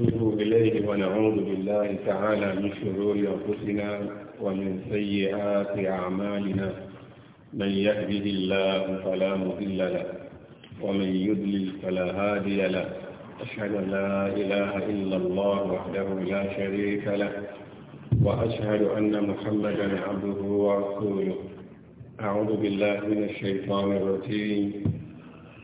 نتوب إليه ونعوذ بالله تعالى من شرور أنفسنا ومن سيئات أعمالنا من يهده الله فلا مضل له ومن يضلل فلا هادي له أشهد أن لا إله إلا الله وحده لا شريك له وأشهد أن محمدا عبده ورسوله أعوذ بالله من الشيطان الرجيم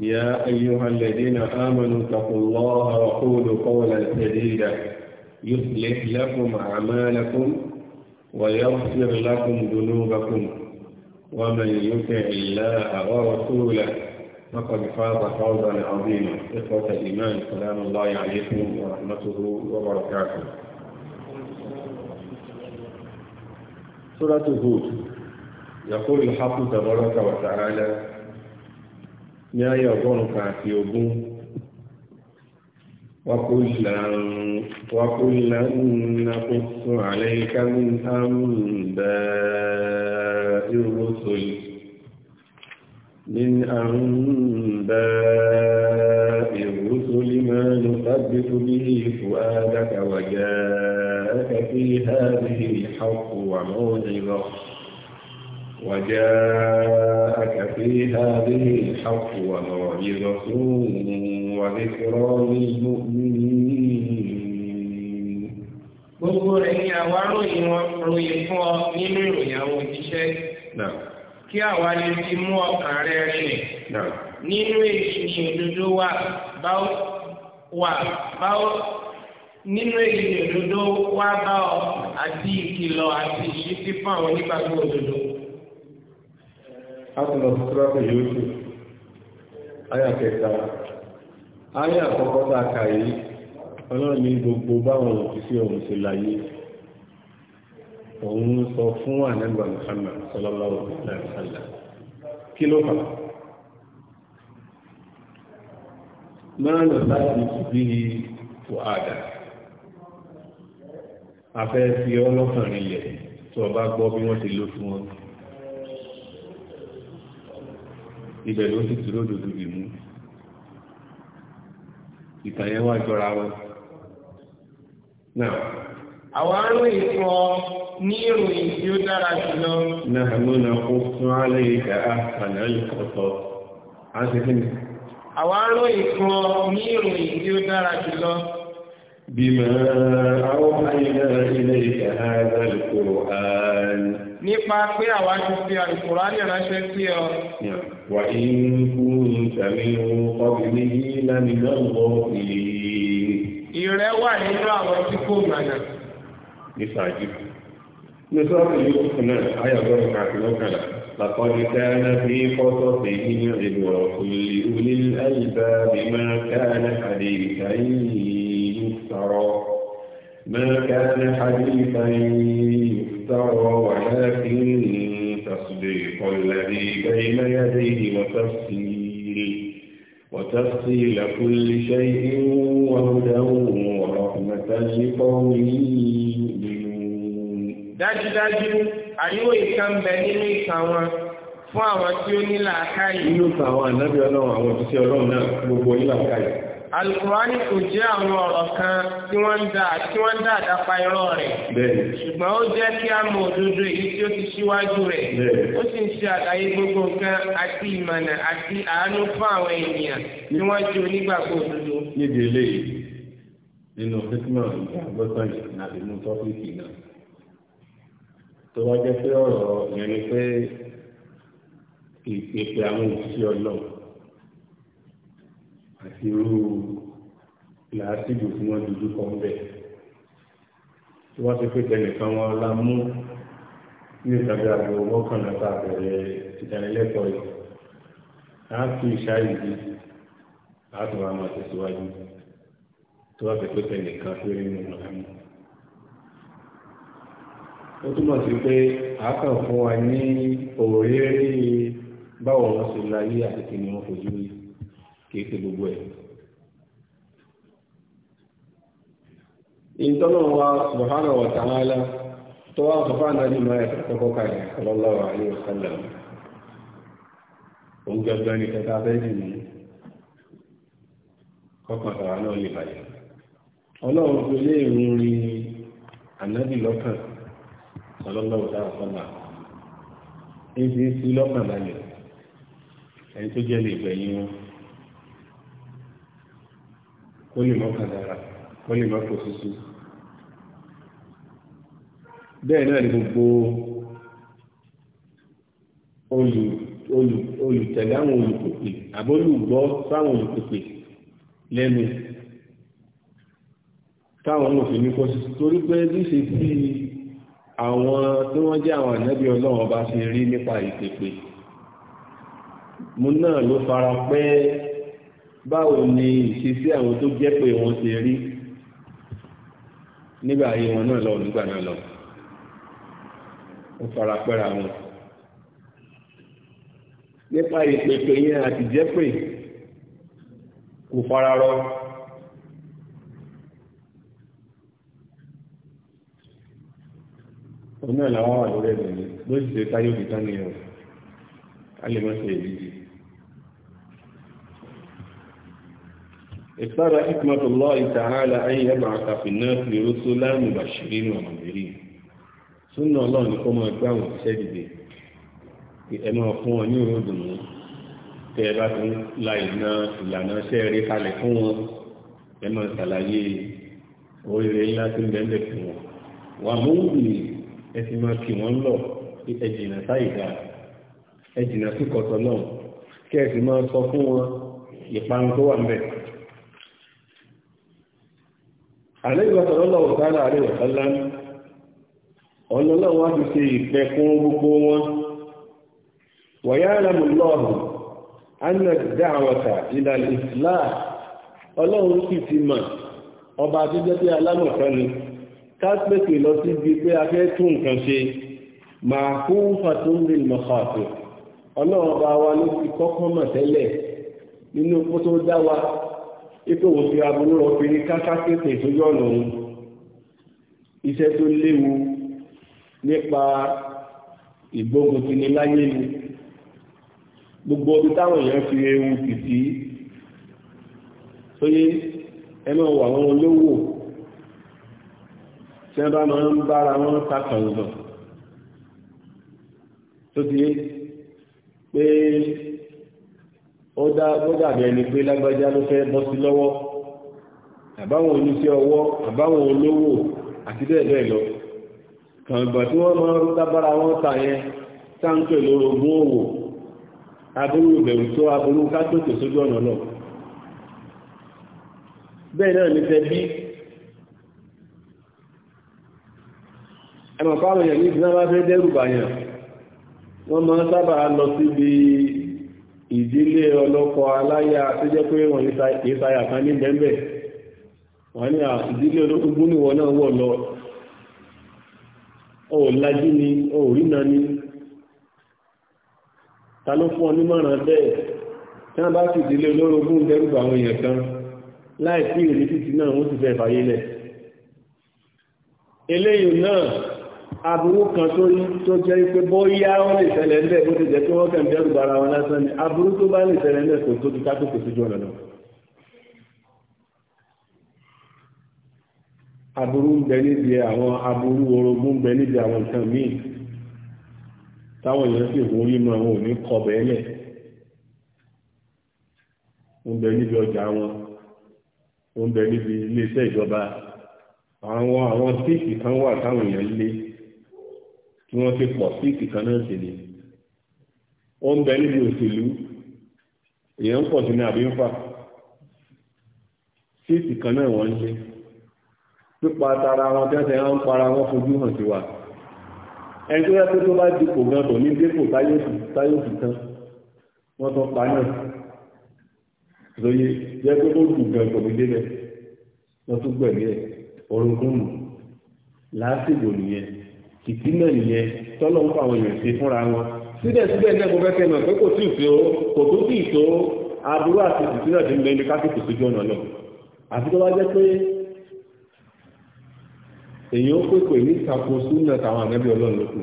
يا أيها الذين آمنوا اتقوا الله وقولوا قولا سديدا يصلح لكم أعمالكم ويغفر لكم ذنوبكم ومن يطع الله ورسوله فقد فاز فوزا عظيما إخوة الإيمان سلام الله عليكم ورحمته وبركاته سورة هود يقول الحق تبارك وتعالى ní ayé ọgọ́rùn kan àti ogún ńlá wàkúlà nà kúsù àlẹ́ká ní àmúdà ìrúsòlì ní àmúdà الرسل ما نثبت به فؤادك وجاءك في هذه الحق وموعظة وجاءك في هذه الحق وموعظة وذكرى للمؤمنين gbogbo ẹ̀yìn àwa ròyìn ròyìn fún ọ nínú ìròyìn àwọn òjíṣẹ́ kí àwa lè fi mú ọkàn rẹ rìn nínú èyí ni òdodo wà báwo nínú èyí ni òdodo wà báwo àti ìkìlọ̀ àti ìṣítí fún àwọn onígbàgbọ́ òdodo átùlọ sọ́rọ̀tù yóò ayà kẹta ayà àkọ́kọ́ tá a kà yìí ọlọ́run ní gbogbo báwọn òṣìṣẹ́ òun ṣe láyé òun sọ fún ànẹ́gbà Muhammad sallallahu alaihi wasallam kí ló fà máa lọ láti bí fò àdá afẹ́ fi ọlọ́kàn rinlẹ̀ tó ọba gbọ́ bí wọ́n ti lò fún wọn ibẹ̀ ló sì tún lódòdó dì mú ìtàyẹ̀ wá jọra wọn. náà àwọn arún ìfọ ní ìròyìn tí ó dára jùlọ. náà ló na kó fún alẹ́ ìdá àpàlẹ́ ìkọ̀tọ̀ á ti fún mi. àwọn arún ìfọ ní ìròyìn tí ó dára jùlọ. بما أوحينا إليك هذا القرآن نعم فيا واجب القرآن يا نعم. وإن كنت من قبله لمن الغافلين نصاب يوسفنا آية ذلك عقلك لقد كان في قصصهم عبرة لأولي الألباب ما كان حديثا مفترى ما كان حديثا يفترى ولكن تصديق الذي بين يديه وتفصيل وتفصيل كل شيء وهدى ورحمة لقوم يؤمنون dájúdájú àríwò ìkan bẹ nínú ìkan wọn fún àwọn tí ó ní làákàyè. nínú ìkan àwọn ànábì ọlọ́run àwọn òṣìṣẹ́ ọlọ́run náà gbogbo ní làákàyè. alukurani kò jẹ́ àwọn ọ̀rọ̀ kan tí wọ́n ń dá tí wọ́n ń dá àdápa irọ́ rẹ̀. ṣùgbọ́n ó jẹ́ kí a mọ òdodo èyí tí ó ti ṣíwájú rẹ̀. ó sì ń ṣe àlàyé gbogbo nǹkan àti ìmọ̀nà àti àánú fún àwọn ènìyàn tí wọ́n jẹ́ onígbàgbọ́ òdodo. níbi eléyìí nínú fífúnà ìgbàgbọ́sán yìí láti mú tọ́fíìkì náà tó wá jẹ́ pé ọ̀rọ̀ yẹn ni pé ìpèpè àwọn òṣìṣẹ́ ọlọ́run irú làásìgbò tí wọ́n dojú kọ ń bẹ̀. tí wọ́n ti pè tẹnìkan wọn la mú ní ìtàgé àgbò mọ́kànlá tá a bẹ̀rẹ̀ ìdánilẹ́kọ̀ọ́ yìí. a fi ìṣáyìí bí a tún wá máa tẹ̀síwájú tó wá pẹ̀pẹ́ tẹnìkan péré nínú àmì. ó túmọ̀ sí pé a kàn fún wa ní òòrè báwo wọ́n ṣe láyé àti kí ni wọ́n fojú rí kì í ṣe gbogbo ẹ̀. ìtọ́nà wa subhanahu wa ta'ala tó wá sọ fáwọn dájú máa ẹ̀ka kọ́kọ́ kalẹ̀ sallallahu alaihi wa sallam òun gbẹgbẹ ní kẹta abẹ́jì ní kọ́kàn tàwa náà lè bàjẹ́ ọlọ́run tó lé ìrún rí ànábì lọ́kàn sallallahu alaihi wa sallam èyí sí lọ́kàn balẹ̀ ẹni tó jẹ́ lè gbẹ̀yìn wọn kó lè mọ́ kàdára kó lè mọ́ kò bẹ́ẹ̀ náà ni gbogbo olùtẹ̀lé àwọn olùpèpè àbólùgbọ́ sáwọn olùpèpè lẹ́nu táwọn òfin ní kó sísú torí pé bí ṣe sí àwọn tí wọ́n jẹ́ àwọn ànábì ọlọ́run bá ṣe rí nípa ìpèpè mo náà ló fara pẹ́ báwo ni ìṣesí àwọn tó jẹ́ pé wọ́n ti rí nígbà ayé wọn náà lọ nígbà náà lọ ó fara pẹ́ra wọn nípa ìpèpè yẹn àti jẹ́pè kò fara rọ òun náà làwọn wà lórí ẹ̀dùn yìí ló sì ṣe táyé òkúta nìyẹn a lè mọ̀ ṣe èyí yìí. اختار حكمة الله تعالى أن يبعث في الناس رسلا مبشرين ومنذرين سنة الله نكون مكان سيدي ẹ máa fún wọn ní ìròdùn mú tẹ ẹ bá tún la ìlànà ìlànà iṣẹ́ rí kalẹ̀ fún wọn ẹ máa ṣàlàyé oríire ńlá tó ń bẹ́ẹ̀ fún wọn wà mú ìlú ẹ ti máa kì wọ́n lọ ẹ jìnnà sáyìdá ẹ jìnnà sí kọ̀tọ̀ náà kẹ́ ẹ sì máa sọ fún wọn ìparun tó wà ń bẹ̀ẹ́. àlẹ́gbàtọ̀lọ́lọ́ òtàrà àrẹ ọ̀tàlá ọlọ́lọ́ wọ́n ti ṣe ìfẹ́ fún gbogbo wọn wàyára mọ̀lọ́ọ̀hù annas dáwọ̀ta ìdàlẹ̀ ìsìlá ọlọ́run sì ti mọ̀ ọba tó jẹ́ pé alámọ̀kan ni ká pèsè lọ síbi pé a fẹ́ tún nǹkan ṣe máa fún fàtúndì mọ̀kàtò ọlọ́run bá wa ló fi kọ́kọ́ mọ̀ tẹ́lẹ̀ nínú kó tó dá wa ipò òsì aburú ọkùnrin kásákéèké sójú ọ̀nà òun iṣẹ́ tó léwu nípa ìgbógun ti ní láyé ni gbogbo ọdún táwọn èèyàn fi ewu tìtì sóyé ẹnu ọwọ́ àwọn olówó tí wọ́n bá máa ń bára wọn ta tó ti pé ó dàbí ẹni pé lágbájá ló fẹ́ bọ́ sí lọ́wọ́ àbáwọn oníṣẹ́ ọwọ́ àbáwọn olówó àti bẹ́ẹ̀ bẹ́ẹ̀ lọ kàǹgbà tí wọ́n máa ń tábára wọn ta yẹn táǹkẹ̀ lórogún òwò aburú ìbẹ̀rù tó aburú kátòkè sójú ọ̀nà náà bẹ́ẹ̀ náà ní tẹ́bí ẹmọ̀ fáwọn èèyàn ní ìdílé bá fẹ́ dẹ́rù bàyàn wọ́n máa ń sábà lọ síbi ìdílé ọlọ́kọ aláya tó jẹ́ pé wọ́n ìsáyà kan ní bẹ́ẹ̀bẹ̀ wọ́n ní ìdílé olókùnkùn ní wọ́n náà wọ̀ lọ ọ̀ lájí ni ọ̀ rína ni ta ló fún ọ nímọ̀ràn bẹ́ẹ̀ tí wọ́n bá sì ìdílé olórogún dẹ́rùbà àwọn èèyàn kan láì sí ìrísí náà wọ́n ti fẹ́ fàyè lẹ̀ eléyìí náà aburú kan tó rí tó jẹ́ pé bóyá wọ́n lè ṣẹlẹ̀ ńlẹ̀ bó ti jẹ́ pé wọ́n kàn dẹ́rù bara wọn lásán ni aburú tó bá lè ṣẹlẹ̀ ńlẹ̀ kò tó ti ká tó kò sójú ọ̀nà náà aburú ń bẹ níbi àwọn aburú orogún ń bẹ níbi àwọn nǹkan míì táwọn èèyàn sì wọ́n rí mọ́ àwọn òní kọbẹ̀ ẹ̀lẹ̀ ń bẹ níbi ọjà wọn ń bẹ níbi iléeṣẹ́ ìjọba àwọn àwọn síìkì kan wà táwọn èèyàn lé tí wọ́n ti pọ̀ sí ìkìkan náà sì ni ó ń bẹ níbi òṣèlú èèyàn ń pọ̀ sí ní àbí ń fà sí ìkìkan náà wọ́n ń ṣe pípa tara wọn bí wọ́n ti ń para wọn fojú hàn sí wa ẹni tó yẹ pé tó bá dipò gan kò ní dépò táyọ̀sì tán wọ́n tán pa náà lóye jẹ́ pé ó dùn gan kò ní débẹ̀ wọ́n tún gbẹ̀mí ẹ̀ orogún nù lásìkò nìyẹn ìsílẹ̀ nìyẹn tọ́lọ́ ń fàwọn èèyàn ṣe fúnra wọn síbẹ̀síbẹ̀ náà mo fẹ́ kẹ́ mọ̀ pé kò tí ì tó kò tó tí ì tó aburú àti ìsílẹ̀ ti ń bẹ ní kásìkò sójú ọ̀nà náà àti tó bá jẹ́ pé èyí ó pèpè ní ìtako súnà táwọn ànábì ọlọ́run lókù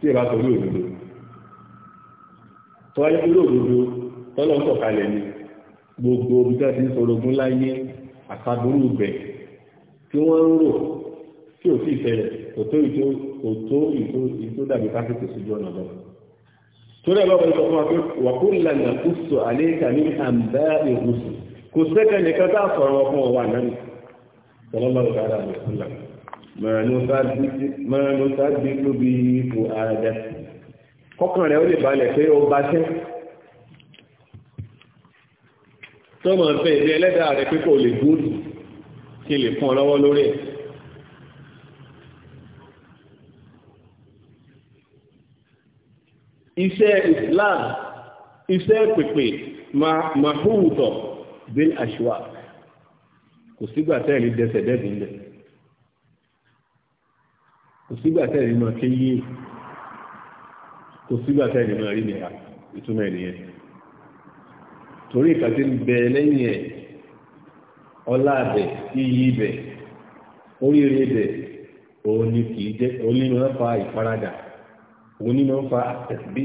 tí ìbá torí òdodo tó wáyé torí òdodo tọ́lọ́ ń sọ̀kalẹ̀ ni gbogbo omi tí a ti ń sorogún láyé àtàbúrú ibẹ̀ tí wọ́n ń rò tí ò sì fẹ̀rẹ̀ kò tó ìtó kò tó ìtó dàbí káfíkì sójú ọ̀nà lọ. torí ọlọ́pàá ìsọ fún wa pé wàkó lànà kó sọ àléékà ní àǹbá ìrùsù kò sẹ́kẹ̀ nìkan tá a sọ̀rọ̀ fún ọwọ́ àná ni sọlọ́lọ́rọ̀ dára rẹ̀ iṣẹ́ Islam iṣẹ́ pèpè mahúùtọ̀ bin ashwa kò sígbà tẹ́ẹ̀lì dẹsẹ̀ dẹ́bi ńlẹ̀ kò sígbà tẹ́ẹ̀lì ké yé kò sígbà tẹ́ẹ̀lì máa rí nìyà ìtumọ̀ ènìyàn torí ìkàtí ń bẹ lẹ́yìn ẹ̀ ọlá fa ìfaradà òun ní máa ń fa tẹ̀síbí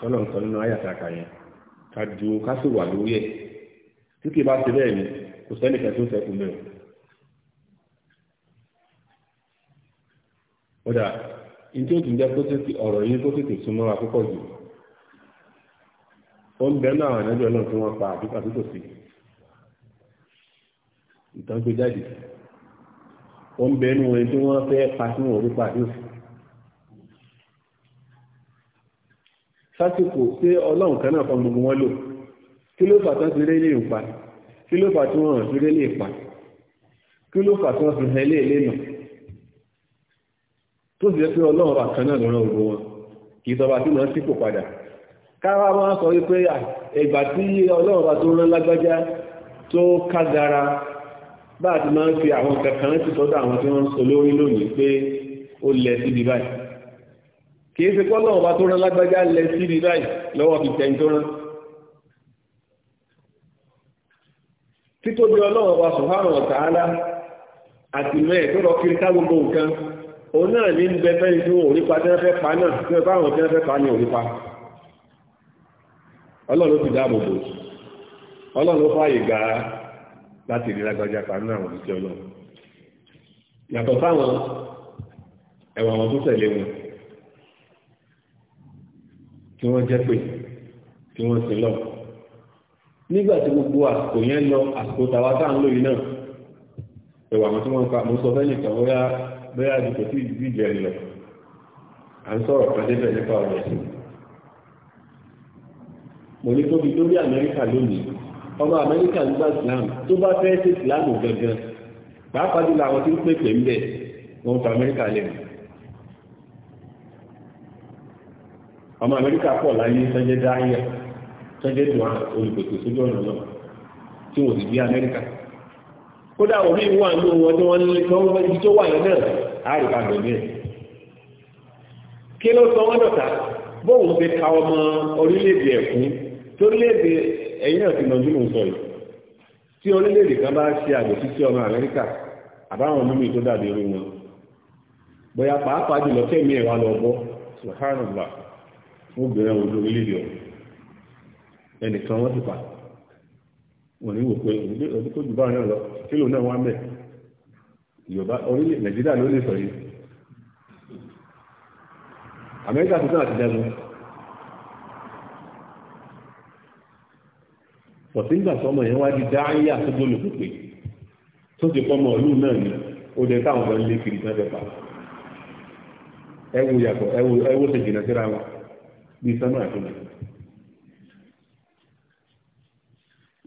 tọ́lọ̀ ń sọ nínú ayàtàkà yẹn ká dúró ká sì wà lórí ẹ̀ tí kì í bá ti bẹ́ẹ̀ ni kò sẹ́nìkan tó sẹ́kù mẹ́rin. kódà ìdí òtún jẹ́ kó tètè ọ̀rọ̀ yìí kó tètè súnmọ́ àkókò jù ó ń bẹ́ẹ̀ náà ànájọ́ náà tí wọ́n pa àdúgbò àdúgbò sí ìtàn gbé jáde ó ń bẹ́ẹ̀ nù ẹni tí wọ́n fẹ́ pa sínú orí àdúgbò sásìkò pé ọlọ́run kan náà kan gbogbo wọn lò kí ló fà tán ti ré lè pa kí ló fà tí wọ́n hàn sí ré lè pa kí ló fà tí wọ́n fi hàn lè lè nà tó sì jẹ́ pé ọlọ́run bá kan náà lọ́rọ̀ ògbó wọn kì í sọba tí wọ́n sípò padà káwá máa sọ wípé ẹgbà tí ọlọ́run bá tó rán lágbájá tó kágara bá a ti máa ń fi àwọn kankan ti sọ́dọ̀ àwọn tí wọ́n ń sọ lórí lónìí pé ó lẹ síbi báyìí kìí ṣe kọ́lọ̀ ọba tó rán lágbájá lẹ sí ní láì lọ́wọ́ fi tẹ̀yìn tó rán títóbi ọlọ́wọ́ ọba subhanahu wa ta'ala àti mẹ́ẹ̀ tó rọ kiri ká gbogbo nǹkan òun náà ní bẹ fẹ́ ní òrípa tí wọ́n fẹ́ pa náà tí wọ́n fáwọn tí wọ́n fẹ́ pa ní òrípa ọlọ́run ti dáàbò bò ọlọ́run fààyè gbà á láti rí lágbájá pa náà àwọn ìṣẹ́ ọlọ́run yàtọ̀ sáwọn ẹ̀wọ̀n tó tẹ̀lé wọn tí wọ́n jẹ́ pé tí wọ́n sin lọ nígbà tí gbogbo àsìkò yẹn lọ àsìkò tàwa tá à ń lò yìí náà ẹ̀wà àwọn tí wọ́n ka mo sọ fẹ́ nìkan bóyá bóyá àdìgbò tí ìdí ìjẹ́ ń lọ à ń sọ̀rọ̀ kan débẹ̀ nípa ọ̀rọ̀ ẹ̀sìn mo ní tóbi lórí Amẹ́ríkà lónìí ọmọ Amẹ́ríkà ń gba Islam tó bá fẹ́ ṣe Islam gangan pàápàá jùlọ àwọn tí ń pèpè ń bẹ̀ wọ́n fa Amẹ́ríkà lẹ́nu ọmọ amẹ́ríkà pọ̀ láyé sọ́jẹ́ dáyẹ sọ́jẹ́ dùn olùpèsè sójú ọ̀nà náà tí wọ́n sì bí amẹ́ríkà kódà òbí wà ní wọn tí wọ́n lé tọ́wọ́ ibi tó wà yẹn náà àríkà gbẹ̀gbẹ̀ kí ló sọ wọ́n dọ̀tà bóun ṣe ka ọmọ orílẹ̀-èdè ẹ̀kún tí orílẹ̀-èdè ẹ̀yìn náà ti nàjú mò ń sọ yìí tí orílẹ̀-èdè kan bá ṣe àgbèsí sí ọmọ amẹ́ríkà àbáwọn mímì tó dàbí irú wọn bóyá pàápàá jùlọ kẹ́mi ẹ̀rọ alọ́gbọ́ subhanallah wọ́n bẹ̀rẹ̀ òun lórílẹ̀-èdè ọ̀hún ẹnìkan wọ́n ti pa wọ́n ní wò pé tó jù lọ kílò náà mẹ́ Yorùbá orílẹ̀ Nàìjíríà ló lè sọ yìí Amẹ́ríkà dẹ́nu sọmọ yẹn di tó tó ti pọ́ mọ́ ọlú náà ni ó káwọn lé kiri náà fẹ́ pa ẹ wo yàtọ̀ ẹ bíi sọ́nà àtúnlẹ̀.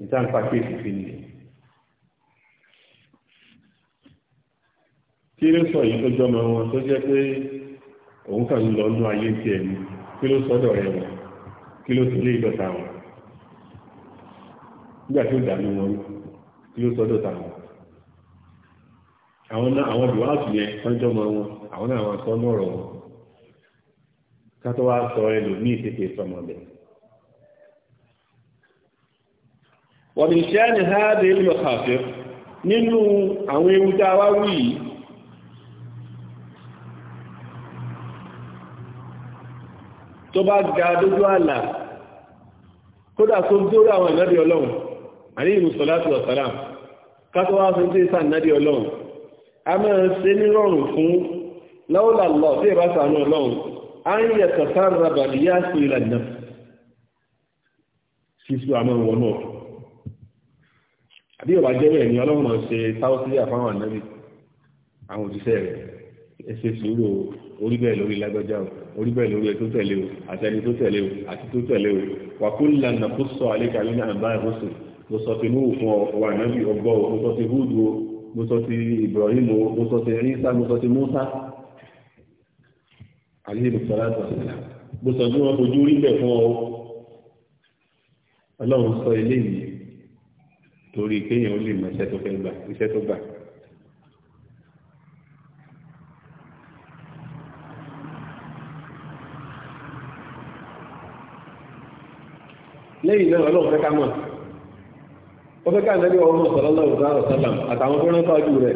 ìtàn pàkíyèsí sí ni. kí ló sọ yìí tó jọmọ wọn tó jẹ́ pé òun kàn ń lọ nú ayé ti ẹ̀mí kí ló sọ́dọ̀ rẹ̀ wọ̀ kí ló sì lé ìdọ̀ta wọn. nígbà tí ó dàbí wọn kí ló sọ́dọ̀ ta wọn. àwọn àwọn yẹn wọn àwọn náà wọn kátó wá sọ ẹlòmíì tètè sọmọ bẹ. wọ́n ní ṣẹ́ ni háàdé lọ kàfẹ́ nínú àwọn ewu tá a wá wí yìí tó bá ga dójú àlà kódà tó dórí àwọn ìnáde ọlọ́run àní ìmùsọ̀láti ọ̀sálàm kátó wá fún tíṣà ìnáde ọlọ́run a máa ń ṣe nírọ̀rùn fún láwọ́lá lọ sí ìbáṣà ọlọ́run an yà tàfàrà rárá ní yá sí ìlànà fífi àmọ́ wọn náà àbí ọba jẹ́ bẹ́ẹ̀ ni ọlọ́run máa ṣe táwọ́sílẹ̀ àfáwọn ànábì àwọn òjíṣẹ́ rẹ̀ ẹsẹ̀ sùúrù orí bẹ́ẹ̀ lórí lágbájá o orí bẹ́ẹ̀ lórí ẹ tó tẹ̀lé o àti ẹni tó tẹ̀lé o àti tó tẹ̀lé o wà kó lànà kó sọ àlékà ní àbá ìrọsùn mo sọ ti núhù fún ọwà ànábì ọgbọ́ o mo sọ ti húdù o mo sọ ti Ibrahim o mo sọ ti rísà mo sọ ti Músà àlejò sọlá sọlá bó sọ bí wọn fojú rí bẹ fún ọ Ọlọ́run sọ eléyìí torí kéèyàn ó lè mọ iṣẹ́ tó fẹ́ gbà iṣẹ́ tó gbà. lẹ́yìn náà Ọlọ́run fẹ́ ká mọ̀ ó fẹ́ ká nàbí ọmọ sọlá lọ́wọ́ sọlá àtàwọn fẹ́ràn kájú rẹ̀.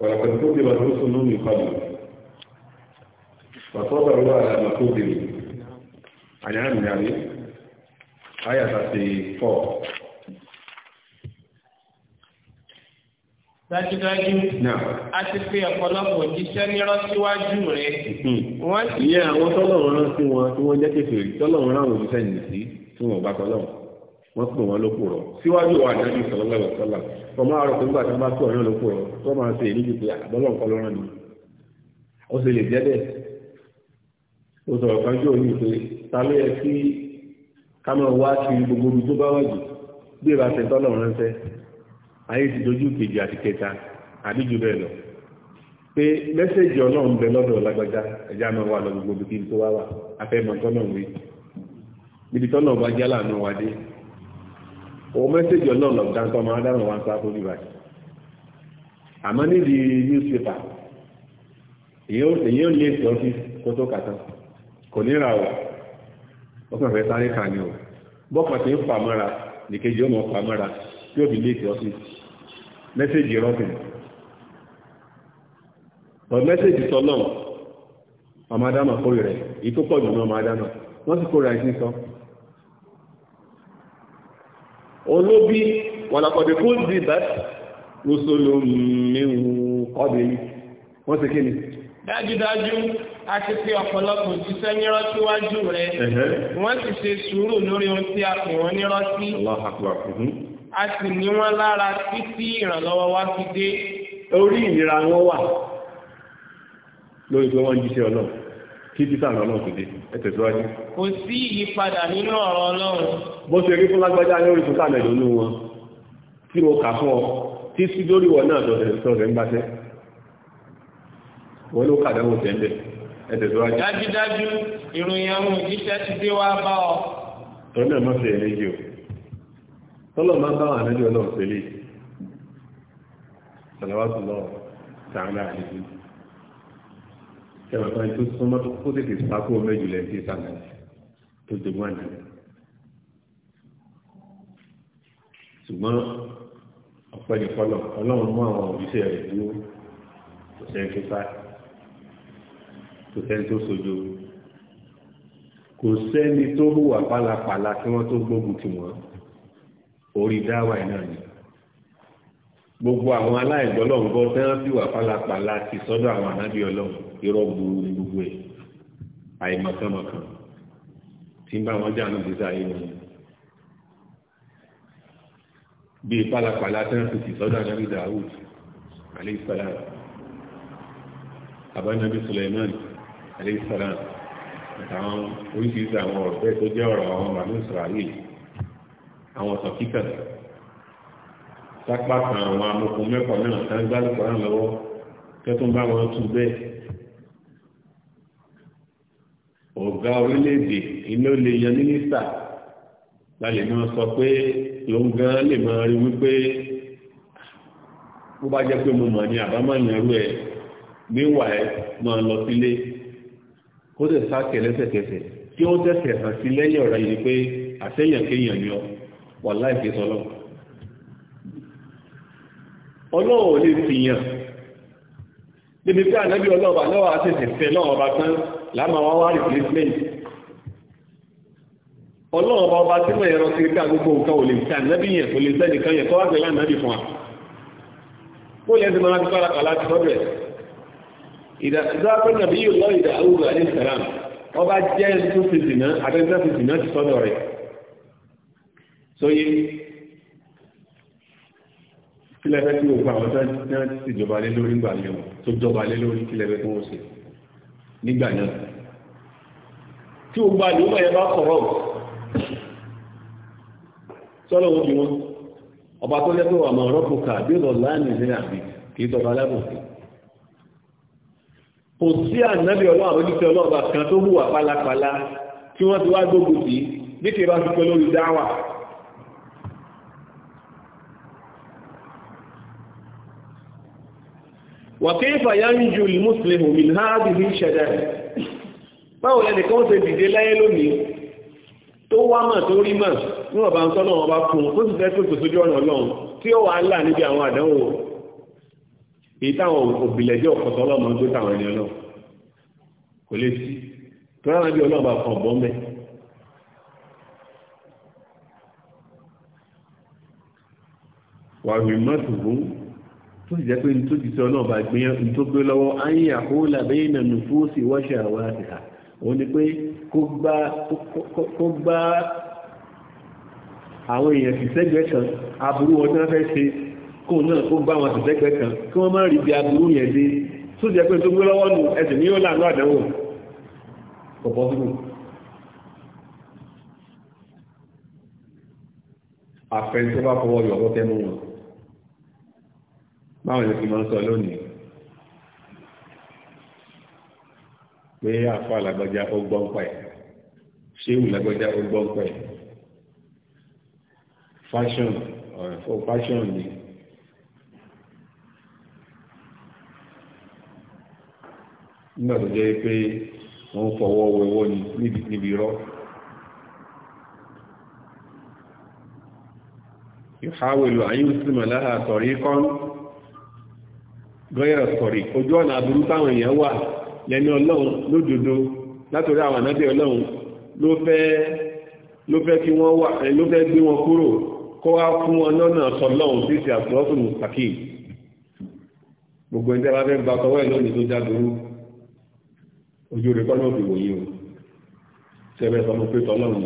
ولقد كذبت رسل من قبل فصبروا على ما كذبوا عن عام يعني آية 34 dájúdájú a ti fi ọ̀pọ̀lọpọ̀ jíṣẹ́ nírọ́ síwájú rẹ̀ hmm. wọ́n ti yẹ àwọn tọ́lọ̀ rán sí wọn tí wọ́n jẹ́ kéfèé tọ́lọ̀ rán àwọn òjíṣẹ́ yìí sí tí wọ́n bá tọ́lọ̀ wọ́n pè wọ́n lóko rọ̀ síwájú wa àdájú sallallahu alaihi wasallam ọmọ àrọ̀ tó ń gbà tó ń bá tó ọ̀rẹ́ lóko rọ̀ tó máa ṣe èyí pé àbọ́lọ̀ ah, nǹkan lọ́rọ̀ ni ó sì lè jẹ́ bẹ́ẹ̀ ó sọ̀rọ̀ kan jọ ní pé ta ló yẹ kí ká máa wá kiri gbogbo ibi tó bá wà jù bí ìbá ṣe tọ́lọ̀ ránṣẹ́ ayé ti dojú kejì àti kẹta àbí jù bẹ́ẹ̀ lọ pé mẹ́sẹ̀jì ọlọ́run bẹ òun mẹ́sẹ̀jì ọlọ́ọ̀lọ́ dáńtọ́ máa dáhùn wá ń sá fún bíbá yìí àmọ́ níbi newspaper èyí ò lé sí ọ́fíìsì kó tó kàtà kò ní ra ọ̀ ó kàn fẹ́ sáré kà ní ọ̀ bọ́kàn tí ń fà mọ́ra nìkejì ó mọ̀ fà mọ́ra tí ó fi lé sí ọ́fíìsì mẹ́sẹ̀jì rọ́bìn ọ̀ mẹ́sẹ̀jì sọ́lọ́ọ̀ ọmọ adámà kórè rẹ̀ èyí tó pọ̀ jù ní ọmọ adámà wọ́n sì kórè àìsí sọ́ọ́ olóbi wàlàkọ̀dé kó di bẹ́ẹ̀ lóṣòlómi kọ́dé yìí wọ́n ti kí dájúdájú a ti fi ọ̀pọ̀lọpọ̀ jíṣẹ́ nírọ́ rẹ wọ́n ti ṣe sùúrù lórí ohun tí a pè wọ́n a sì ní wọn lára títí ìrànlọ́wọ́ wa fi dé. orí ìnira wọn wà lórí pé ẹ tẹ̀síwájú. kò sí ìyípadà nínú ọ̀rọ̀ ọlọ́run. bó ṣe rí fún lágbájá ní orísun sáàmì ẹ̀dùn nínú wọn tí mo kà fún ọ tí sí lórí wọn náà sọ̀rọ̀ ń gbàṣẹ́ wọn ló kà dáhùn tẹ́ńbẹ̀ ẹ tẹ̀síwájú. dájúdájú ìròyìn àwọn òjíṣẹ́ ti dé wá bá ọ. tọ́lá náà má ṣe ẹ̀ léjì o tọ́lá máa bá àwọn àlejò náà ṣẹlẹ̀ sàlàwàtúlọ̀ sàánà àlejò ṣẹ̀wọ̀n kan tó súnmọ́ tó kó tètè sákó mẹ́jù lẹ́yìn tí sànà tó jogún àná ṣùgbọ́n ọ̀pẹ́ nìkọlọ̀ ọlọ́run mú àwọn òbíṣẹ́ rẹ̀ dúró kò sẹ́ni tó sá kò sẹ́ni tó sojo kò sẹ́ni tó hùwà pálapàla kí wọ́n tó gbógun tì wọ́n orí dáwà náà ni gbogbo àwọn aláìgbọ́lọ́ngbọ́ tí wọ́n sì wà pálapàla ti sọ́dọ̀ àwọn ànábì ọlọ́run irọ́ gbòòrò ní gbogbo ẹ̀ àìmọ̀kànmọ̀kàn tí ń bá wọn jáàánú ti sáyé ni bíi pálapàla tí wọ́n sì ti sọ́dọ̀ ànábì Dawud aleyhisalaam abánábì Suleiman aleyhisalaam àtàwọn oríṣiríṣi àwọn ọ̀rọ̀ bẹ́ẹ̀ tó jẹ́ ọ̀rọ̀ àwọn màmú Israẹli àwọn sọ̀kíkà lápá kan àwọn amokun mẹ́kọ̀ọ́ náà tá ń gbálùkọ́ náà lọ́wọ́ tẹ́tún bá wọn tún bẹ́ẹ̀. ọ̀gá orílẹ̀-èdè iná lè yan mínísítà la lè máa sọ pé lóun gan lè máa rí wípé bó bá jẹ́ pé mo mọ̀ ní àbámọ̀nyẹ̀rú ẹ̀ níwà ẹ̀ máa lọ sílé kó tẹ̀ sáàkẹ̀ lẹ́sẹ̀kẹsẹ̀ tí ó tẹ̀sẹ̀ hàn sí lẹ́yìn ọ̀rọ̀ yìí pé àṣẹyàn kéèyàn ni ọ wà láìpẹ́ sọlọ́ọ̀ ọlọ́wọ̀ lè fìyàn níbi pé ànábí ọlọ́ọ̀bà lọ́wọ́ àtẹ̀sẹ̀ fẹ́ náà ọba tán láàmà wá wá replacement ọlọ́ọ̀bà ọba tí wọ́n ẹ̀rọ síríkà gbogbo nǹkan ò lè fi ànábí yẹn kò lè sẹ́nìkan yẹn kọ́ wáṣẹ̀ lánàábì fún wa kó lẹ́ ti máa gbára kà láti sọ́dọ̀ ẹ̀ ìdàgbàgbà nàbí yóò lọ ìdà àwùjọ àdé sàrán ọba jẹ́ tó fi dìnà àtẹ́sẹ́ fi dìnà ti sọ́dọ̀ rẹ̀ sóyé kí lẹ́fẹ́ tí gbogbo àwọn tó ń tìjọba lé lórí nígbà yẹn tó jọba lé lórí kí lẹ́fẹ́ tó ń ṣe nígbà yẹn tí gbogbo àdúgbò yẹn bá kọ̀rọ̀ sọ́lọ́ òbí wọn ọba tó lẹ́fẹ́ àmọ́ ọ̀rọ̀ kò kà bí ọ̀dọ̀ láàmì ní àbí kì í tọba lábòsí kò sí ànábì ọlọ́run àwọn oníṣẹ́ ọlọ́run kan tó hùwà pálapàla tí wọ́n ti wá gbógun sí bí kì í bá ti pẹ́ lórí dáwà وكيف ينجو المسلم من هذه الشدائد báwo lẹ́nìkan ṣe dìde láyé lónìí tó wá mọ̀ tó rí mọ̀ ní ọ̀bá ń sọ́nà ọba fún un tó sì fẹ́ pèsè sójú ọ̀nà ọlọ́run tí ó wà ń níbi àwọn àdánwò èyí táwọn òbílẹ̀jẹ́ ọ̀pọ̀tọ̀ tó sì jẹ́ pé ní tó ti sọ náà bá gbé ní tó gbé lọ́wọ́ ayé àkóólà bẹ́yìn náà nù fún sí wọ́ṣẹ̀ àwọn àti hà òun ni pé kó gbá àwọn èèyàn sì sẹ́gbẹ̀ẹ́ kan aburú wọn tí wọ́n fẹ́ ṣe kó náà kó gbá wọn sì sẹ́gbẹ̀ẹ́ kan kí wọ́n má rí bí aburú yẹn dé tó jẹ́ pé tó gbé lọ́wọ́ nù ẹsẹ̀ ní yóò lànà àdánwò pọ̀pọ̀ síbò àfẹ́ bá fọwọ́ yọ̀ ọ́ báwo ni fi máa ń sọ lónìí pé àfa làgbàjá ó gbọ́ ń pa ẹ̀ ṣéwù làgbàjá ó gbọ́ ń pa ẹ̀ fashion ọ̀rẹ́fọ́ fashion ni nígbà tó jẹ́ pé wọ́n fọwọ́ wẹwọ́ ni níbi níbi rọ́ ìháwèlò àyíkú sí màláhà tọ̀rí kọ́nù gọ́yẹ̀rọ̀ sọ̀rí ojú ọ̀nà àbúrú táwọn èèyàn wà lẹ́ni ọlọ́run lódodo látòrí àwọn ànábì ọlọ́run ló fẹ́ ló fẹ́ kí wọ́n wà ló fẹ́ gbé wọn kúrò kó wá fún wọn lọ́nà sọlọ́run sí ti àtúrọ́sùn mùsàkì gbogbo ẹni tí a bá fẹ́ lónìí tó jágoro ojú rẹ̀ kọ́ náà fi wòye o ṣẹbẹ̀ sọmọ pé tọ́lọ́run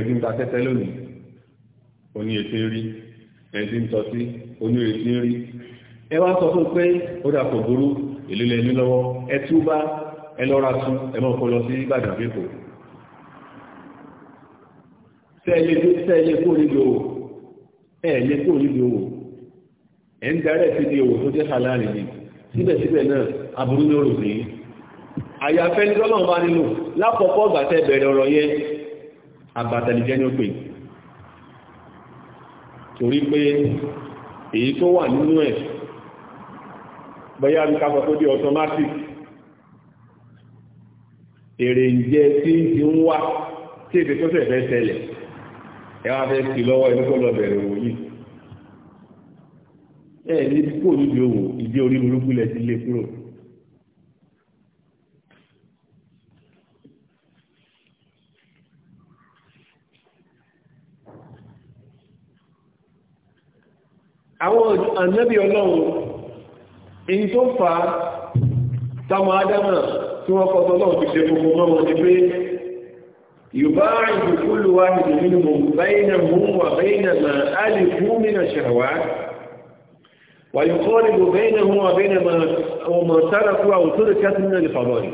ẹ̀dí ń ta tẹ́tẹ́ lónìí oní etí rí ẹ̀dí ń tọ́tí oní etí rí ẹ wá sọ fún pé ó dà kò burú èlé lẹ́ni lọ́wọ́ ẹ tú bá ẹ lọ́ra tún ẹ mọ̀ kó lọ sí Ìbàdàn fífò tẹ́ẹ̀lẹ́ kó níbi òwò ẹ̀ẹ̀lẹ́ kó níbi òwò ẹ̀ ń darẹ̀ sí di òwò tó jẹ́ halali ni síbẹ̀síbẹ̀ náà aburú ní òrùn ní àyàfẹ́ ní lọ́lọ́run bá nínú lápọ̀pọ̀ ọgbà tẹ́ bẹ̀rẹ̀ ọ̀rọ̀ yẹn àbàtẹ̀lẹ̀jẹ́ ni ó pè torí pé èyí tó wà nínú ẹ̀ bọ́yá ní kápọ̀ tó di automatic èrè ìjẹ tí ń ti ń wá tí èdè tó fẹ̀fẹ́ tẹ́lẹ̀ ẹwà fẹ́ sí lọ́wọ́ inú kọ́ lọ bẹ̀rẹ̀ wò yìí ẹ̀ ní kò níbi owó ìdí orí burúkú lẹ ti lé kúrò àwọn ànábì ọlọ́run èyí tó fa táwọn adámà tí wọ́n kọ́ tọ́lọ́ ti ṣe gbogbo mọ́ wọn ni pé yorùbá ìdòkú ló wá nínú nínú mọ̀ báyìí mú wà báyìí náà máa á lè fún mí náà ṣàwá ويقارب بينه وبين ما وما تركوا أو تركت من الفضائل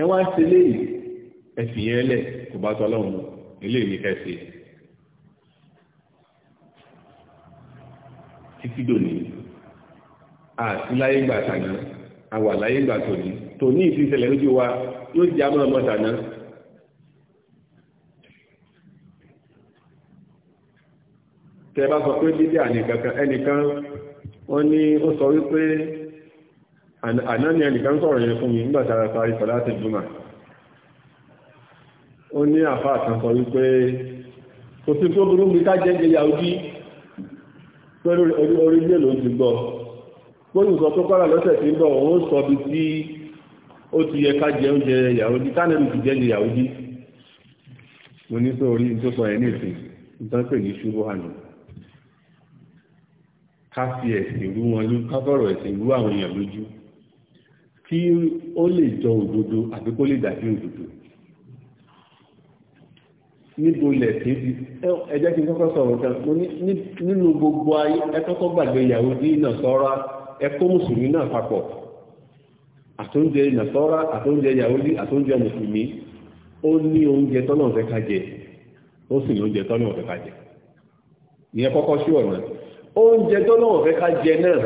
ẹ wá ṣe léyìí ẹ fi yẹn lẹ kò bá tọ́lọ́run eléyìí kẹsì títí dòní àti láyé gbà tàná àwà láyé gbà tòní tòní ìfisẹ̀lẹ̀ lójú wa yóò jẹ́ àmọ́ tàná tẹ bá sọ pé dídí ẹnìkan wọ́n ní ó sọ wípé àná ni ẹnìkan sọ̀rọ̀ yẹn fún mi nígbàtàrà parí sọ̀láti jùmọ̀ ó ní àfáà kan sọ wípé kò sí tó burú mi ká jẹ́ pẹ̀lú orílẹ̀ ló ti gbọ́ gbóyùnsọ tó kọ́ra lọ́sẹ̀ tí ń bọ̀ òun sọ bí tí ó ti yẹ ká jẹ oúnjẹ yàwódí tánẹ́lù ti jẹ́ ní mo ní sọ orí tó sọ ẹ̀ ní ìsìn nǹkan pè ní ṣubú àná ká fi ẹ̀sìn rú wọn lójú ká fọ̀rọ̀ ẹ̀sìn rú àwọn èèyàn lójú kí ó lè jọ òdodo àbí kó lè dàbí òdodo níbo lẹ̀ kébi ẹ jẹ́ kí n kọ́kọ́ sọ̀rọ̀ kan mo ní nínú gbogbo ayé ẹ kọ́kọ́ gbàgbé Yahudi Nasara ẹ kó mùsùlùmí náà papọ̀ àtúnjẹ Nasara àtúnjẹ Yahudi àtúnjẹ mùsùlùmí ó ní oúnjẹ tọ́nà ọ̀fẹ́ ká jẹ ó sì ní oúnjẹ tọ́nà ọ̀fẹ́ ká jẹ ìyẹn kọ́kọ́ sí ọ̀nà oúnjẹ tọ́nà ọ̀fẹ́ ká jẹ náà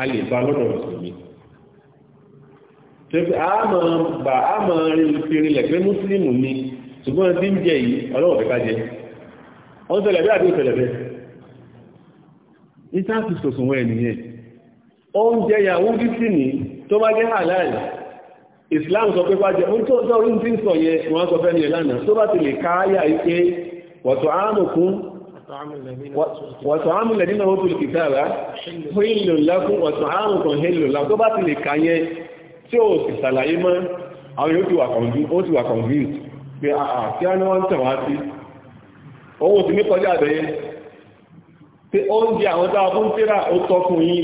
a lè ba lọ́dọ̀ mùsùlùmí tẹ́fẹ́ àmọ́ bà àmọ́ rí fi rinlẹ̀ mùsùlùmí ṣùgbọ́n tí ń jẹ yìí ọlọ́wọ̀ fẹ́ ká jẹ ọ́n tẹ̀lẹ̀ bí àbí òtẹ̀lẹ̀ bẹ́ ìtàkì sòsùn wọn ènìyàn oúnjẹ yàwó bísí ní tó bá jẹ́ halal Islam sọ pé pàjẹ́ ó tó tọ́ orí tí ń sọ yẹ wọ́n sọ fẹ́ ní ẹ̀lànà tó bá ti lè káyà ike wọ̀tọ̀ àwọn yóò ti wà confused pé àà kí á ní wọ́n tẹ̀wá sí owó sí ní kọjá àbẹ̀yẹ pé oúnjẹ àwọn tàà fún tíra ó tọ́ fún yí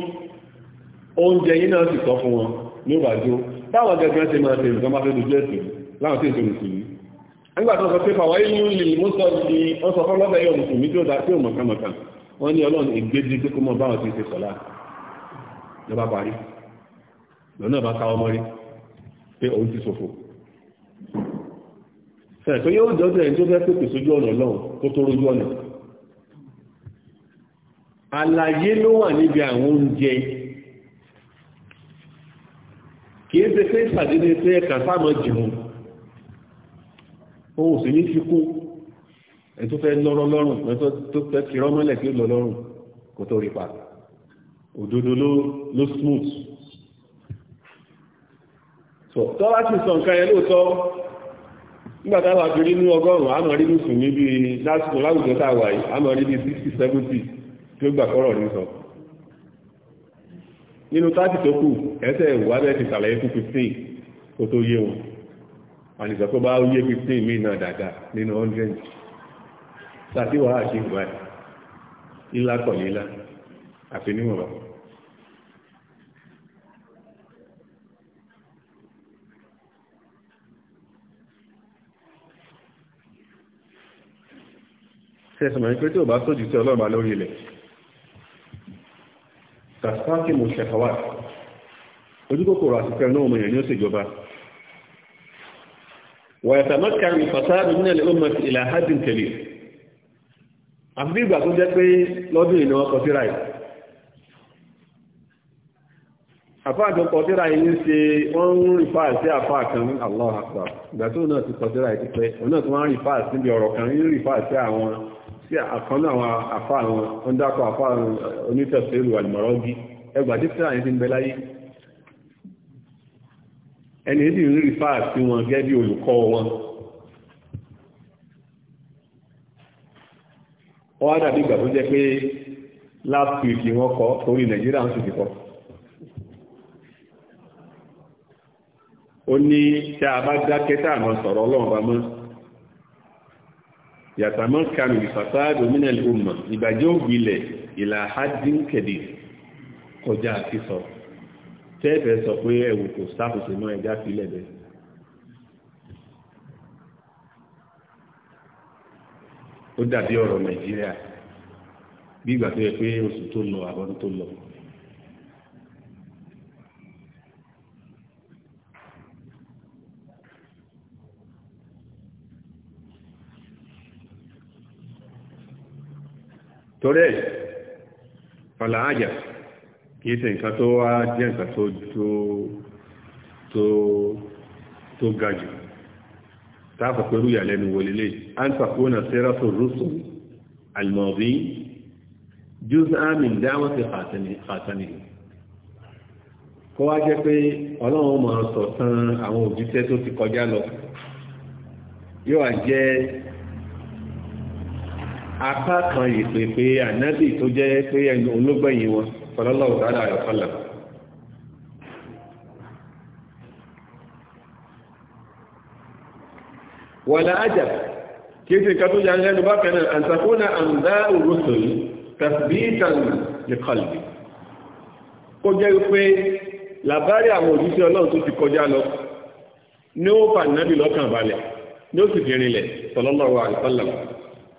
oúnjẹ yí náà sì tọ́ fún wọn ní ìwàjó táwọn gẹ̀gẹ̀ ṣe máa tẹ̀lé ìjọba fẹ́ dojú ẹ̀sìn láwọn tí ìṣòro sí yìí nígbà tó sọ pé fàwọn ìlú lè mú sọ di wọ́n sọ fọ́lọ́fẹ́ yọ mùsùlùmí tí ó dá tí ó mọ̀kànmọ̀kà wọ́n ní ọlọ́run ìgbéjì pé kó mọ báwọn ti ṣe sọ̀lá lọ́ba parí lọ́nà bá káwọ́ mọ́rí pé òun ti ṣòfò sẹ̀rẹ̀ pé yóò jọ́jọ́ ẹni tó fẹ́ pèpè sójú ọ̀nà lọ́wọ́ kó tó rójú ọ̀nà àlàyé ló wà níbi àwọn oúnjẹ kìí ṣe pé ìpàdédé pé ẹ̀ka sáàmọ̀ jìmọ̀ ohun sì ní fi kú ẹni tó fẹ́ lọ́rọ́ lọ́rùn ẹni tó fẹ́ fi rọ́mọ́lẹ̀ kí ó lọ lọ́rùn kó tó rí pa òdodo ló smooth so tọ́lá ti sọ nǹkan yẹn lóòótọ́ nígbàtá wà torí ní ọgọ́rùn-ún àmọ́ rí mùsùlùmí bí i lásìkò láwùjọ tá a wà yìí àmọ́ rí bí sixty seventy tí ó gbà kọ́rọ̀ ní sọ nínú táàtì tó kù ẹsẹ̀ ìwà bẹ́ẹ̀ ti sàlàyé fún fifteen kó tó yé wọn àlìsọ tó bá yé fifteen mí náà dáadáa nínú hundred sàtíwàá àṣìwà ìlà kọ̀lélà àfi níwọ̀n bàbá sẹ́sìmọ̀ ní pé tí ò bá sójú sí ọlọ́ọ̀bá lórí ilẹ̀ tàṣáàkì mò ṣẹ̀kọ̀wà ojúkòkòrò àsìkò ẹ̀nà ọmọ èèyàn ní ó sì jọba wà yàtàmọ́kàrí fàtàrí ní ẹ̀lẹ́ ọmọ ìlà hajj tẹ̀lé àfi bí ìgbà tó jẹ́ pé lọ́dún ìnáwó kọfíráì àfáà tó kọtíra yìí ṣe wọ́n ń rífà sí àfáà kan Allah akbar ìgbà tó náà ti kọtíra yìí pẹ́ òun náà tó wọ́n rífà sí ibi ọ̀rọ̀ kan ń rífà sí àwọn sí àkànnà àwọn àfáà wọn ó ń dákọ̀ àfáà onítẹ̀sẹ̀lù àlùmọ̀rọ́gí ẹgbà tí tíra yìí ti ń bẹ láyé ẹni èdè ń rífà sí wọn gẹ́ bí olùkọ́ wọn wọ́n á dàbí ìgbà tó jẹ́ pé last week wọ́n kọ́ torí Nàìjíríà ń sì ti kọ́ ó ní tí a bá dákẹ́ tá àmọ́ sọ̀rọ̀ ọlọ́run bá mọ́ yàtàmọ́ kanu ìfàsáàdù mínà ìhùmọ̀ ìbàjẹ́ ògbìlẹ̀ ìlàhádín kẹ̀dì kọjá àti sọ tẹ́ẹ̀fẹ́ sọ pé ẹ̀wù kò sáfùsì mọ́ ẹja sílẹ̀ bẹ́ẹ̀ ó dàbí ọ̀rọ̀ nàìjíríà bí ìgbà tó yẹ pé oṣù tó lọ àbọ̀dún tó lọ torí ẹ̀ fàlà àjà kìí ṣe nǹkan tó wá jẹ́ nǹkan tó tó tó ga jù táàpọ̀ pẹ̀lú ìyàlẹ́nu wọlé lè ansàkóna sẹ́rọ̀tò rúsùn almọ̀bí juz'an min dáwọ́sí fàtàní kó wá jẹ́ pé ọlọ́run máa sọ̀tàn àwọn òjíṣẹ́ tó ti kọjá lọ yóò wá jẹ́ apá kan ìpè pé ànábì tó jẹ́ pé ẹni ológbẹ̀yìn wọn sallallahu alaihi wa sallam wàlá ájà kí é sì ká tó yà ń lẹ́nu bá fẹ́ràn àǹtàkùnà àǹdá òrùsùn tàbíìtàn lè kọlù kó jẹ́ pé làbárí àwọn òjíṣẹ́ ọlọ́run tó ti kọjá lọ ní ó fà nábì lọ́kàn balẹ̀ ní ó sì fi rinlẹ̀ sallallahu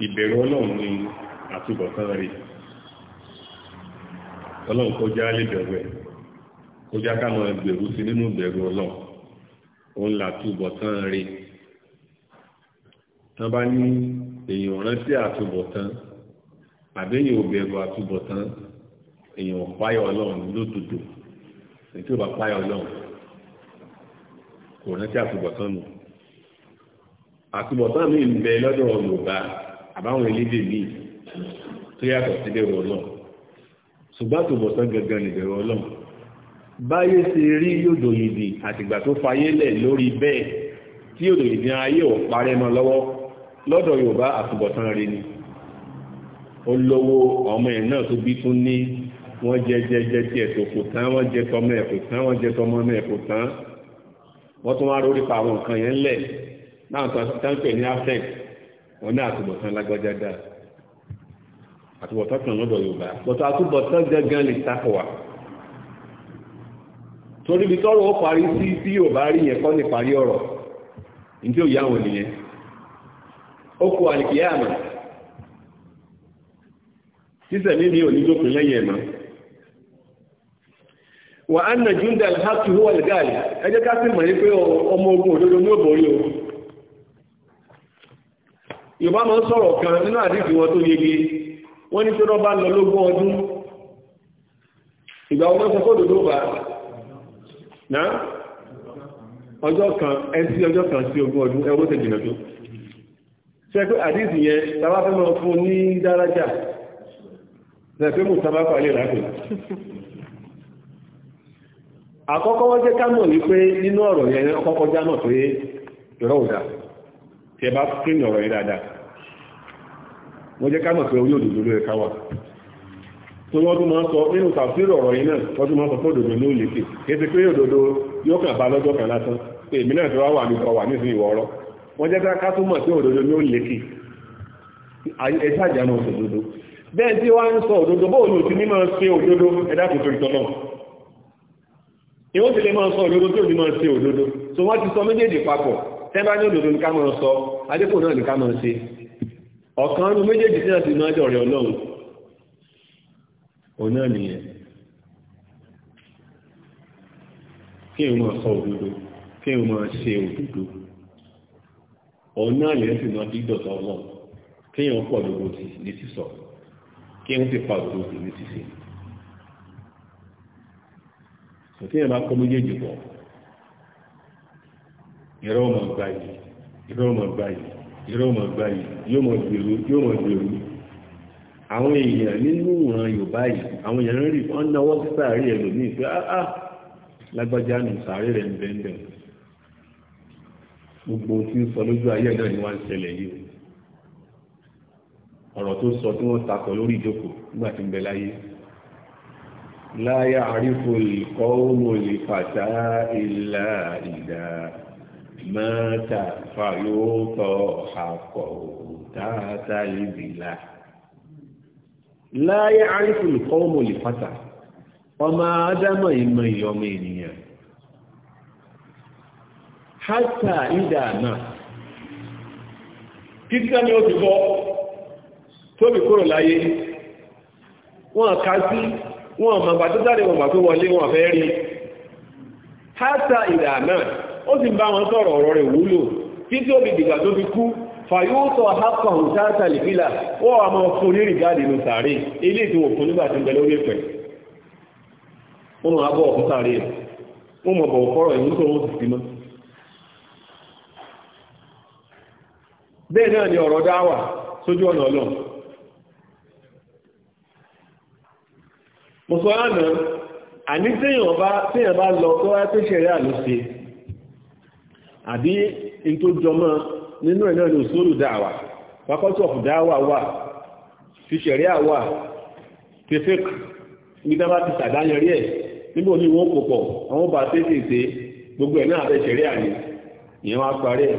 ìbẹ̀rù ọlọ́run ni àtúbọ̀tán rẹ̀ ọlọ́run kó já lè bẹ̀rù ẹ̀ kó já ká máa gbèrú sí nínú ìbẹ̀rù ọlọ́run òun làtúbọ̀tán rẹ̀ tán bá ní èèyàn rántí àtúbọ̀tán àbẹ́yìn ò bẹ̀rù àtúbọ̀tán èèyàn páyà ọlọ́run lódodo èyí tó bá páyà ọlọ́run kò rántí àtúbọ̀tán nù àtúbọ̀tán mi ń bẹ lọ́dọ̀ Yorùbá àbáwọn elédè míì tó yàtọ̀ sí bẹ̀rù ọlọ́run ṣùgbọ́n tó bọ̀sán gangan ní bẹ̀rù ọlọ́run báyé ṣe rí yòdò yìdì àtìgbà tó fayé lẹ̀ lórí bẹ́ẹ̀ tí yòdò yìdì ayé ò parẹ́ mọ́ lọ́wọ́ lọ́dọ̀ yorùbá àtúbọ̀tán rí ni olówó ọmọ ẹ̀ náà tó bí tún ní wọ́n jẹ jẹ jẹ tí ẹ̀ tó kò tán wọ́n jẹ tọmọ ẹ̀ kò tán wọ́n jẹ tọmọ ẹ̀ kò tán wọ́n tún wá rórí pa àwọn nǹkan yẹn lẹ̀ náà tán pè ní afẹ́ẹ̀tì wọn ní àtúbọ̀tán lágbájá dáa àtúbọ̀tán kan lọ́dọ̀ yorùbá bọ̀tán àtúbọ̀tán gangan lè takọ̀wà torí bí tọ́rọ ó parí sí tí yorùbá rí yẹn kọ́ ní parí ọ̀rọ̀ ní tí ó yá àwọn ó kó àlìkìyà àmà sísẹ̀mí mi ò ní jókòó lẹ́yìn ẹ̀mọ́ wà á nà júndà ogun òdodo ní Yorùbá máa ń sọ̀rọ̀ kan nínú àdìsí wọn tó yege wọ́n ní tó lọ́ bá lọ lógún ọdún ìgbà ọmọ sọ fóòdù tó bá náà ọjọ́ kan ẹsí ọjọ́ kan sí ogún ọdún ẹwọ́ tẹ̀ jìnà tó ṣe pé àdìsí yẹn tàbá fẹ́ máa fún ní dárájà ṣẹ̀fẹ́ mú tàbá pàlẹ́ ìrápẹ̀ àkọ́kọ́ wọ́n jẹ́ ká mọ̀ wípé nínú ọ̀rọ̀ yẹn ọkọ̀ kọjá náà pé ìrọ̀ òdà tí bá kí ọ̀rọ̀ yẹn dáadáa wọ́n jẹ́ ká mọ̀ pé orí òdòdó ló yẹ ká wà tó wọ́n tún máa ń sọ nínú tàbílì ọ̀rọ̀ yìí ododo wọ́n tún máa sọ pé òdòdó ló pé òdòdó yóò kàn bá lọ́jọ́ kan lásán pé èmi náà tó wá wà nípa wà nísìnyí ìwọ wọ́n jẹ́ ká tún mọ̀ òdòdó òdòdó bẹ́ẹ̀ tí ọ̀kan nínú méjèèjì tí wọ́n ti máa dọ̀rẹ́ ọlọ́run ọ̀nà nìyẹn kí n máa sọ òdodo kí n máa ṣe òdodo ọ̀nà nìyẹn sì máa dídọ̀tọ̀ ọlọ́run kí n pọ̀ lóko tì ní sísọ kí n sì pa òdodo tì ní sísè tí ẹ bá kọ́ méjèèjì pọ̀ ìrọ́ ọmọ gbáyìí ìrọ́ ọmọ gbáyìí ìrọ̀mọ̀ gba yìí yóò mọ̀ gbèrú yóò mọ̀ gbèrú àwọn èèyàn nínú ìran yorùbá yìí àwọn èèyàn rí wọn náwó sísàárì ẹ̀ lòmíì pé áá ah, ah, lágbájá nù sàárì rẹ̀ ń bẹ́ńbẹ́ gbogbo tí ń sọ lójú ayé náà ni wọ́n ń ṣẹlẹ̀ yìí ọ̀rọ̀ tó sọ tí wọ́n takọ̀ lórí ìjókòó nígbà tí ń bẹ láyé láyé àrífò ìkọ́ òmò lè fàtà ìlà ìdá mẹ́ta فيوقع حقه ذات البلا لا يعرف القوم الفتى ọmọ ádámọ̀ ìmọ̀ ìyọmọ ènìyàn hátà ìdà náà títí ní oṣù bọ́ tóbi kúrò láyé wọ́n ká sí wọ́n màgbà tó jáde wọ́n màgbà wọlé wọ́n fẹ́ rí hátà ìdà náà ó sì bá wọn sọ̀rọ̀ ọ̀rọ̀ rẹ̀ wúlò títí ó fi dìgbà tó fi kú fàyóòtọ̀ àhápàhùn sáàtà lìfílà wọ́n wà máa fún ní rìgáàdì ló sàárè ilé ìtìwò fún nígbà tí ń bẹ lórí ẹ̀pẹ̀ wọ́n máa ọ̀fún sàárè wọ́n mọ̀ bọ̀ fọ́rọ̀ ìlú tó wọ́n sì sí mọ́ bẹ́ẹ̀ náà ni ọ̀rọ̀ dáwà sójú ọ̀nà ọlọ́ mo sọ lánàá àní téèyàn bá lọ tó wá pé ṣẹ̀rẹ́ àlùsí àbí in tó jọmọ́ nínú ẹ̀ náà ni òṣòlù dáwà faculty of dáwà wà fìṣẹ̀rí àwà fífík nígbà bá ti sàdáyẹrí ẹ̀ níbo ni wọ́n pòpọ̀ àwọn bá tètè ṣe gbogbo ẹ̀ náà fẹ́ṣẹ̀rí àní ìyẹn wá parí ẹ̀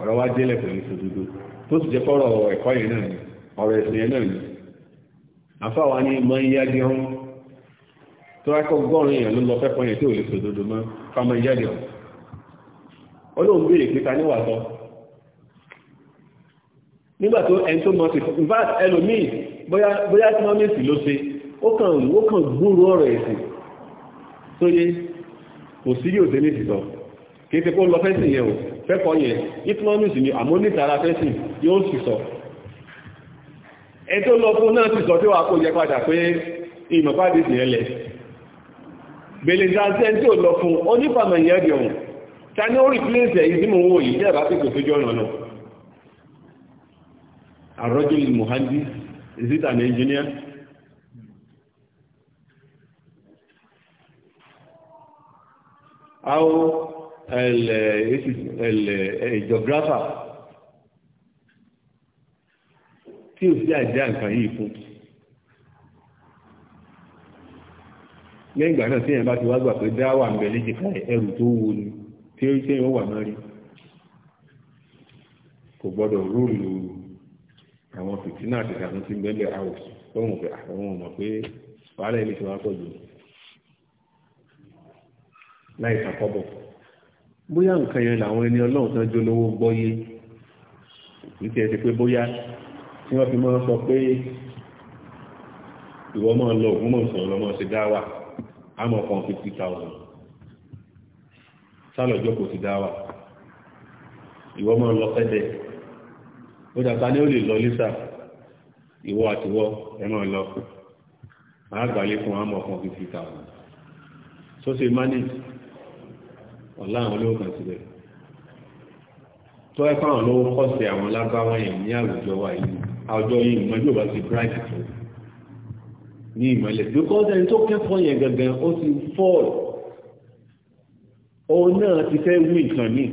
ọ̀rọ̀ wá délẹ̀ pẹ̀lú ìṣòdodo tó sì jẹ́ fọ́rọ̀ ẹ̀kọ́ yẹn náà ni ọ̀rọ̀ ẹ̀sìn yẹn náà ni àfáwa ni mọ iye adé ọ̀hún tó wá kọ́ gọ́ọ̀rùn èèyàn ló lọ fẹ́ pọ́n yẹn tí ò lè ṣòdodo mọ́ fáwọn iye adé ọlọ́run béèrè pé ta níwà tọ́ nígbà tó ẹni tó mọ sí vat ẹlòmíì bóyá tí wọ́n mẹ́sì ló ṣe ó kàn ó kàn gbúrú ọ̀rọ̀ ẹ̀sìn tó yé kò sí yóò dé ní ìsìtọ̀ kì í ṣe kó lọ fẹ́sìn yẹn o fẹ́kọ̀ọ́ yẹn economics ni àmọ́ nítara fẹ́sìn yóò sì sọ ẹni tó lọ fún náà sì sọ tí wàá kó yẹ padà pé ìmọ̀pá dìsìn ẹlẹ̀ bèlè ìdájẹ́ tí ò lọ fún onífàmì ìyẹ́dì ọ̀hún ta ni ó rìpílẹ̀sì ẹ̀yìn tí mo ń wò yìí jẹ́ àbáfíìsì òfójú ọ̀nà náà àrọ́jú muhandis is it an engineer أو الجغرافة eh, eh, tí ò sí àjá nǹkan yìí fún lẹ́yìn ìgbà náà tí èèyàn bá ti wá gbà pé dáwà ń bẹ léjìká ẹrù tó wo ni tí ó jẹ́ ìwọ́wà náà rí kò gbọ́dọ̀ rúùlù àwọn fìtínà àti ìdààmú tí gbẹ́lẹ̀ house lóhùn pé àwọn ọmọ pé wàhálà ilé ti wá pọ̀ jù láì sàkọ́bọ̀ bóyá nǹkan yẹn làwọn ẹni ọlọ́run tán jó lówó gbọ́yé nítorí ẹsẹ̀ pé bóyá tí wọ́n fi máa sọ pé ìwọ máa lọ òun máa sọ̀rọ̀ máa ṣe dáwà á mọ̀ kan fifty thousand sálọ ìjọpọ̀ ti dá wà ìwọ mọ́ lọ fẹ́dẹ̀ ó dàbá ní ó lè lọ lísà ìwọ àtiwọ ẹ̀mọ́ lọ máa gbàlé fún àmọ́ ọkàn fífi ta wọn tó ṣe manage ọ̀la àwọn olówó kan síbẹ̀ tó ẹ fáwọn olówó kọ́ àwọn lágbáwá yẹn ní àwùjọ wa yìí àwùjọ yìí ìmọ̀jú bá ti bright ní ìmọ̀lẹ̀ because ẹni tó kẹ́kọ̀ọ́ yẹn gangan ó ti fall òun náà ti fẹ́ wí nǹkan ní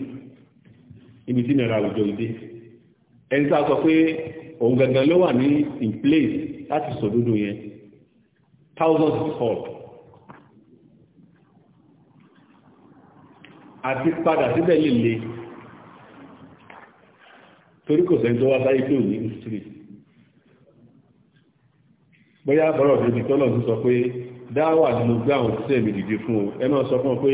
ibi tí nira àwùjọ ìdí ẹni tá sọ pé òun gangan ló wà ní in place láti sòdodo yẹn thousands of call àti padà síbẹ̀ lè le torí kò sẹ́ni tó wá sáyé pé òní history bóyá bọ́rọ̀ òbí tọ́lọ̀ ti sọ pé dáwà ni mo gbé àwọn òṣìṣẹ́ mi dìde fún o ẹ máa sọ fún ọ pé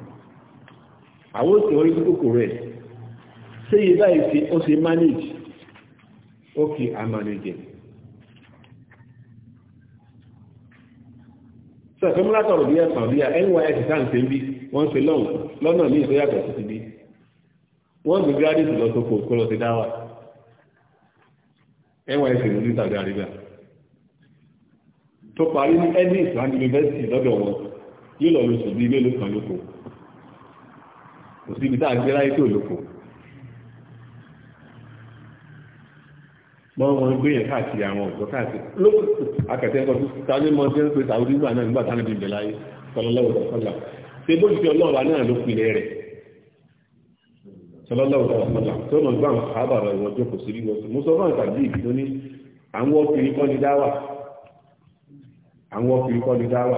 àwọn òsè orí kókò rẹ̀ ṣé iye báyìí ṣe ó ṣe manage ok i manage sọ pé múlátọ̀ rò bí ẹ̀sán bí i nys sáǹsì ń bí wọ́n ṣe lọ́hùn lọ́nà míì tó yàtọ̀ sí ti bí wọ́n gbé gírádìsì lọ sóko kó lọ sí dáwà nys ló ní Saudi Arabia tó parí ní edis and university lọ́dọ̀ wọn yóò lọ lóṣù bíi mélòó kan lóko kò síbi tá à ń gbé láyé tó lòpọ̀ wọ́n wọ́n gbé yẹn káàkiri àwọn ọ̀dọ́ káàkiri akẹ́tẹ́kọ̀ọ́ tó sáré mọ́ tí ó ń pè sàwọ́dí nígbà náà nígbà tánàbí ìbẹ̀ láyé sọlọ́lọ́wọ́ sọ̀kọ́lá ṣe bó ṣiṣẹ́ ọlọ́ọ̀bá náà ló pinlẹ̀ rẹ̀ sọlọ́lọ́wọ́ sọ̀kọ́lá tó mọ̀ gbà wọn sábà rẹ̀ wọ́n jókòó sí wọ́n mo sọ fún àtàbí ìbí tó ní àwọn ọkùnrin kọ́ ni dáwà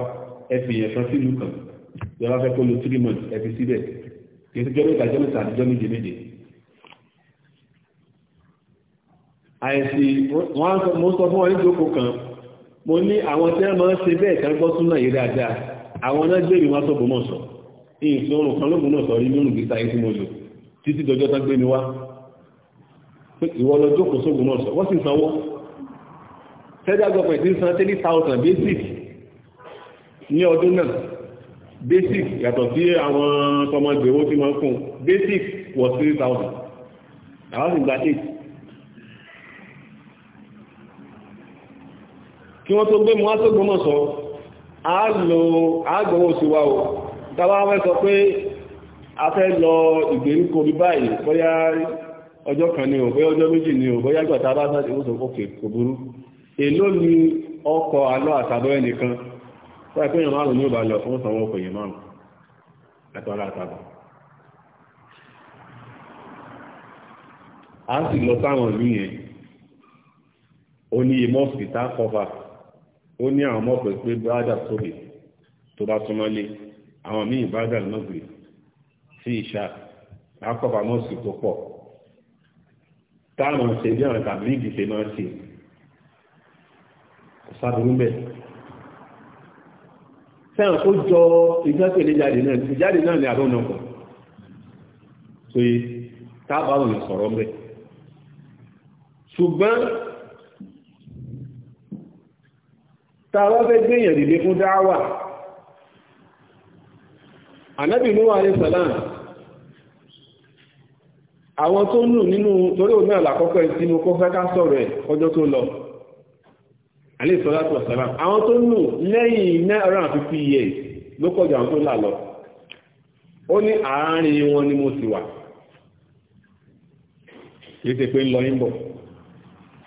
àwọn kìí jọ mẹ́ta jọ mẹ́ta àtijọ́ méje méje àìsí wọ́n mọ́ sọ fún ọdún tó kan mo ní àwọn tí wọ́n máa ń ṣe bẹ́ẹ̀ kan gbọ́ súnà yìí dáadáa àwọn náà gbé mi wá sọ́gbọ́n mọ̀ sọ ìsìn oorun kan lóògùn náà sọ rí lóòrùn gbígbà yìí tí mo lò títí dọjọ́ tán gbé mi wá ìwọ lọ jókòó sóògùn náà sọ wọ́n sì sanwó federal government ń san three thousand basic ní ọdún náà basic yàtọ̀ sí àwọn ọmọ ìgbèrò tí wọ́n fún basic was three thousand àwọn sì gba eight kí wọ́n tó gbé mú átógbómọ̀ sọ àágbọ̀wọ̀ sí wá o tàbá wẹ́ sọ pé a fẹ́ lọ ìgbèríko bí báyìí bóyá ọjọ́ kan ni o bóyá ọjọ́ méjì ni o bóyá ìgbàta bá sáà ti ó sọ ókè kò burú èló ni ọkọ̀ alọ́ àtàbọ̀ ẹnìkan wọ́n pé èèyàn márùn-ún ní ò bá lọ fún sanwó ọkọ̀ èèyàn márùn-ún látara a sì lọ sáwọn ìlú yẹn ó ní iye mọ́ọ̀sì tá kọfà ó ní àwọn mọ́ọ̀sì pé brádà sóbè tó bá súnmọ́ lé àwọn míì brádà lọ́gbè sí ìṣá akọ́fà mọ́ọ̀sì tó pọ̀ táwọn ṣe bí àwọn tàbí ìdìṣe máa ń ṣe kò sábúrú bẹ́ẹ̀ sẹ́wọ̀n tó jọ ìgbẹ́sẹ̀ ní jáde náà ní jáde náà ní àdọ́nà ọkọ̀ tó yí tábà òyìn sọ̀rọ̀ mẹ́ ṣùgbọ́n tàbá fẹ́ gbẹ̀yàn dìde fún dáwà ànábì níwà ní sàlám àwọn tó nù nínú torí òun náà làkọ́kọ́ ẹ̀ fẹ́ ká sọ̀rọ̀ ẹ̀ ọjọ́ tó lọ alẹ́ ìsọ́lá tó sàlám àwọn tó nù lẹ́yìn nine hundred and fifty years ló kọjá àwọn tó là lọ ó ní àárín wọn ni mo sì wà kìí ṣe pé ń lọ ń bọ̀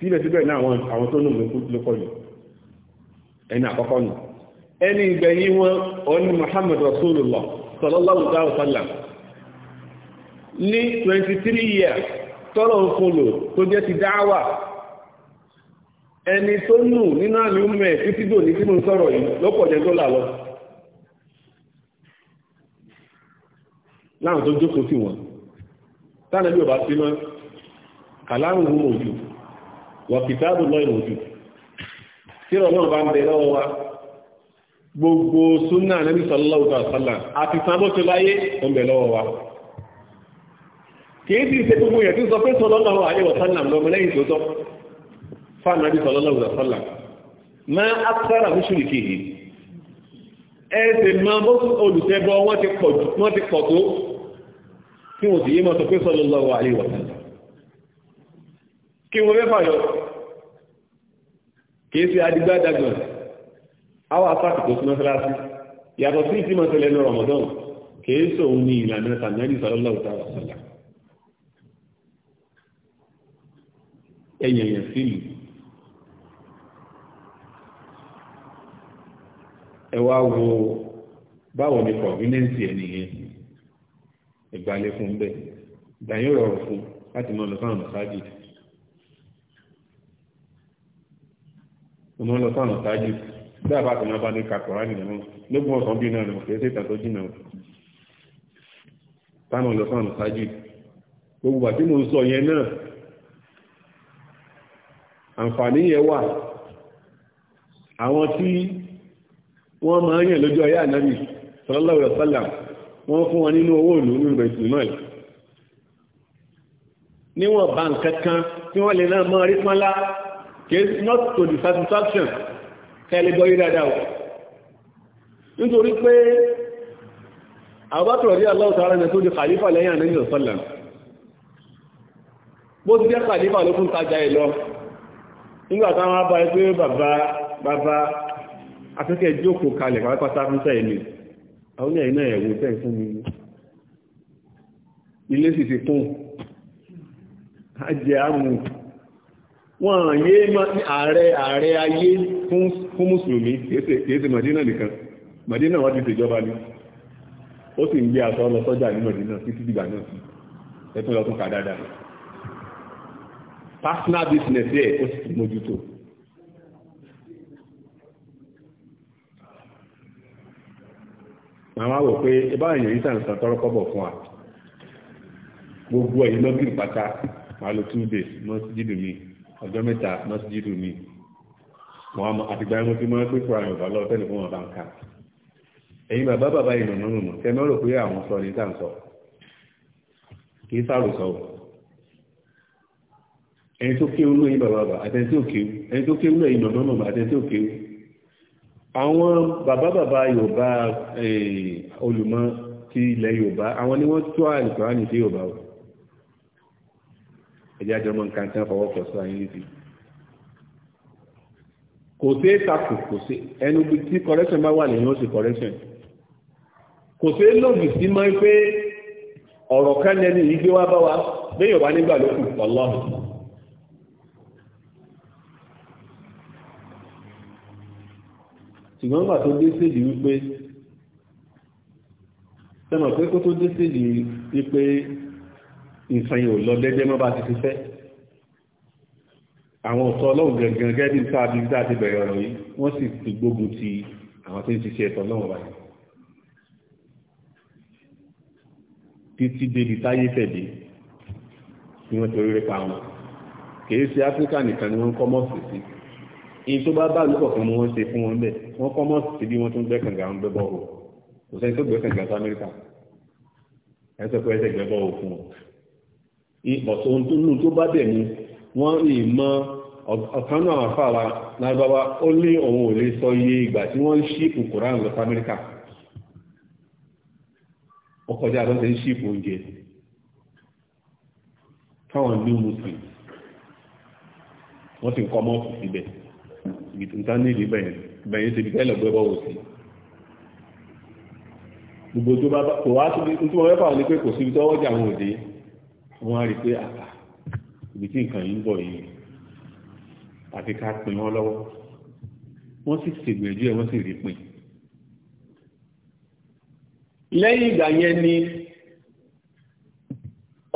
síbẹ̀síbẹ̀ náà àwọn tó nù ló kọjá ẹni àkọ́kọ́ nù sallallahu alaihi wasallam ní twenty three years tọ́lọ̀ ń fọlọ̀ tó jẹ́ ti ẹni tó nù nínú àmì ọmọ ẹ̀ títí dò ní tí mo ń sọ̀rọ̀ yìí lọ́pọ̀ jẹ́ tó là lọ láwọn tó jókòó sí wọn tánà bí ọba sí mọ́ kàláàrùn ún òjò wà kìtàbù lọ ìmòjò tí ọlọ́run bá ń bẹ lọ́wọ́ wa gbogbo súnà Ànábì sallallahu alaihi wasallam àti sàbọ́tò láyé ń bẹ lọ́wọ́ wa kìí sì ṣe gbogbo yẹn tí sọ pé sallallahu alaihi wasallam lọ́mọ lẹ́yìn tó tọ́ fánàbí sallallahu alaihi wasallam ma akthara mushrikihi ẹ̀ẹ́sẹ̀ ma bó olùsẹ́bọ wọ́n ti pọ̀ tó kí wọ́n sì yé máa sọ pé sallallahu alaihi wasallam kí wọ́n mẹ́fà yọ kìí ṣe adigbádàgbọ̀n àwọn apáàtì tó súnmọ́ síláṣí yàtọ̀ sí ìtí máa tẹ̀lé ní Ramadan kìí sóun ní ìlànà tàbí sallallahu alaihi wasallam ẹ̀yẹ̀yẹ̀ sílùú ẹ wá wo báwo ni convenience ẹ̀ nìyẹn ìgbàlẹ̀ fún bẹ́ẹ̀ dàyín rọrùn fún láti mọ́ lọ sáwọn mọ̀sájì mọ́ lọ sáwọn mọ̀sájì bí a kan náà bá ní kàkọ̀rá nìyẹn mọ́ lógún ọ̀sán bí náà nìyẹn kìí ṣètà tó jìnà táwọn lọ sáwọn mọ̀sájì gbogbo àti mò ń sọ yẹn náà àǹfààní yẹn wà àwọn tí wọ́n máa yàn lójú ayé ànábì sallallahu alaihi wasallam wọ́n fún wọn nínú owó ìlú nínú ìbẹ̀sùn náà níwọ̀n bá nǹkan kan tí wọ́n lè náà mọ́ rí pánlá not to the satisfaction kẹ́lẹ́gbọ́ yí dáadáa nítorí pé àbátọ̀ rí aláwọ̀tara ẹni tó di kàlífà lẹ́yìn ànábì ọ̀sọ́là bó ti jẹ́ kàlífà ló fún tajà ẹ̀ lọ nígbà táwọn abáyé pé bàbá bàbá afẹ́kẹ́ jókòó kalẹ̀ pàápàá fúnṣẹ́ ẹni àwọn ẹ̀yìn náà ẹ̀wò tẹ́ fún mi ilé sì ti kún ajẹ́ àmù wọ́n yé ààrẹ ààrẹ ayé fún mùsùlùmí kéèsè Madina nìkan Madina wọ́n ti ṣèjọba ní ó sì ń gbé aṣọ lọ sọ́jà ní Madina títí dìgbà náà sí ẹ̀tún lọ́tún kà dáadáa personal business yẹ ó sì mójútó àwọn àwọ̀ pé ẹbá èèyàn yìí sàn sàn tọrọ kọ́bọ̀ fún wa gbogbo ẹ̀yìn lọ́gìrì pátá máa lo two days mọ́síjìdù mi ọjọ́ mẹ́ta mọ́síjìdù mi wọn àmọ́ àtìgbà ẹ̀mọ́ tí wọ́n pè fún àwọn ọ̀bà lọ́wọ́ tẹ́lẹ̀ fún ń ka ẹ̀yin bàbá bàbá ìrìn náà nù tẹ́mọ́ rò pé àwọn sọ ní sàn sọ kì í sàrò sọ ẹni tó kéwú lóyìn bàbá bàbá àwọn bàbá bàbá yorùbá olùmọ̀ ti ilẹ̀ yorùbá àwọn ni wọ́n tó àìlùkọ́ránì sí yorùbá o ẹjẹ́ àjọmọ́ nǹkan tí wọ́n fọwọ́ kọ̀ sọ àyín níbi kò sí takò kò sí ẹnu bí tí correction bá wà lẹ́yìn ó sì correction kò sí lòdì sí máa pé ọ̀rọ̀ kan lẹ́nu yìí gbé wá bá wa bẹ́ẹ̀ yorùbá nígbà lókù ọlọ́run ṣùgbọ́n gbà tó dé stage wípé tẹ́mọ̀ pé kó tó dé stage wípé nǹkan yóò lọ dẹ́gbẹ́ mọ́ bá ti fi fẹ́ àwọn ọ̀tọ́ ọlọ́run gangan gẹ́gẹ́ bí sáà bí sáà ti bẹ̀rẹ̀ ọ̀rọ̀ yìí wọ́n sì ti gbógun ti àwọn tó ń ṣiṣẹ́ ẹ̀tọ́ ọlọ́run báyìí títí débi táyé tẹ̀dé ni wọ́n torí rẹ̀ pa wọn kì í ṣe áfíríkà nìkan ni wọ́n kọ́ mọ́ọ̀sì sí èyí tó bá bá lókọ̀ọ̀kan ni wọ́n ṣe fún wọn bẹ́ẹ̀ wọ́n kọ́ mọ́ sí bí wọ́n tún gbẹ́ kànga ń bẹ́bọ̀ ndị kò sẹ́ni tó gbẹ́ kànga sí amẹ́ríkà fún wọn ọ̀sọ̀ ohun tó nù tó bá dẹ̀ ni wọ́n lè mọ ọ̀kan náà lágbàwá ó ní sọ iye ìgbà tí wọ́n ń ṣípù koran lọ sí amẹ́ríkà kọjá oúnjẹ táwọn ti ìtànìlì bẹ̀yìn ti bẹ̀rẹ̀ lọ́gbẹ́ bọ́wọ́ sí gbogbo tó bá kò wá tó tí wọ́n mẹ́fà ní pé kò síbi tọ́wọ́ jà wọn òde wọ́n á rí pé àpá ibi tí nǹkan yìí ń bọ̀ yìí àfi ká pin wọ́n lọ́wọ́ wọ́n sì ṣègbèjú ẹ̀ wọ́n sì rí pin lẹ́yìn ìgbà yẹn ni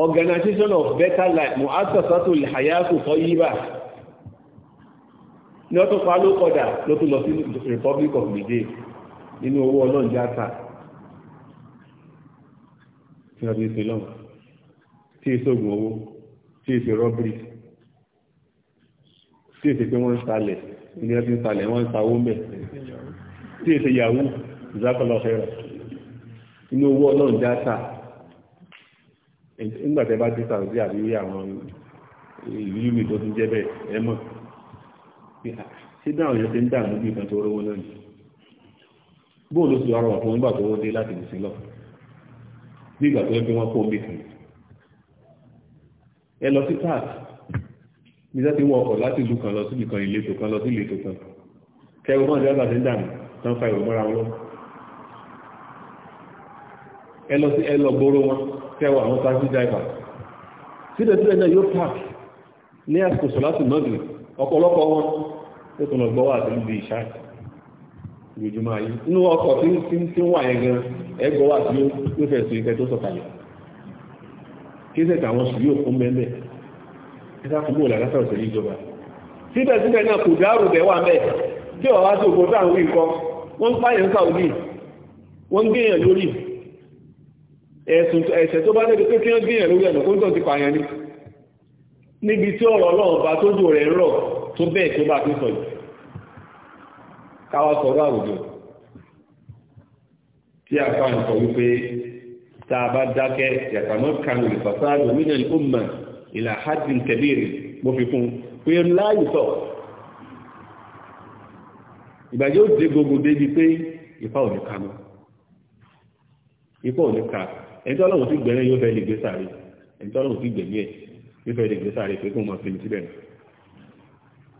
organization of better life mu'assasatul hayatu tayyiba ní ọtún pa ló kọdà ló tún lọ sí Republic of Niger nínú owó ọlọ́run játa tí wọ́n ti ṣe lọ́wọ́ tí ìṣògùn owó tí ìṣe rọ́bìrì tí èsè pé wọ́n ń salẹ̀ ilé ẹbí ń salẹ̀ wọ́n ń sawó mẹ́ tí èsè yahoo ìzákọ̀lọ̀ fẹ́rẹ̀ inú owó ọlọ́run dáta nígbàtẹ́ bá ti sàrùdí àbí àwọn ìlú mi tó ti jẹ́ bẹ́ẹ̀ ẹ̀mọ̀ síbẹ̀ àwọn èèyàn ti ń dààmú bí nǹkan tó rówó náà yìí bóò ló ti rọrùn fún nígbà tó wọ́n dé láti lè sílọ̀ bí ìgbà tó yẹ pé wọ́n kó omi kan ẹ lọ sí park wọ ọkọ̀ láti ìlú kan lọ sí ìkan ìletò kan lọ sí ìletò kan kẹrù mọ́ ìjọba ti ń dààmú tán fa ìrò mọ́ra wọn lọ ẹ lọ sí ẹ lọ gbóró wọn kẹwọ àwọn taxi driver síbẹ̀síbẹ̀ náà yóò park ní àsìkò tó tún lọ gbọ́ wà sí ibi ayé inú ọkọ̀ tí ń wà yẹn gan ẹgbọ́ wà fẹ́ sí ìfẹ́ tó sọ̀kalẹ̀ kí sẹ́ka àwọn sùúrù yóò fún bẹ́ẹ̀ bẹ́ẹ̀ ẹ níbi tí ọ̀rọ̀ ọlọ́run bá tó dùn rẹ̀ rọ̀ tó bẹ́ẹ̀ tó bá tó sọ káwọ́ sọ̀rọ̀ àwùjọ tí a fa nǹkan wípé tá a bá dákẹ́ yàtàmọ́ kanu ìfàsáàdù nínú ìlúmọ̀ ìlà hajjin kẹbíìrì mo fi kún pé láàyè sọ ìgbà yóò dé gbogbo débi pé ìfà ò ní kanu ìfà ò ní ka ẹjọ́ ọlọ́run ti gbẹ̀rẹ̀ yóò fẹ́ lè gbé sáré ẹjọ́ ọlọ́run ti gbẹ̀mí ẹ̀ yóò fẹ́ lè gbé sáré pé kó mọ̀ sí ní síbẹ̀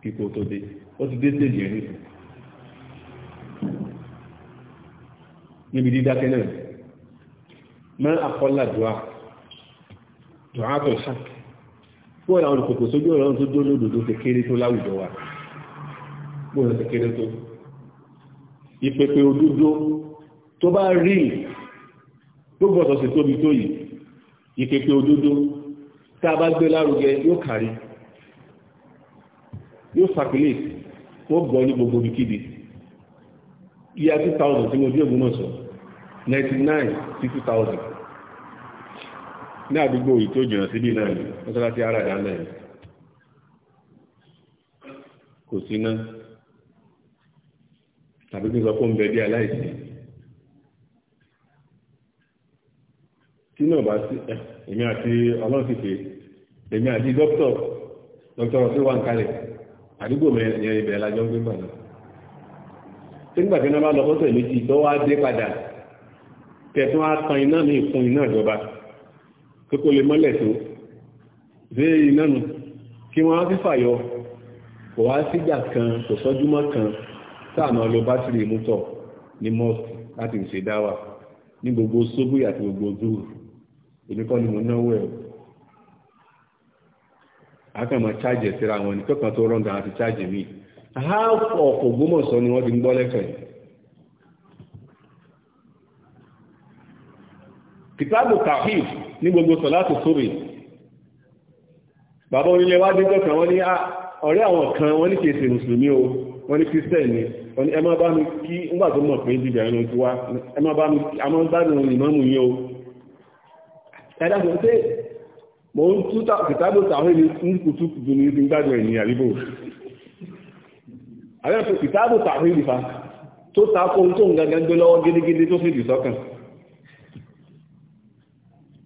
kíkó tó dé níbi dídákẹ́ náà mọ́ àkọ́lá dùá dùá tó ṣàk fún ọ̀nà àwọn òkòkò sójú ọ̀rọ̀ tó dó lódò tó kéré tó láwùjọ wa bó lọ kéré tó ìpèpè òdúdó tó bá rí gbogbo ọ̀sọ̀sẹ̀ tóbi tó yìí ìpèpè òdúdó tá a bá gbé lárugẹ yóò kárí yóò circulate wọ́n gbọ́ ní gbogbo ibikíbi ìyá 2000 tí mo bí ògbómọ̀sán 99 60,000 ní àdúgbò yìí tó jìnà síbí náà ni mọ́sálásí ara ìdálẹ̀ kò sí náà tàbí kí n sọ fún bẹ̀ẹ́dí aláìsí tí náà bá sí ẹ̀mí àti ọlọ́sìkè ẹ̀mí àti dókítọ̀ dókítọ̀ sí wà ń kalẹ̀ àdúgbò mẹ́rin ìbẹ̀rẹ̀ lájọ́ gbé bàdàn tí nígbà tí wọ́n bá lọ fọ́tọ̀ méjì tó wá dé padà tẹ̀tún á tan iná ní ìfún iná ìjọba tó kó lè mọ́lẹ̀ tó dé iná nù kí wọ́n á fi fàyọ kò wá sígbà kan kò sọ́júmọ́ kan sáàmà lo bátìrì mútọ̀ ní mọ́ọ̀sì láti ṣe dáwà ní gbogbo sóbù àti gbogbo zúù èmi kọ́ ni mo náwó ẹ̀ akàmọ̀ chájẹ̀ síra wọn ní kọ́kàn tó rọ̀ǹda àti chájẹ̀ míì kìtàbù tàhíf ní gbogbo sọ̀látù sóbì bàbá onílé wá dé jọ́kàn wọ́n ní ah, ọ̀rẹ́ àwọn kan wọ́n ní kìí ṣe mùsùlùmí o wọ́n ní kírísítẹ̀ ni wọ́n ní ẹ má bá mi kí ńgbà tó mọ̀ pé bíbẹ̀ ẹ̀rọ ti wá ẹ má bá mi a máa ń gbádùn ìmọ̀mù yín o ẹ̀dá sọ pé mo ń tú kìtàbù tàhíf ní kùtùkùtù ní ti gbádùn ẹ̀yìn àríbò àwọn kìtàbù tàhíf fa tó ta kó tó ń gangan gbé lọ́wọ́ gédégédé tó sì dì sọ́kàn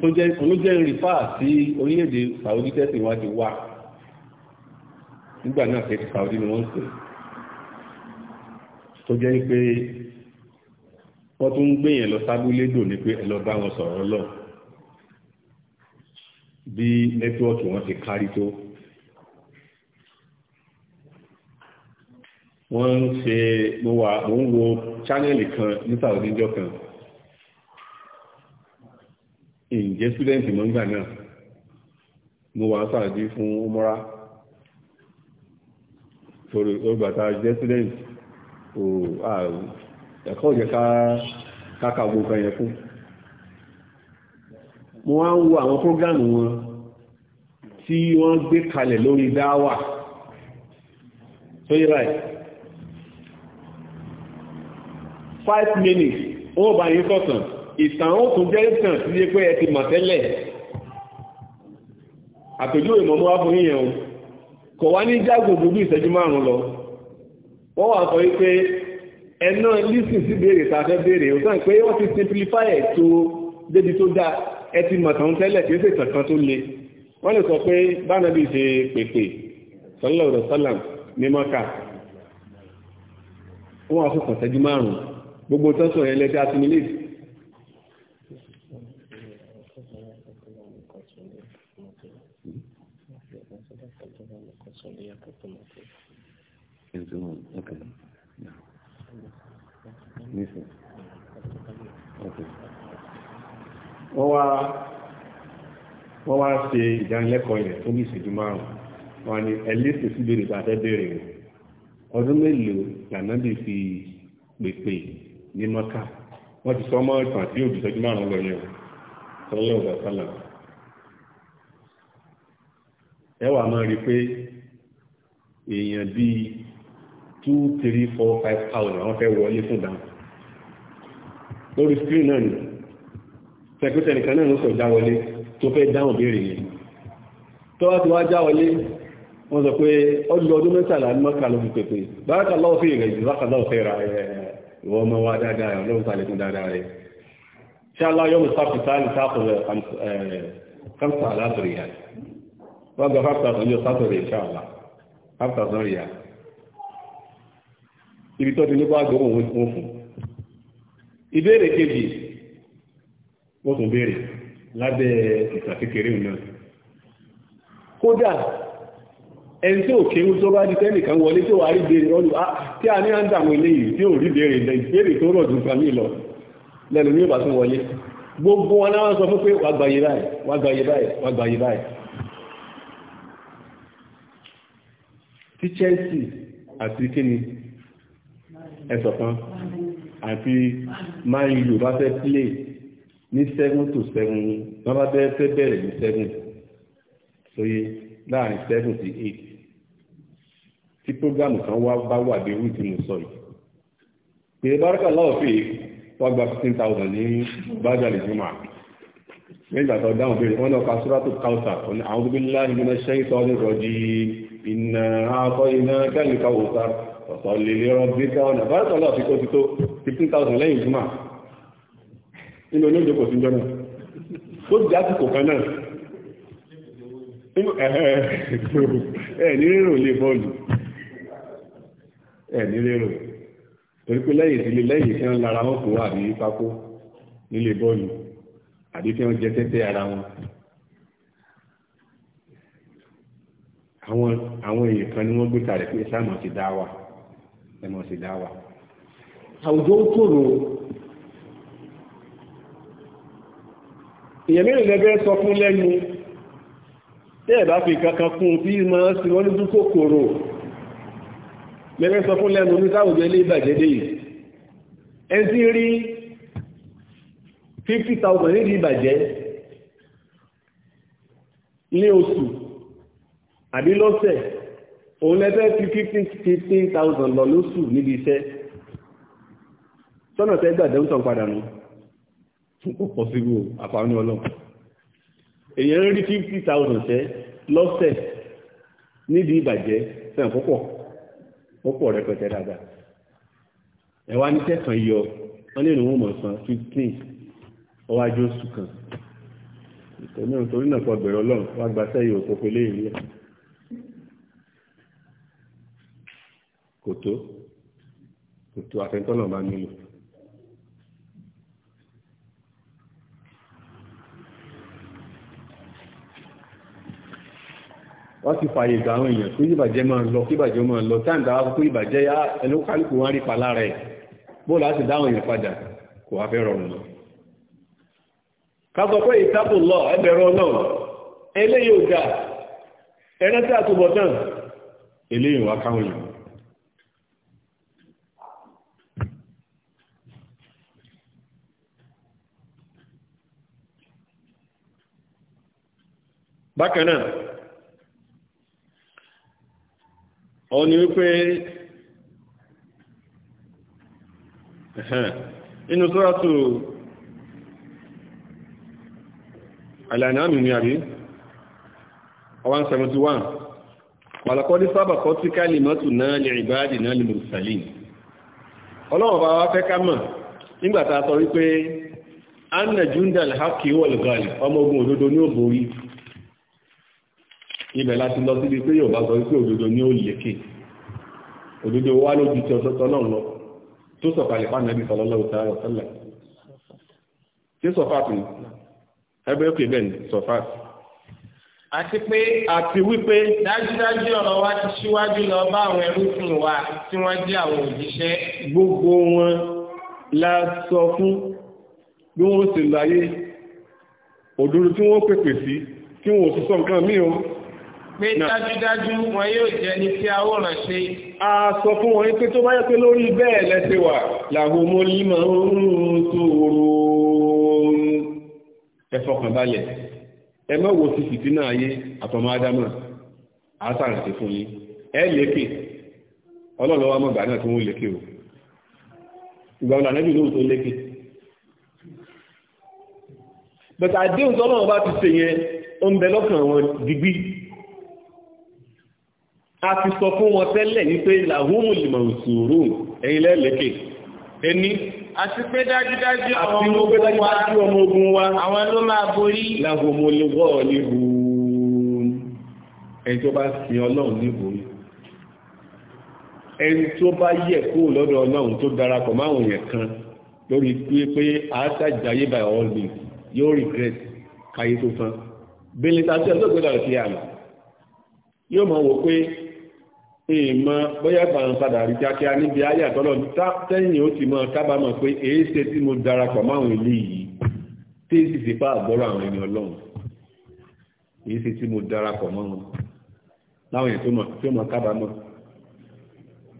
tó jẹ́ olójẹ́ rìfà sí orílẹ̀-èdè Saudi tẹ́sìn wá ti wà nígbà náà kẹ́kì Saudi ni wọ́n ń pè tó jẹ́ pé wọ́n tún ń gbé yẹn lọ sábúlédò ní pé ẹ lọ bá wọn sọ̀rọ̀ lọ bí nẹ́tíwọ́ọ̀kì wọn ti kárí tó wọ́n ń ṣe mo wà mo kan ní Saudi níjọ́ kan ìjẹ́ ṣúdẹ́ǹtì mọ́ nígbà náà mo wà sáàdí fún ọmọra torí ọgbàta jẹ́ ṣúdẹ́ǹtì ẹ̀kọ́ ìjẹ́ káàkà gbogbo ẹ̀yẹ fún mo wá ń wo àwọn prógámù wọn tí wọ́n gbé kalẹ̀ lórí dáwà tó yí báyìí minutes ó bá yí kọ̀tàn ìtàn ó tún jẹ́ ìtàn sí ilé pé ẹ ti mọ̀ tẹ́lẹ̀ àpèjú ìmọ̀mọ́ wá fún yíyan kò wá ní jágòdò bí ìṣẹ́jú márùn-ún lọ wọ́n wà sọ wípé ẹ̀nà lísìn sí béèrè tá a fẹ́ béèrè ó sàn pé wọ́n ti simplify ẹ̀ tó débi tó dáa ẹ ti mọ̀ tàn tẹ́lẹ̀ kì í ṣe ìtàn kan tó le wọ́n lè sọ pé bánàbí ṣe pèpè sọlọ́ọ̀dọ̀ sálàm ní mọ́kà wọ́n wà Yeah, Wọ́n wá ṣe ìdánilẹ́kọ̀ọ́ ilẹ̀ tó ní ìṣẹ́jú márùn-ún wọ́n ní ẹlẹ́sẹ̀ sí béèrè bá fẹ́ béèrè rẹ̀ ọdún mélòó lànàbì fi pèpè ní mọ́kà wọ́n ti sọ ìtàn èèyàn bíi two three four five thousand àwọn fẹ́ wọlé fún dáhùn lórí screen náà ni sẹkútẹ nìkan náà ló sọ já wọlé tó fẹ́ dáhùn béèrè yẹn tó wá ti wá já wọlé wọ́n sọ pé ọdún ọdún mẹ́tàlá ní mọ́kà ló fi pèpè bárakà lọ́wọ́ fi ìrẹ̀ jù bárakà lọ́wọ́ fẹ́ ra ìwọ ọmọ wa dáadáa rẹ̀ lọ́wọ́ sálẹ̀ fún dáadáa rẹ̀ ṣé aláyọ̀ mú sáfù sáàlì sáfù rẹ̀ kàmsà aláàbò rẹ̀ yàtọ̀ wọ́n gba fáfù sáfù ní ọ̀sáfù rẹ̀ ṣáàlà after zoria ibi tó ti ní bá gbọ́ òun fún fún ìbéèrè kejì wọ́n tún béèrè lábẹ́ ìgbà kékeré náà kódà ẹni tí ò kéwú tó bá di tẹ́nìkan wọlé tí ó wà rí béèrè ọlù tí ah, a ní à ń dàmú ilé yìí tí ò rí béèrè ilẹ̀ ìbéèrè tó rọ̀ dùn sàmì lọ lẹ́nu ní ìbá tún wọlé gbogbo wọn náà sọ fún pé wàgbàyè báyìí wàgbàyè báyìí wàgbàyè báyìí tí Chelsea àti kíni ẹ̀sọ̀ kan àti Man U bá fẹ́ play ní seven to seven wọ́n bá fẹ́ fẹ́ bẹ̀rẹ̀ ní seven sóye láàrin seven sí eight tí prógámù kan wá bá wà bí wíìtì mo sọ yìí pé bárúkà lọ́wọ́ fi wọ́n gba fifteen thousand ní bájàlì jùmọ̀ nígbà tó dáhùn béèrè wọ́n náà ka sóràtò káùsà àwọn gbogbo ńlá ìgbìmọ̀ ṣẹ́yìn tó ọdún rọ̀ jíì iná akọ́ iná kẹ́lìkà òsà ọ̀sọ̀ lè lè rọ bí ká ọ̀nà bára tọ́lá fi kó ti tó 15,000 lẹ́yìn ìjúmà nínú olóòjò kò sí jọ náà tó di àsìkò kan náà nínú ẹ̀ẹ́ ní rírò lè bọ́ọ̀lù ẹ̀ ní rírò torí pé lẹ́yìn ìdílé lẹ́yìn tí wọ́n lára wọn kò wà ní pákó nílé bọ́ọ̀lù àbí tí wọ́n jẹ tẹ́tẹ́ ara wọn àwọn àwọn èèyàn kan ni wọ́n gbé kalẹ̀ pé sáà mọ̀ sí dáwà ẹ mọ̀ sí dáwà àwùjọ ó tòrò èèyàn mẹ́rin lẹ́gbẹ́ sọ fún lẹ́nu tí ẹ̀ bá fi kankan kún tí ma ń sin wọ́n ní dúkò kòrò lẹ́gbẹ́ sọ fún lẹ́nu ní sáwùjọ ilé ìbàjẹ́ dé yìí ẹn tí rí 50,000 nídìí ìbàjẹ́ ní oṣù àbí lọ́sẹ̀ òun lẹ́fẹ́ fi fifteen fifteen thousand lọ lóṣù níbi iṣẹ́ sọ́nà tẹ́ gbàdé ń tàn padà nù kò pọ̀ sí wo àfààní ọlọ́run èèyàn rí fifty thousand ṣẹ́ lọ́sẹ̀ nídìí ìbàjẹ́ fẹ́ràn púpọ̀ púpọ̀ rẹpẹtẹ dáadáa ẹ wá ní tẹ̀sán yọ wọ́n lè rún mọ̀ san fifteen ọwọ́ ajé oṣù kan ìtọ́jú torí náà kọ bẹ̀rẹ̀ ọlọ́run wá gbaṣẹ́ yìí òkòkò léèrè yẹn. kò tó kò tó àfẹ́ntọ́nà bá nílò. wọ́n ti fàyè ìgbà àwọn èèyàn tó ìbàjẹ́ máa lọ kí ìbàjẹ́ máa lọ táà ń dáwà fún ìbàjẹ́ yá ẹnu kálùkù wọ́n rí pàlá rẹ̀ bóòlù láti dáwọn èèyàn padà kò wá fẹ́ rọrùn lọ. kábọ̀ pé ìtàbù lọ ẹbẹ̀rún náà eléyìí ò ga ẹran tí a túbọ̀ tán eléyìí wá káwọn èèyàn bákan náà ọ ni wípé inú sọ́rọ̀tù alàìnàmì ni àrí ọwọ́n wàlàkọ́dí sábà kọ́ tí ká lè mọ́tù náà lè ìbáàdì náà lè mùsàlìn ọlọ́wọ̀n bá wá fẹ́ ká mọ̀ nígbàtà sọ wípé ọmọ ibẹ̀ láti lọ síbi pé yóò bá sọ wípé òdodo ní ó lékè òdodo wá lójú tí ọsọsọ náà lọ tó sọ̀kalẹ̀ fáànà ẹbí sọlọ́lá òtá ọ̀sẹ́lẹ̀ tí sọfáàtì ẹgbẹ́ òkè bẹ́ẹ̀ ni sọfáàtì. àti pé àti wípé dájúdájú ọ̀rọ̀ wa ti ṣíwájú lọ bá àwọn ẹrúfin wa tí wọ́n jẹ́ àwọn òjíṣẹ́. gbogbo wọn la sọ fún bí wọ́n ṣe láyé òdodo tí wọ́n pèpè sí tí wọ́n sọ pé dájúdájú wọn yóò jẹ́ ní tí a ṣe. a sọ fún wọn pé tó bá yẹ pé lórí bẹ́ẹ̀ lẹ́sẹ̀ wà làwọn ọmọ yìí máa ń tó oró ẹ fọkàn balẹ̀ ẹ má wo ti fìtínà ayé àtọmọ ádámà àtàràǹtì fún yín ẹ lékè ọlọ́lọ́wọ́ amọ̀gbà náà tí wọ́n lékè o ìgbà wọn ànábì lóhùn tó lékè bẹ̀tà àdéhùn tọ́lọ́wọ́ bá ti ṣe yẹn ó ń bẹ lọ́kàn wọn digbí a ti sọ fún wọn tẹ́lẹ̀ ní pé làhúmù lìmọ̀ òsùúrù ẹ̀yìn lẹ́lẹ́kẹ̀ ẹni àti pé dájúdájú ọmọ ogun wa àwọn ló máa borí làhúmù lọ́wọ́ níhu ẹni tó bá sin ọlọ́run níborí ẹni tó bá yẹ kó lọ́dọ̀ ọlọ́run tó darapọ̀ máwùn yẹn kan lórí pé pé àátàjáyé by all means yóò regret káyé tó fán bẹ́lẹ̀ tàbí ọjọ́ ìgbẹ́dọ̀ rẹ̀ fi àmì yóò máa wò pé ìmọ̀ bóyá ìbàrán padà rí kíákíá níbi ayé àtọ́lọ̀ tẹ́yìn ó ti mọ́ kábàámọ̀ pé èé ṣe tí mo darapọ̀ máwọn ilé yìí tí sì sì bá àgbọ́rọ̀ àwọn ènìyàn ọlọ́run èé ṣe tí mo darapọ̀ máwọn láwọn èèyàn tí ó mọ̀ kábàámọ̀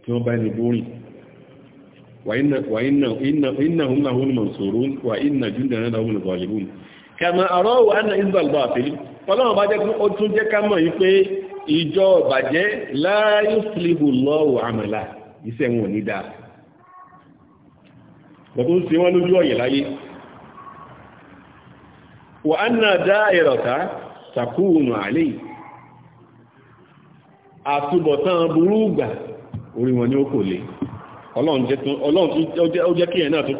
tí wọ́n bá ẹni bórìn wà iná hùn náà hùn wà iná júndà náà hùn ìjọ ìbàjẹ́ láàyè fìlìbù lọ́wọ́ àmàlà iṣẹ́ wọn ní dáa bọ̀tún sí wọ́n lójú ọ̀yẹ̀ láyé wà á náà dá ẹ̀rọ̀ta sàkúùnù àlè àtúbọ̀tán burú gbà orí wọn ni ó kò lè ọlọ́run jẹ́ kí ẹ̀ náà tó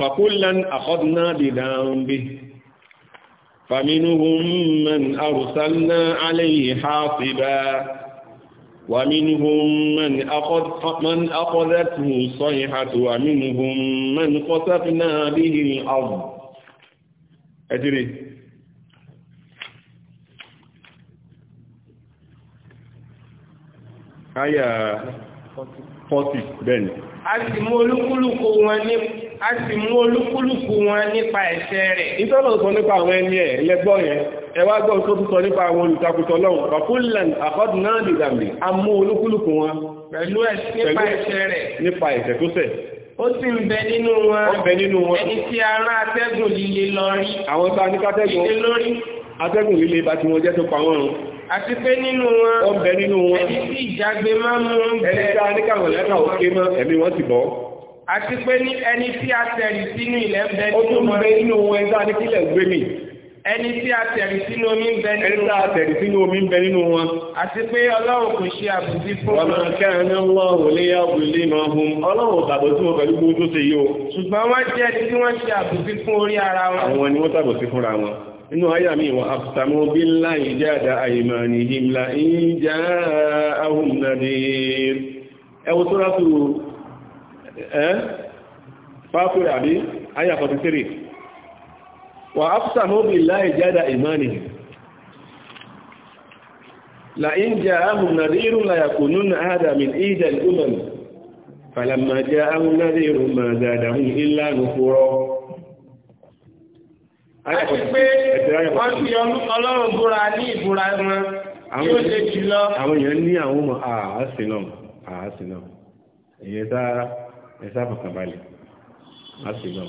فكلا أخذنا بذنبه فمنهم من أرسلنا عليه حاصبا ومنهم من, أخذ من أخذته الصيحة ومنهم من خسفنا به الأرض أجري هيا 40 bẹ́ẹ̀ni. a sì mú olúkúlùkù wọn ní a sì mú olúkúlùkù wọn nípa ẹ̀ṣẹ̀ rẹ̀. ìtọ́lọ̀ sọ nípa àwọn ẹni ẹ̀ ẹlẹgbọ́ yẹn ẹwà gbọ́ tó tún sọ nípa àwọn olùtakùtọ̀ lọ́wọ́ pàkúlẹ̀ àkọ́dù náà lè dàmì a mú olúkúlùkù wọn. pẹ̀lú nípa ẹ̀ṣẹ̀ rẹ̀. nípa ẹ̀ṣẹ̀ tó ṣẹ̀. ó sì ń bẹ nínú wọn. ó ń bẹ nínú wọn. ẹni tí ara atẹ́gùn líle lọ rí. àwọn tá ní kátẹ́gùn. líle bá ti wọn jẹ́ tó pa wọ́n rún àti pé nínú wọn ó ń bẹ nínú wọn ẹni tí ìjàgbé máa ń mú ń bẹ ẹni tí a ní káwọn lẹ́ka ò ké mọ́ ẹ̀mí wọn ti bọ́. àti pé ní ẹni tí a tẹ̀lé sínú ilẹ̀ ń bẹ nínú wọn ó tún bẹ nínú wọn ẹni tí a ní kílẹ̀ gbé mi ẹni tí a tẹ̀rí sínú omi ń bẹ nínú wọn. ẹni tí a tẹ̀rí sínú omi ń bẹ nínú wọn. àti pé ọlọ́run kò ṣe àbùsí fún wọn. ọmọ kẹrin o. ṣùgbọ́n wọ́n jẹ́ ẹni tí wọ́n ṣe àbùsí fún orí ni wọ́n tàbí sí fúnra inú ayà mi wọ́n àfẹ́sàmú bí ńlá ìjáàdá àìmà ní himla ìjá ahùn nadir ẹwọ tó rátù ẹ́ fáfúrì àbí ayà 43 wọ́n àfẹ́sàmú bí ńlá ìjáàdá àìmà ní لئن جاءهم نذير ليكونن هذا من إيد الأمم فلما جاءهم نذير ما زادهم إلا نفورا Àti pé wọ́n fi ọlọ́run búra ní ìbúra wọn yóò ṣe jù lọ. Àwọn èèyàn ní àwọn ọmọ àásì náà, àásì náà. Èyẹ sá ẹ̀sá fọkànbalẹ̀, àásì náà.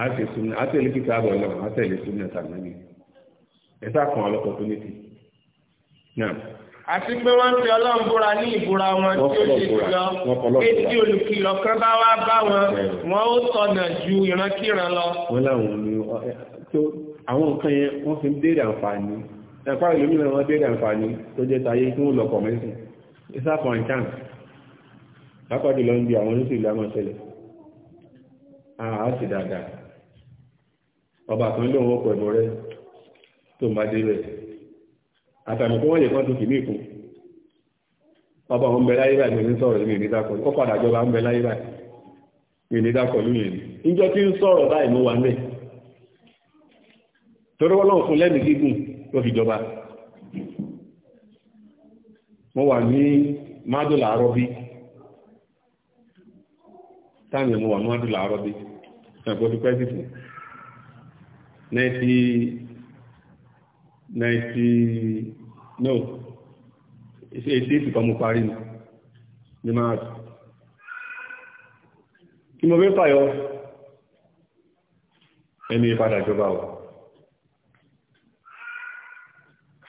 Àásì súnmọ́, àásì èlé kíkà àbọ̀ náà, àásì èlé súnmọ́ tàbí ní. Ẹ̀sá kan ọlọ́pọ̀ tó ní ti. Náà. Àti pé wọ́n fi ọlọ́run búra ní ìbúra wọn tí ó ṣe jù lọ. Kéjì olùkìlọ̀ kan bá wá bá wọn, wọn ó tọ̀nà ju ìrankíran lọ. Wọ́n láwọn ní àwọn nǹkan yẹn wọ́n fi ń béèrè àǹfààní ẹ̀pá ìlúmínà wọ́n béèrè àǹfààní tó jẹ́ tayé tí wọ́n lọ kọ̀ mẹ́sìn ìsáfọ̀ àǹkàn lápàdé lọ ń bi àwọn oníṣèlú àmọ́ ṣẹlẹ̀ àá sì dáadáa ọba kan lóun wọ́pọ̀ ẹ̀bọ̀ rẹ tó máa dé rẹ̀ àtàmì kó wọ́n lè kán tó kìí mìkún ọba àwọn ọmọbẹ láyé báyìí ní sọ̀rọ̀ mi ní dákọ̀lù ó padà jọba ọmọbẹ láyé báyìí mi ní dákọ̀lù yẹn níjọ́ tí ń sọ̀rọ̀ báyìí mo wà mẹ́ẹ̀ torí wọ́n lọ́wọ́ fún lẹ́mí gígùn tó fi jọba mo wà ní mádùlá àrọ́bí táàmì mo wà ní mádùlá àrọ́bí ẹ̀kọ́ tó pẹ́sì fún 90 90 no 80 kan mo parí ní máa kí mo fẹ́ fàyọ ẹni ìpadà jọba wà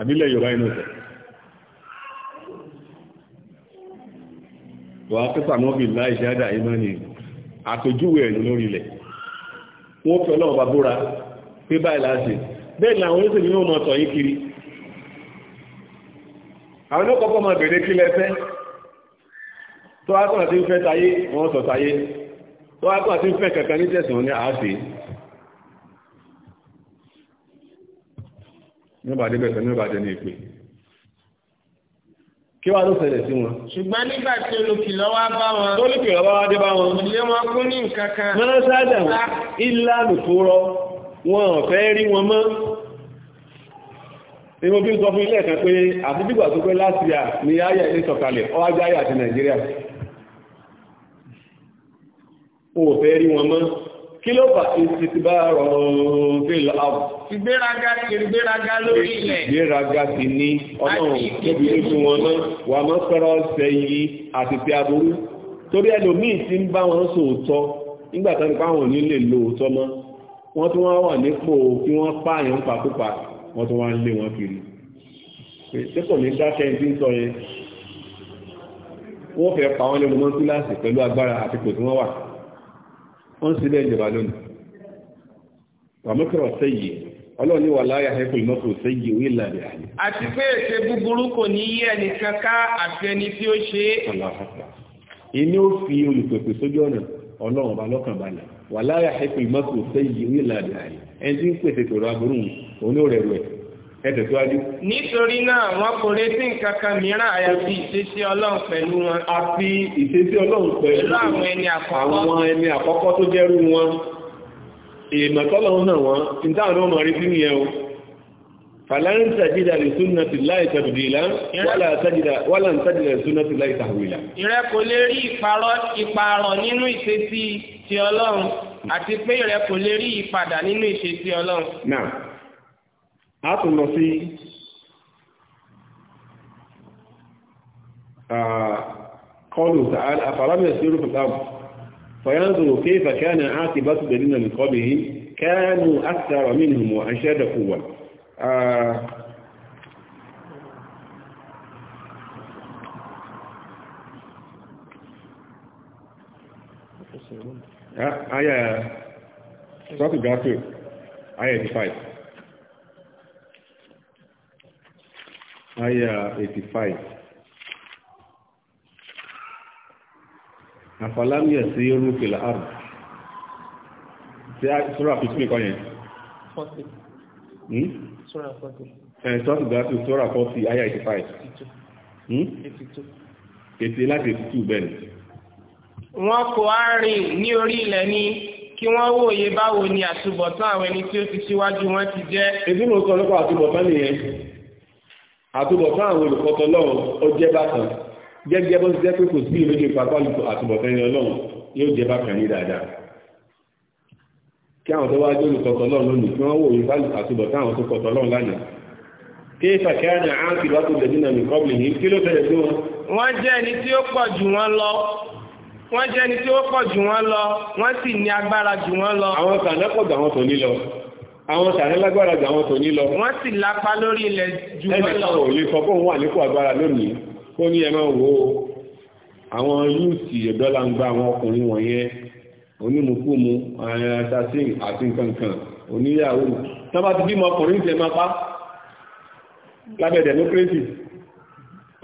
ànílẹ̀ yorùbá inú ìtẹ̀ wà pípa náà bí láì ṣáàdà iná ni àpèjúwe ẹ̀yìn lórí ilẹ̀ wọ́n fẹ́ ọlọ́ọ̀bá búra pé báyìí láti bẹ́ẹ̀ làwọn oníṣẹ́ ni wọ́n mọ̀ tọ̀ yìí kiri àwọn ní kọ́kọ́ máa bèèrè kí lẹ́fẹ́ tó wá kọ́ àti ń fẹ́ tayé wọ́n sọ tayé tó wá kọ́ àti ń fẹ́ kankan ní ọba débẹ̀ pẹ̀lú ọba jẹ ní ìpè kí wá ló ṣẹlẹ̀ sí wọn. ṣùgbọ́n nígbà tí olùkìlọ̀ wá bá wọn. tó olùkìlọ̀ wá dé bá wọn. ilé wọn kún ní nǹkan kan. mọ́nà sáájà wọn ilá lùkúrọ wọn ò fẹ́ rí wọn mọ́. ni mo bí sọ fún ilé ẹ̀kan pé àti dìgbà tó pé láti yà ni ayà ilé sọ̀kalẹ̀ ọ ajá ayà àti nàìjíríà. wọn ò fẹ́ rí wọn mọ́ kí ló bá ìsìtìbárò fíl àbù. ìgbéraga ti ìgbéraga lórí ilẹ̀. ìgbéraga ti ní ọlọ́run níbi lójú wọn náà wà mọ́ sọ́rọ́ ọ̀sẹ̀ yìí àti ti aburú torí ẹlòmíì ti ń bá wọn sòótọ́ nígbà tó ń pa àwọn onílé lóòótọ́ mọ́ wọ́n tún wá wà nípò kí wọ́n pààyàn pàkópa wọ́n tún wá ń lé wọn kiri ṣé kò ní dákẹ́ ẹni tí ń sọ yẹn wọ́n fẹ́ pa wọn lẹ́nu mọ́ wọ́n sì lẹ́ ìjọba lónìí wàmúkọ̀rọ̀ sẹ́yìí ọlọ́run ní wà láyà ẹ̀kọ́ ìmọ́kọ̀ sẹ́yìí orí ìlànà àyè. àti pé èsè búburú kò ní yí ẹnìkan ká àti ẹni tí ó ṣe é. ìní ó fi olùpèpè sójú ọ̀nà ọlọ́run ọba lọ́kàn balẹ̀ wà láyà ẹ̀kọ́ ìmọ́kọ̀ sẹ́yìí orí ìlànà àyè ẹni tí ń pèsè tòrò aburú òun ó rẹ̀ rẹ̀ ẹ̀tẹ̀síwájú. nítorí náà wọn kò retí nǹkan kan mìíràn àyàfi ìṣesí ọlọ́run pẹ̀lú wọn. àfi ìṣesí ọlọ́run pẹ̀lú àwọn ẹni àkọ́kọ́ àwọn ẹni àkọ́kọ́ tó jẹ́rú wọn èèmọ̀ tọ́lọ́run náà wọ́n ní táwọn ọmọ rí sínú yẹn o. fàlàrin tàjídà lè súnà sí láì tàbídìlá wàlà ń tàjídà lè súnà sí láì tàwílà. ìrẹ kò lè rí ìparọ̀ nínú ìṣesí ti ọlọ́run àti pé ìrẹ kò lè rí ìpadà nínú ìṣesí ọlọ́run. náà a tún lọ sí kọlù ta'ala àfàlámẹ̀ sí orúkọ táàmù fọ̀yánzòrò kéfà kẹ́nà áti bá tùbẹ̀ nínà lè kọ́bì yìí kẹ́nù àtàrà mínú mọ̀ an ṣẹ́dà kúwà aya sọ́tù gáfẹ́ aya 5 aya 85 àfàlámì ẹ̀sí rúfèlà àrùn tí a sọ́rọ̀ àfisúnmì kọ́ yẹn 40 sọ́rọ̀ 40 ẹ̀ sọ́rọ̀ 40 aya 85 82 ètè láti 82 bẹ́ẹ̀ wọ́n kò á rìn ní orí ilẹ̀ ní kí wọ́n wòye báwo ni àtúbọ̀tán àwọn ẹni tí ó ti síwájú wọn ti jẹ́. èdè mò ń sọ nípa àtúbọ̀tán nìyẹn àtúbọ̀tán àwọn olùkọ́tọ̀ lọ́rùn ó jẹ́ bákan gẹ́gẹ́ bó ti jẹ́ pé kò sí ìlójú ìpapálùkù àtúbọ̀tán ẹni ọlọ́run yóò jẹ́ bákan ní dáadáa kí àwọn tó wá jẹ́ olùkọ́tọ̀ lọ́rùn lónìí kí wọ́n wò yí àtúbọ̀tán àwọn tó kọ́tọ̀ lọ́rùn lánàá kí ìfàkẹ́rẹ́ àǹkì lọ́tò lẹ́dínà mi kọ́bìlì yìí kí ló fẹ́rẹ̀ sí wọn. wọ́n jẹ́ ẹni tí ó pọ̀ jù wọ́n lọ wọ́n jẹ́ ẹni tí ó pọ̀ jù wọ́n lọ wọ́n sì ní agbára jù wọ́n lọ. àwọn kan lẹ́pọ̀ jù àwọn tòní lọ àwọn sàrẹ́ lágbára jù àwọn tòní lọ. wọ́n sì lápá lórí ilẹ̀ jù lọ. ẹnì kan ò lè sọ pé òun wà nípò agbára lónìí kó ní ẹ máa wo àwọn yúùtì ẹ̀dọ́là ń gba àwọn ọkùnrin wọ̀nyẹn onímùkúmu assassin àti nkankan oníyàwó tó bá ti bímọ ọkùnrin tẹ máa pa lábẹ́ democracy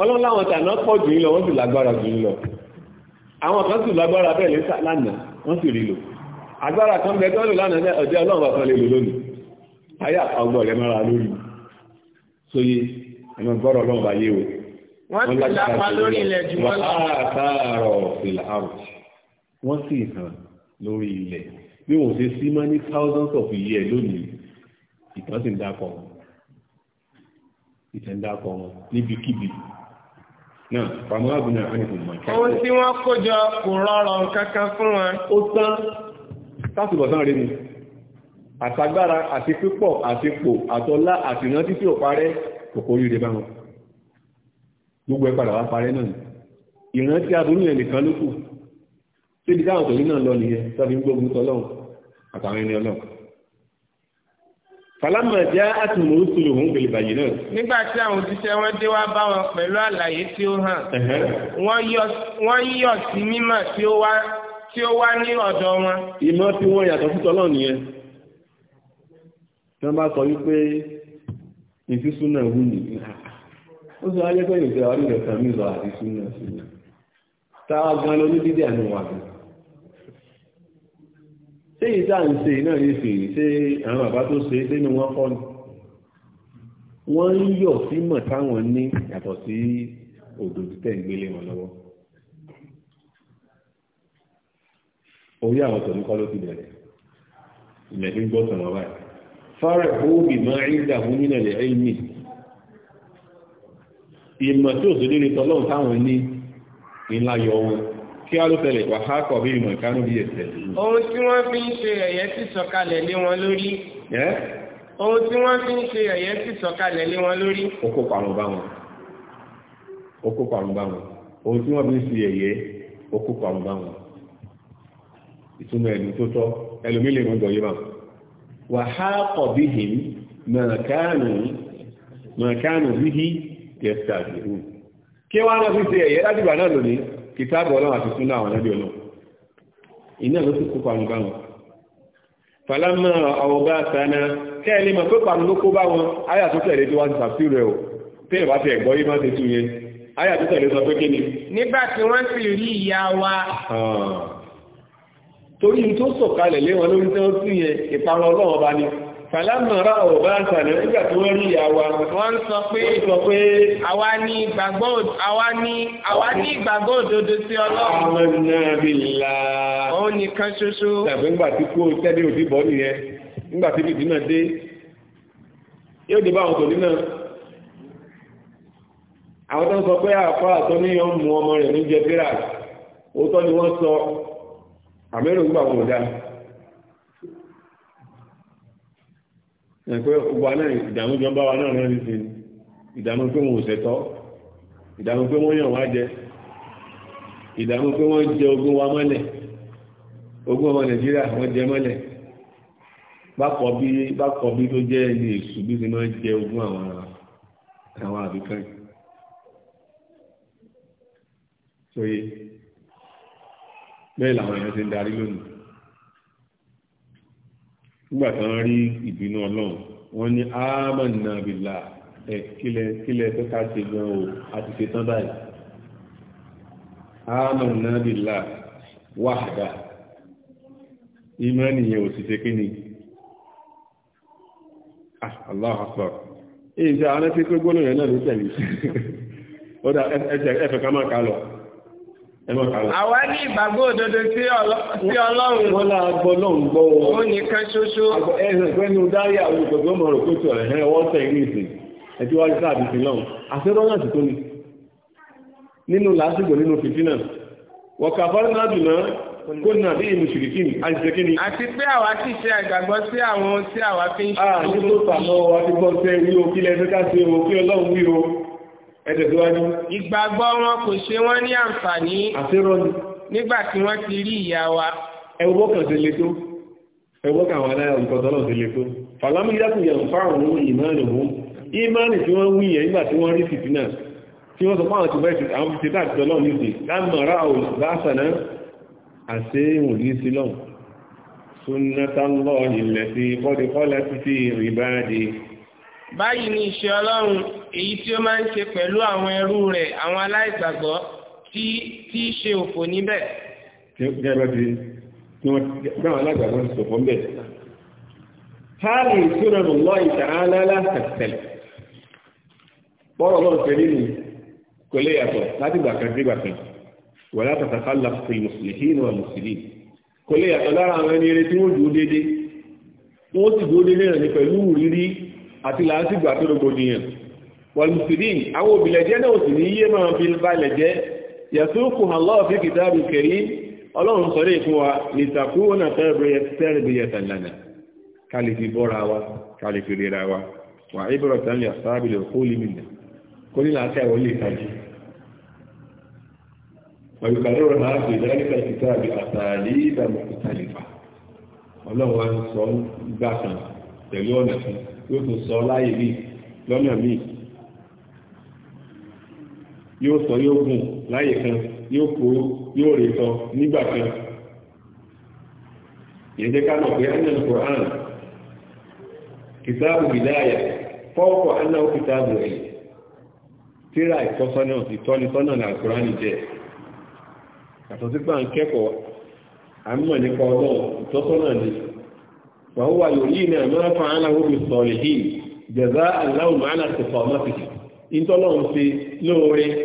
ọlọ́run láwọn tàná pọ̀ jù ń lọ wọ́n sì lágbára jù ń lọ àwọn kan sì lágbára bẹ́ẹ̀ lẹ́sà lánàá wọ́n sì rí lò agbára kan bẹ́ẹ̀ tó lò lánàá ọjọ́ ọlọ́run bá kan lè lò lónìí ayé àpàgbọ́ rẹ̀ mọ́ra lórí sóyé ẹ̀mọ gbọ́rọ̀ lọ́wọ́ ayé o. wọ́n ti lápá lórí ilẹ̀ jù wọ́n lọ. wọ́n àtàrọ̀ fìlà out wọ́n sì hàn lórí ilẹ̀ bí wọ́n ṣe sí mọ́ thousands of years lónìí ìtàn sì ń dákọ̀ wọn ìtàn ń dákọ̀ wọn níbikíbi náà pàmò àbúnà ànìkùn mọ̀ ohun tí wọ́n kó jọ kò rọrùn kankan fún wọn. ó tán sásùbọ̀sán rẹ ni àtagbára àti pípọ̀ àti pò àtọlá àti ìrántí tí ò parẹ́ kòkó rí rẹ̀ bá wọn gbogbo ẹ̀ padà wá parẹ́ náà ìrántí aburú yẹn nìkan ló kù síbi táwọn tòní náà lọ nìyẹn tàbí gbógun tọlọ́run àtàwọn ẹni ọlọ́run fàlámà jẹ́ àtìmọ̀ òṣèlú òun pẹ̀lú ìbàyè náà. nígbà tí àwọn òṣìṣẹ́ wọn dé wá bá wọn pẹ̀lú àlàyé tí ó hàn wọ́n yọ̀ sí mímọ̀ tí ó wá ní ọ̀dọ̀ wọn. ìmọ̀ tí wọ́n yàtọ̀ fún tọlọ́run nìyẹn tí wọ́n bá sọ wípé ìtí súnà wù ní ó sọ ayé pé ìtẹ́ àwọn ìrẹ̀ kan mìíràn àti súnà súnà táwa gan lọ ní dídí àmì wà gan ṣé èyí tá à ń ṣe náà ní ìfì ṣé àwọn bàbá tó ṣe é nínú wọn kọ́ ni wọ́n ń yọ̀ sí mọ̀ táwọn ní yàtọ̀ sí òdòdó tẹ̀ ń gbélé wọn lọ́wọ́ orí àwọn tòun kọ́ ló ti bẹ̀rẹ̀ ilẹ̀ fi ń báyìí farahu bima indahu minal ilmi ìmọ̀ tí ò sí lórí tọ́lọ́run táwọn ní ìlàyọ̀ wọn kí á ló tẹ̀lé wà á kọ̀ bí ìmọ̀ ìkánú bí ẹ̀sẹ̀. ohun tí wọ́n fi ń ṣe ẹ̀yẹ ti sọ̀kalẹ̀ lé wọn lórí. ohun tí wọ́n fi ń ṣe ẹ̀yẹ ti sọ̀kalẹ̀ lé wọn lórí. ó ẹ̀dùn tó tọ́ ẹlòmílẹ̀ mọ́jọ yìí bá wọn. وحاق بهم ما كانوا ما كانوا به يستهزئون kí wọ́n á fi ṣe ẹ̀yẹ láti ìgbà náà lónìí kìtàbù ọlọ́run àti súnà àwọn ẹ̀dẹ́ ọlọ́run iná ló ti kó parun bá wọn fàlámà ọ̀gá sáná kẹ́ẹ̀lì mọ̀ pé parun bá wọn áyà tó tẹ̀lé tí wọ́n ti tàbí rẹ̀ o tẹ́lẹ̀ bá ti ẹ̀gbọ́ yìí má ti tú yẹn áyà tó tẹ̀lé sọ pé kí ni. nígbà tí wọ́n sì rí ìyá wa torí tó sọ̀kalẹ̀ léwọn lórí tó sí yẹn ìparun ọlọ́wọ́ bá ní fàlámọ̀rá ọ̀bá àtàlẹ̀ nígbà tó wọ́n rí ìyàwó wọ́n sọ pé àwa ní ìgbàgbọ́ òdodo sí ọlọ́run àmọ́nà bìlá òun nìkan ṣoṣo tàbí ńgbà tí kú tẹ́lẹ̀ òdìbọ̀ nìyẹn ńgbà tí bìbí náà dé yóò dé bá àwọn tòní náà àwọn tó ń sọ pé àpá àtọ́ ní ọmọ ọmọ rẹ̀ ní jẹ fẹ́ràn òótọ́ ni wọ́n sọ àmẹ́rò gbà wọn ò dá ẹ̀pẹ́ ọgbà náà ìdààmú jọ ń bá wa náà rán nìsín ìdààmú pé wọn ò ṣẹ̀tọ́ ìdààmú pé wọ́n yàn wá jẹ ìdààmú pé wọ́n jẹ ogún wa mọ́lẹ̀ ogún ọmọ nàìjíríà wọ́n jẹ mọ́lẹ̀ bákọ̀ bí bákọ̀ bí tó jẹ́ ilé èṣù bí ti máa ń jẹ ogún àwọn àwọn àbíkán yìí bẹ́ẹ̀ làwọn èèyàn ti ń darí lónìí nígbà tí rí ìbínú ọlọ́run wọ́n ní ámànà bìlà ẹ̀ kílẹ̀ tó ká ṣe gan o a ti ṣe tán báyìí ámànà bìlà wàhádà ìmọ̀ nìyẹn ò sì ṣe kí ni ah, Allah èyí tí a rántí pé náà ló Àwa ní ìgbàgbọ́ òdodo sí Ọlọ́run. Wọ́n náà gbọ́ lọ́run gbọ́ wọn. Ó nìkan ṣoṣo. Ẹ̀sìn ìpẹ́nu dárí àwọn ìgbàgbọ́ ọmọ rẹ̀ kótó rẹ̀ hẹ́rẹ́ wọ́n tẹ̀ ní ìsìn. Ẹ̀tí wá rísà àdìsí lọ́run. Àṣẹ́rọ́ náà ti tó ni. Nínú làásìgbò nínú fìtínà. Wọ́n kà fọ́rọ́ náà dùn náà kó nà bí ìmùsùlùkì ni. Àṣìṣe kí ni? Àti pé àwa ti ṣe àgbàgbọ́ sí àwọn tí àwa fi ń ṣe. À ẹ̀dẹ̀dọ́wájú. ìgbàgbọ́ wọn kò ṣe wọ́n ní àǹfààní. àṣírọ́ ni. nígbà tí wọ́n ti rí ìyá wa. ẹ̀wọ́ kan ṣe le tó ẹ̀wọ́ kan àwọn aláya nǹkan tọ́lọ̀ ṣe le tó. fàlámù yàtọ̀ yẹn fáwọn ohun ìmáàlì wọn ìmáàlì tí wọ́n wí yẹn nígbà tí wọ́n rí fìtínà tí wọ́n sọ fún àwọn tìbẹ́ ti àwọn fìtínà àti tọ́lọ̀ níbi lámàrá ò lásànà àṣẹ ìwọ̀n ní sílọ̀ sunnatallahil lati qad khalat fi ibadihi báyìí ni ìṣẹ́ ọlọ́run èyí tí ó máa ń ṣe pẹ̀lú àwọn ẹrú rẹ̀ àwọn aláìgbàgbọ́ tí tí í ṣe òfò níbẹ̀. gẹ́gẹ́ bí wọ́n alágbàgbọ́ ń sọ̀fọ́ mbẹ́. hali ìṣúra ló lọ ìtàhánà látàtẹ̀lẹ̀. bọ́ọ̀rọ̀ lọ́rùn tẹ̀lé ni kò lè yàtọ̀ láti gbà kan sígbà kan wà látàtà kálà fún mùsùlùmí ní wà mùsùlùmí kò lè yàtọ̀ lára àwọn ẹni àti làásìgbà tó rògbòdìyàn wọlùsìdín àwọn òbílẹ̀jẹ́ náà sì ní yé máa fi balẹ̀ jẹ́ yẹ̀sùnkù Allah fi kìtàbù kẹrí ọlọ́run sọ̀rọ̀ ìfún wa ní takúwọ́nà tẹ́rẹ̀bẹ̀yẹ̀tẹ̀lẹ̀nà kálífì bọ́ra wa kálífì ọlọ́run wa ń sọ gbà pẹ̀lú ọ̀nà kan yóò tún sọ láyé rí lọ́nà míì yóò sọ yóò gùn láyé kan yóò kó yóò rè sọ nígbà kan yẹn jẹ́ ká mọ̀ pé annan Qur'an kìtàbù bìdáyà fọ́ọ̀kọ̀ annan kìtàbù ẹ̀yìn tíra ìtọ́sọ́nà ìtọ́nisọ́nà ní Al-Qur'an jẹ́ ń kẹ́kọ̀ọ́ àmọ́ nípa ọlọ́run ìtọ́sọ́nà ni وهو يرينا ما فعله بالصالحين جزاء لهم على استقامته ان تلون في لوري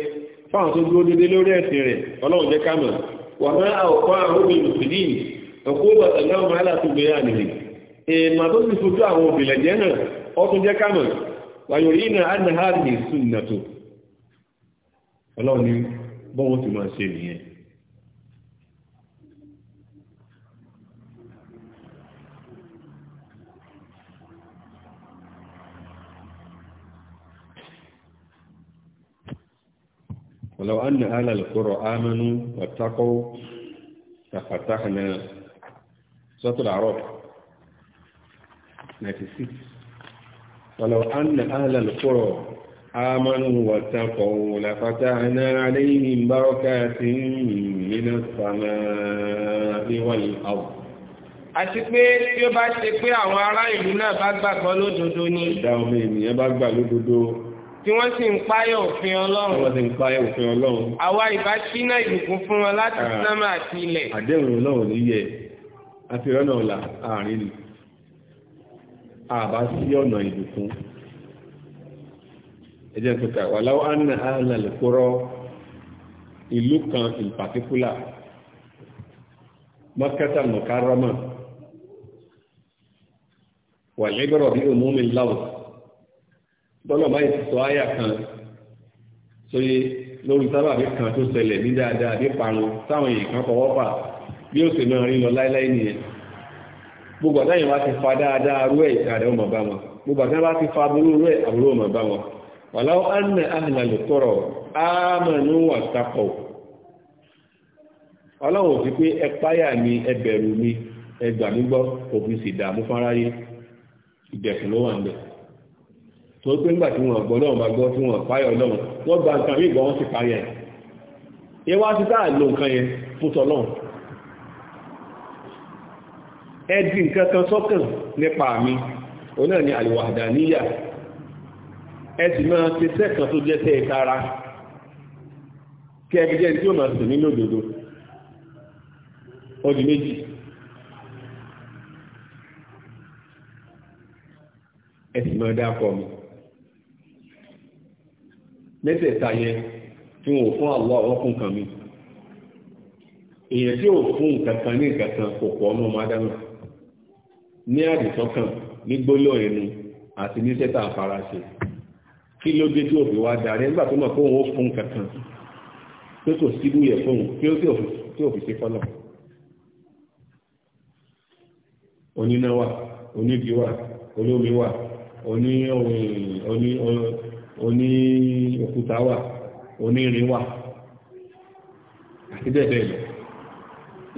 فان تدو دي لوري تيري تلون دي كما وما اوقعه بالمسلمين عقوبة لهم على طغيانهم ما تدو فتوى بالجنة او تدو كما ويرينا أن هذه السنة ọlọ́run ní bọ́wọ́ ti máa ولو أن أهل القرى آمنوا واتقوا ففتحنا سورة العرب 96 ولو أن أهل القرى آمنوا واتقوا لفتحنا عليهم بركات من السماء والأرض àti pé tí ó bá ṣe pé àwọn ará ìlú náà bá gbàgbọ́ lódodo ni. ìdá ọmọ ènìyàn bá gbà lódodo tí wọ́n sì ń páyọ̀ òfin ọlọ́run. wọ́n sì ń páyọ̀ òfin ọlọ́run. àwa ìbá ṣínà ìbùkún fún wọn láti ah. sánmà àti ilẹ̀. àdéhùn ọlọ́run ní yẹ àti ọ̀nà ọ̀la àárín ni àbá sí ọ̀nà ìbùkún. ẹ jẹ́ pẹ̀ka wàláwọ́ anna àhàlà lè kúrọ́ ìlú kan in particular mọ́kẹ́tà mọ̀kárọ́mọ̀ wà lẹ́gbẹ̀rọ̀ bí òmùmí láwùjọ tọ́lọ̀ báyìí ti sọ àyà kan sóye lórí sábàbí kan tó ṣẹlẹ̀ ní dáadáa bí parun táwọn èèyàn kan fọwọ́ fà bí ó sì máa rí lọ láíláí nìyẹn gbogbo àtàyìn wá ti fa dáadáa rú ẹ̀ ìkàrẹ̀ ọmọ bá wọn gbogbo àtàyìn wá ti fa burú rú ẹ̀ àbúrò ọmọ bá wọn wàláwọ́ ánà àhìnà lè tọrọ ámànú wà tapọ̀ ọlọ́run òfin pé ẹ páyà mi ẹ mi ẹ gbà gbọ́ òfin sì dààmú fáráyé ìdẹ̀kùn ló wà ń bẹ̀rù tó pé ńgbà tí wọ́n gbọ́ náà bá gbọ́ tí wọ́n páyọ̀ náà wọ́n gba nǹkan mí gbọ́ wọ́n sì parí ẹ̀ yẹ wá sí táà lo nǹkan yẹn fún tọ́lọ́n ẹ̀dì nǹkan kan sọ́kàn nípa mi òun náà ni àlùwàdàníyà ẹ sì máa ti sẹ́kàn tó jẹ́ sẹ́ ìtara kí ẹ jẹ́ tí ó máa sì nínú òdòdó ọdún méjì ẹ sì máa dá kọ mi mẹ́tẹ̀ẹ̀ta yẹn tí wọn ò fún àwọ ọkùn kan mi èèyàn tí ò fún nǹkan kan ní nǹkan kan kò pọ̀ ọmọ mádámà ní àdìsọ́kàn ní gbólọ̀ ẹnu àti ní sẹ́tà àfaraṣe kí ló dé tí ò fi wá darí nígbà tó mọ̀ pé òun ó fún nǹkan kan pé kò síbú yẹ fóun kí ó tí ò fi ṣe fọ́lọ̀ onínáwà oníbiwà olómiwà oní oní òkúta wà onírin wà àti bẹ́ẹ̀ bẹ́ẹ̀ lọ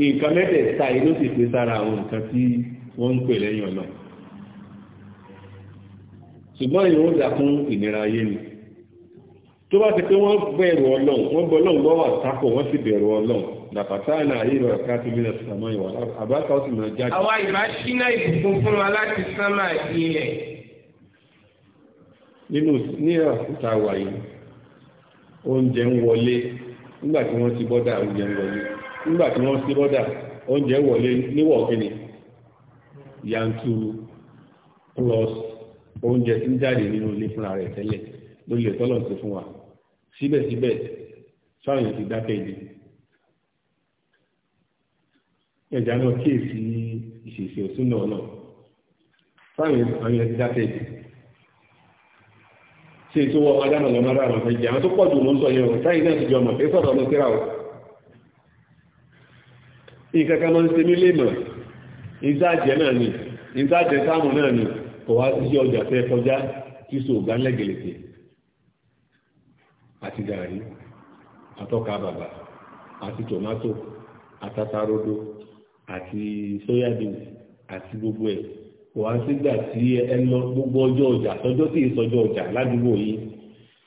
nǹkan mẹ́tẹ̀ẹ̀ta yìí ló sì pé sára àwọn nǹkan tí wọ́n ń pè lẹ́yìn ọ̀nà ṣùgbọ́n ìwọ̀n ó dà fún ìnira ayé ni tó bá ti pé wọ́n bẹ̀rù ọlọ́run wọ́n bọ́ ọlọ́run gbọ́ wà sápò wọ́n sì bẹ̀rù ọlọ́run dàpàtàánà ayélu ẹ̀ka tó mílẹ̀ sàmọ́ ìwà àbáta ó sì mọ̀ jáde. àwa ìbá ṣínà ìbùkún fún wa láti sánmà ilẹ̀ nínú ní àkúta wà yìí oúnjẹ ń wọlé nígbà tí wọ́n ti bọ́dà oúnjẹ ń wọlé nígbà tí wọ́n ti bọ́dà oúnjẹ wọlé níwọ̀ kíni yanturu plus oúnjẹ tí ń jáde nínú ilé fúnra rẹ̀ tẹ́lẹ̀ lórí ẹ̀ tọ́lọ̀ sí fún wa síbẹ̀síbẹ̀ sáwọn ti dákẹ́ ìdí ẹ̀já náà kíyèsí ìṣèṣe òsúnà náà sáwọn ti dákẹ́ ìdí ṣe tó wọ ọmọdé àmàlà ọmọdé àmàlà ìjẹ àwọn tó pọ̀ jù ló ń sọ yẹn o táyì náà ti jọ mọ̀ pé sọ̀rọ̀ ọmọ síra o. nǹkan kan máa ń ṣe nílé mọ̀ ìdájẹ́ náà ni ìdájẹ́ táàmù náà ni kò wá sí ọjà fẹ́ kọjá kí so ògbà ńlẹ̀gẹ̀lẹ̀kẹ̀ àti gàrí àtọ́ka bàbà àti tòmátò àtàtàrodo àti sóyàbìn àti gbogbo ẹ̀ kò wá sígbà tí ẹ lọ gbogbo ọjọ́ ọjà tọjọ́ tí ìsọjọ́ ọjà ládùúgbò yìí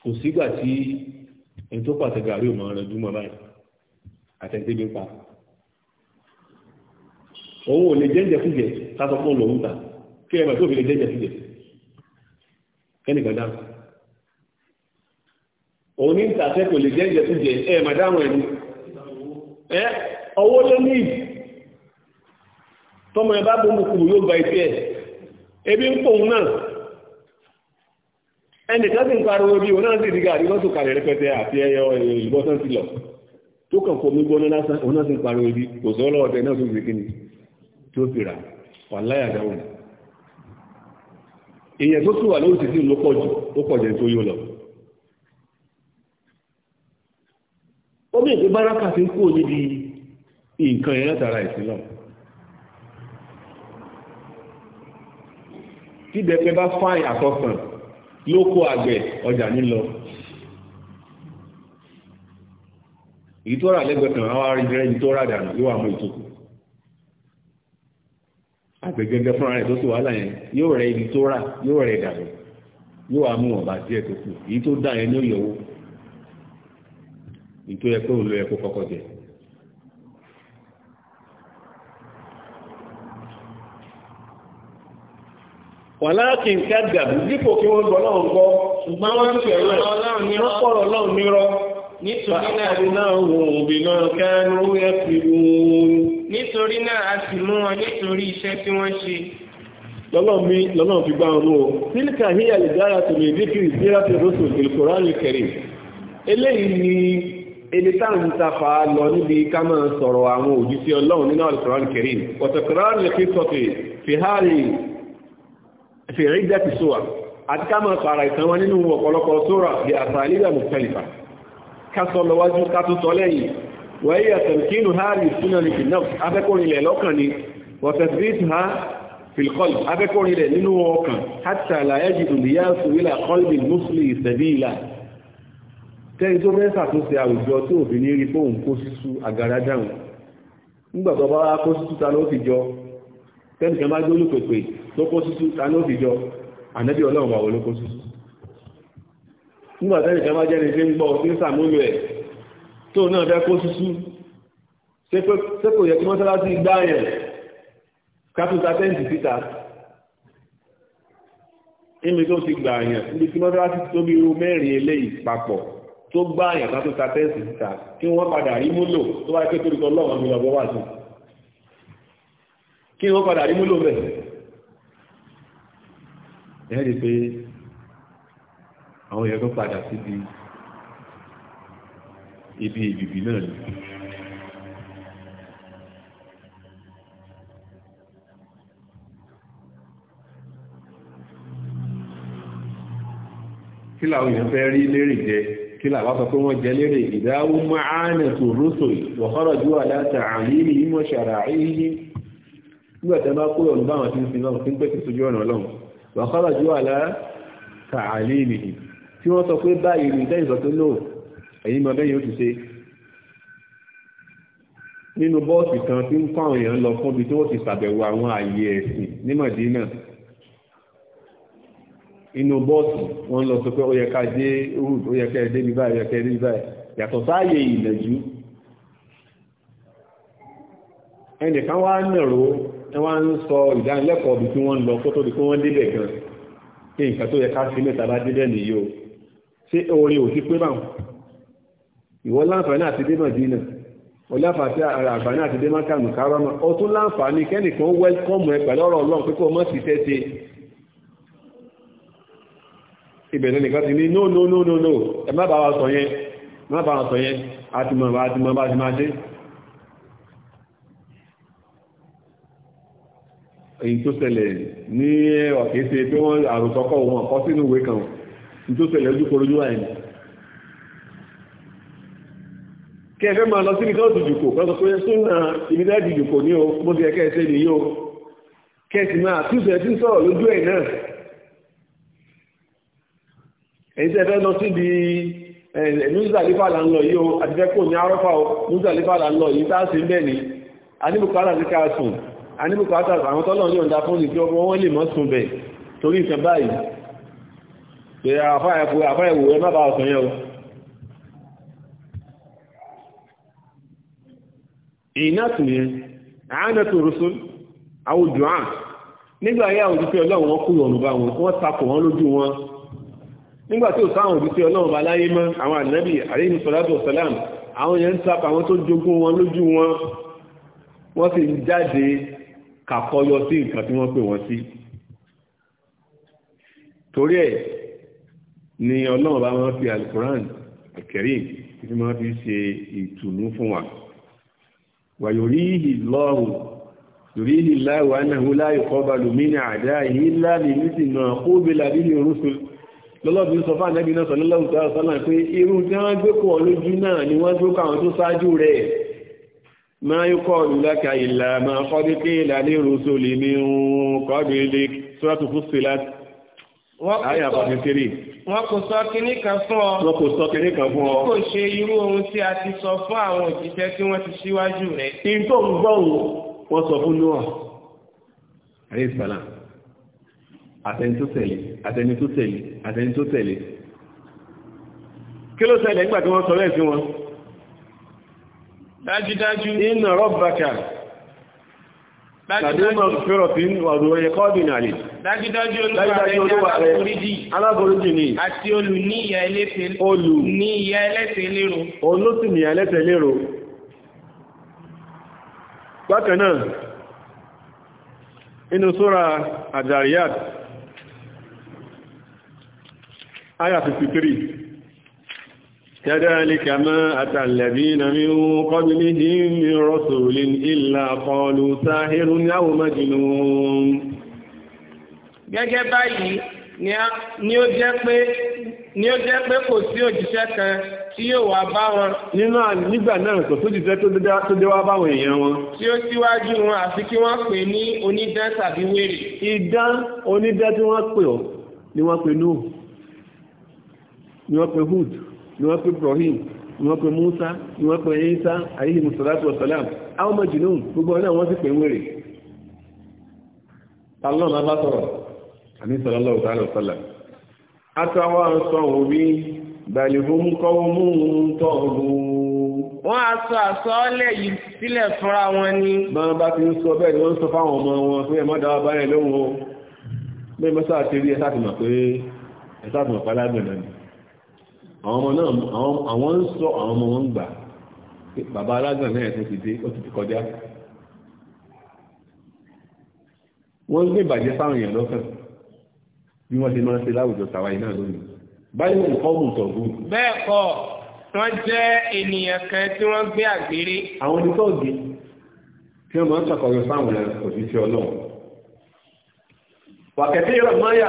kò sígbà tí ẹni tó pàṣẹ gàrí òmò rẹ dúmọ báyìí àtẹ̀tẹ̀ bí pa òun ò lè jẹ́jẹ́ fújẹ sásọ fún òun ta kí ẹ bá tó fi lè jẹ́jẹ́ fújẹ kẹ́nìkan dáhùn òun ní ìtàṣẹ́ kò lè jẹ́jẹ́ fújẹ ẹ má dáhùn ẹni ẹ ọwọ́ ló ní tọmọ ẹ bá bọ́ mú yóò gba ife ẹ̀ ebi ń pòun náà ẹnìkan sì ń pariwo bí òun náà sì di gàrí lọ́tò kalẹ̀ rẹpẹtẹ àti ẹyọ ìbọ́sán ti lọ tó kàn fomi gbóná lásán òun náà sì ń pariwo kò sọ náà tó fi kíni tó fi rà wà láyà èèyàn tó wà lórí títí ló pọ̀ jù ó pọ̀ jẹ́ tó yó lọ ó bí bárakà ti ń níbi nǹkan yẹn látara tí ìbẹ̀pẹ̀ bá fáìn àtọ̀sàn lóko àgbẹ̀ ọjà nílọ èyí tó rà lẹ́gbẹ̀ẹ́ kan àwọn arìnrìn ẹni tó rà dànù yóò àmọ́ ìtòkù àgbẹ̀gẹ́gẹ́ fúnra rẹ̀ tó sì wàhálà yẹn yóò rẹ ibi tó rà yóò rẹ dànù yóò àmú ọ̀bà díẹ̀ tó kù èyí tó dà yẹn ní òyẹ̀wò èyí tó yẹ pé òun ló yẹ kó kọ́kọ́ jẹ wàláàkì nǹkan dàbí dípò kí wọ́n gbọ́ náà gbọ́ ṣùgbọ́n wọ́n ń fẹ̀rẹ̀ wọ́n pọ̀rọ̀ náà nírọ́ nítorí náà wọ́n bí náà kánú ẹ̀kùnrin nítorí náà a sì mú wọn nítorí iṣẹ́ tí wọ́n ṣe lọ́nà fi gbá ọmọ sílíkà híyà lè dára tó lè díkìrì síra fi rọ́sù ìlkùránì kẹrì eléyìí ni èdè táwọn ìtafà lọ níbi ká máa sọ̀rọ̀ àwọn òjíṣẹ́ Ọlọ́run nínú ìlkùránì fèrè ìdẹ́tì sóra àti ká máa pààrà ìtàn wọn nínú ọ̀pọ̀lọpọ̀ sóra bí àtàlígbà mùsẹ̀lìfà ká sọ lọ́wájú ká tún sọ lẹ́yìn wẹ́yí àtẹ̀kínú hàrí súnà ní fìnnà abẹ́kọ̀rinlẹ̀ lọ́kàn ni wọ̀tẹ̀sírìtì ha fìlkọ́l abẹ́kọ̀rinlẹ̀ nínú ọkàn hátà làyájì òlìyá sùwílà kọ́lbì mùsùlì ìsẹ̀bíìlà tẹ́yìn tó mẹ́sà tó ṣe àwùjọ tó lókó sísú tánú òfìjọ ànẹ́bí ọlọ́run wà wọ lókó sísú nígbàtẹ́nì kan bá jẹ́ni tí ń gbọ́ ní sàmúlò ẹ̀ tó náà fẹ́ kó sísú ṣé kò yẹ kí mọ́sálásí gbá yẹn kápútà tẹ́ǹtì síta níbi tó ti gbà yẹn níbi tí mọ́sálásí tó bí irú mẹ́rin eléyìí papọ̀ tó gbá yẹn kápútà tẹ́ǹtì síta kí wọ́n padà rí múlò tó wáyé pé torí kan lọ́wọ́ mi lọ́wọ́ wà sí kí wọ́n padà rí múlò bẹ́ẹ̀ ẹ̀rí pé àwọn èèyàn tó padà síbi ibi ìbìbì náà ni kí làwọn èèyàn fẹ́ rí lérè jẹ kí làwọn sọ pé wọ́n jẹ lérè ìdáwó máàánà tó rúsò wọ̀kọ́rọ̀ jú àdáta àmìlì ìmọ̀ ṣàrà ìyí nígbàtẹ́ bá kúrò ní báwọn tí ń sin lọ́wọ́ tí ń pẹ́ sí sójú ọ̀nà ọlọ́run wàhálà jù àlá tààlé ìmìhì tí wọ́n sọ pé báyìí ní ìtẹ́ ìsọ tó lò ẹ̀yìn mọ̀ bẹ́yìn ó ti ṣe nínú bọ́ọ̀sì kan tí ń kọ́ àwọn èèyàn lọ fún ibi tí wọ́n ti ṣàbẹ̀wò àwọn ààyè ẹ̀sìn ní Mọ̀dínà inú bọ́ọ̀sì wọ́n lọ sọ pé ó yẹ ká dé rúd ó yẹ ká dé bí báyìí ó yẹ ká dé bí báyìí yàtọ̀ sáàyè ìlẹ̀jú ẹnìkan wá nàró ẹ wá ń sọ ìdánilẹ́kọ̀ọ́ bí tí wọ́n ń lọ kó tó di pé wọ́n débẹ̀ gan pé nǹkan tó yẹ ká fi mẹ́ta bá débẹ̀ nìyí o ṣé orin ò ti pé báwọn ìwọ láǹfààní àti dé Mádínà ọláfàtí àgbàní àti dé mákànù kárọ́mà ó tún láǹfààní kẹ́nìkan wẹ́lkọ́mù ẹ pẹ̀lú ọ̀rọ̀ ọlọ́run pé kó mọ́ sí tẹ́tẹ́ ìbẹ̀rẹ̀ nìkan ti ní no no no no no ẹ má bá wa sọ yẹn má bá wa sọ yẹn àti mọ̀ bá ti mọ̀ bá ti máa èyí tó ṣẹlẹ̀ ní ọ̀kéṣe pé wọ́n àròsọ́kọ̀ wọn kọ́ sínú ìwé kan ní tó ṣẹlẹ̀ ojú korojú àìní kí ẹfẹ́ máa lọ sí ìdíjọ́ ìdìjùkò pẹ́sọ̀ pé súnà ìbílẹ̀ ìdìjùkò ní o mo ti ẹ̀kẹ́ ẹ̀ṣẹ́ nìyí o kẹsì máa túnṣẹ́ tí ń sọ̀rọ̀ lójú ẹ̀ náà èyí tẹ́ fẹ́ lọ síbi Mùsàlífà là ń lọ yìí o àti fẹ́ kò ní arọ́fà o Mùsàlífà là ń lọ a sì ń bẹ̀ ní adébùkálà ti a ní bùkátà àwọn tọ́lọ̀ ní ọ̀dá fún ní pé ọmọ wọ́n lè mọ́ sùn bẹ̀ torí nǹkan báyìí pé àfáẹ̀wò ẹ má bá ọ̀sán yẹn o ìnáàtù yẹn àánẹ́tù rúsùn àwùjọ à nígbà yẹ àwọn òjíṣẹ́ ọlọ́run wọn kúrò ọ̀rùn bá wọn wọ́n takò wọn lójú wọn nígbà tí ó sáwọn òjíṣẹ́ ọlọ́run bá láyé mọ́ àwọn ànábì àríyìn sọ́látò sọ́lám àwọn yẹn ń tapà wọn tó jogún wọn lójú wọn wọ́n sì jáde kàkọyọ sí nǹkan tí wọ́n pè wọ́n sí torí ẹ̀ ni ọlọ́run bá máa fi alukuran alkarim tí máa fi ṣe ìtùnú fún wa wà yorí ìlọ́run yorí ìláwọ̀ anáhùn láyé kọba lùmínà àdá yìí láàrin nítì náà ó bí làbí ní orúsùn lọ́lọ́bí sọ fún ànábì náà sọ lọ́lọ́run tó sọ́nà pé irú tí wọ́n gbé kọ́ lójú náà ni wọ́n gbé kọ́ àwọn tó ṣáájú rẹ̀ ma yuqalu laka illa ma qad qila lirrusuli min qablik suratu Fussilat àyà forty three. wọn kò sọ kinní kan fún ọ. wọn kò sọ kinní kan fún ọ. kò ṣe irú ohun tí a ti sọ fún àwọn òjíṣẹ́ tí wọ́n ti ṣíwájú rẹ̀. ìtò ń gbọ́ wọn sọ fún Noah alayhi salam àtẹni tó tẹ̀lé kí ló ṣẹlẹ̀ nígbà tí wọ́n sọ bẹ́ẹ̀ sí wọn. dájúdájú iná rọ́bàkà tàbí yẹ dájúdájú bákanáà inú sóra ayà 53 كذلك ما أتى الذين من قبلهم من رسول إلا قالوا ساهر أو مجنون ni ó jẹ́ pé kò sí òjíṣẹ́ kan tí yóò wá bá wọn. nínú nígbà náà kò sójíṣẹ́ tó dé wá báwọn èèyàn wọn. tí ó síwájú wọn àfi kí wọ́n pè ní onídán tàbí wèrè. idán onídán tí wọ́n pè ọ́ ni wọ́n pè nù ni wọ́n pè hood ni wọ́n pè Ibrahim ni wọ́n pè Musa ni wọ́n pè Isa alayhi musalatu wasalam àwọn ọmọ jùlọ gbogbo ọ̀nà wọ́n sì pè ń wèrè Allah máa bá sọ̀rọ̀ àní sallallahu ta'ala wa sallam àtàwọn sọ òbí balihum qawmun taghun wọ́n a sọ àsọ́ọ́lẹ̀ yìí sílẹ̀ fúnra wọn ni. máa bá ti ń sọ bẹ́ẹ̀ ni wọ́n sọ fáwọn ọmọ wọn pé ẹ̀mọ́ dáwà báyẹ̀ lóhun o bẹ́ẹ̀ mọ́sá rí ẹ̀sà pé ẹ̀sà tìmọ̀ náà àwọn ọmọ náà àwọn ń sọ àwọn ọmọ wọn ń gbà bàbá alágbà náà ẹ̀sùn ti dé ó ti ti kọjá wọ́n ń gbé ìbàjẹ́ sáwọn èèyàn lọ́kàn bí wọ́n ti máa ń ṣe láwùjọ tàwa iná lónìí báyìí wọ́n kọ́ bùn tọ̀gùn. bẹ́ẹ̀ kọ́ wọ́n jẹ́ ènìyàn kan tí wọ́n gbé àgbèrè. àwọn onítọ́ọ̀gì tí wọ́n máa ń ṣàkọyọ sáwọn òṣìṣẹ́ ọlọ́run wàkẹ́tẹ́ yọ̀ọ́ máa yà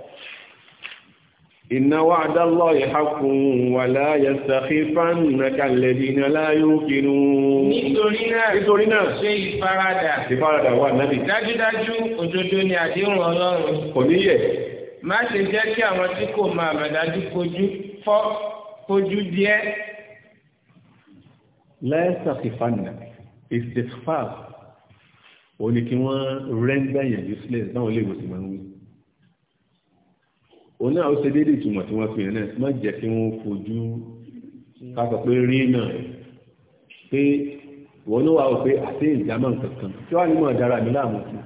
إن وعد الله حق ولا يستخفنك الذين لا يوقنون nítorí náà nítorí náà ṣe ìfaradà ìfaradà wà nábì dájúdájú òdodo ni àdéhùn ọlọ́run kò níyẹ̀ má ṣe jẹ́ kí àwọn tí kò mọ àmàdájú kojú fọ́ kojú díẹ̀. لا يستخفنك استخفاف ò kí wọ́n rẹ́ńgbẹ̀yàn useless náà lè wò sí òun náà ó ṣe déédéé ìtumọ̀ tí wọ́n fi hàn náà má jẹ́ kí wọ́n fojú ká sọ pé rí náà pé wọ́n ló wà ó pé àti ìjàmọ̀ kankan tí wọ́n á ní mọ̀ dára mi láàmú sí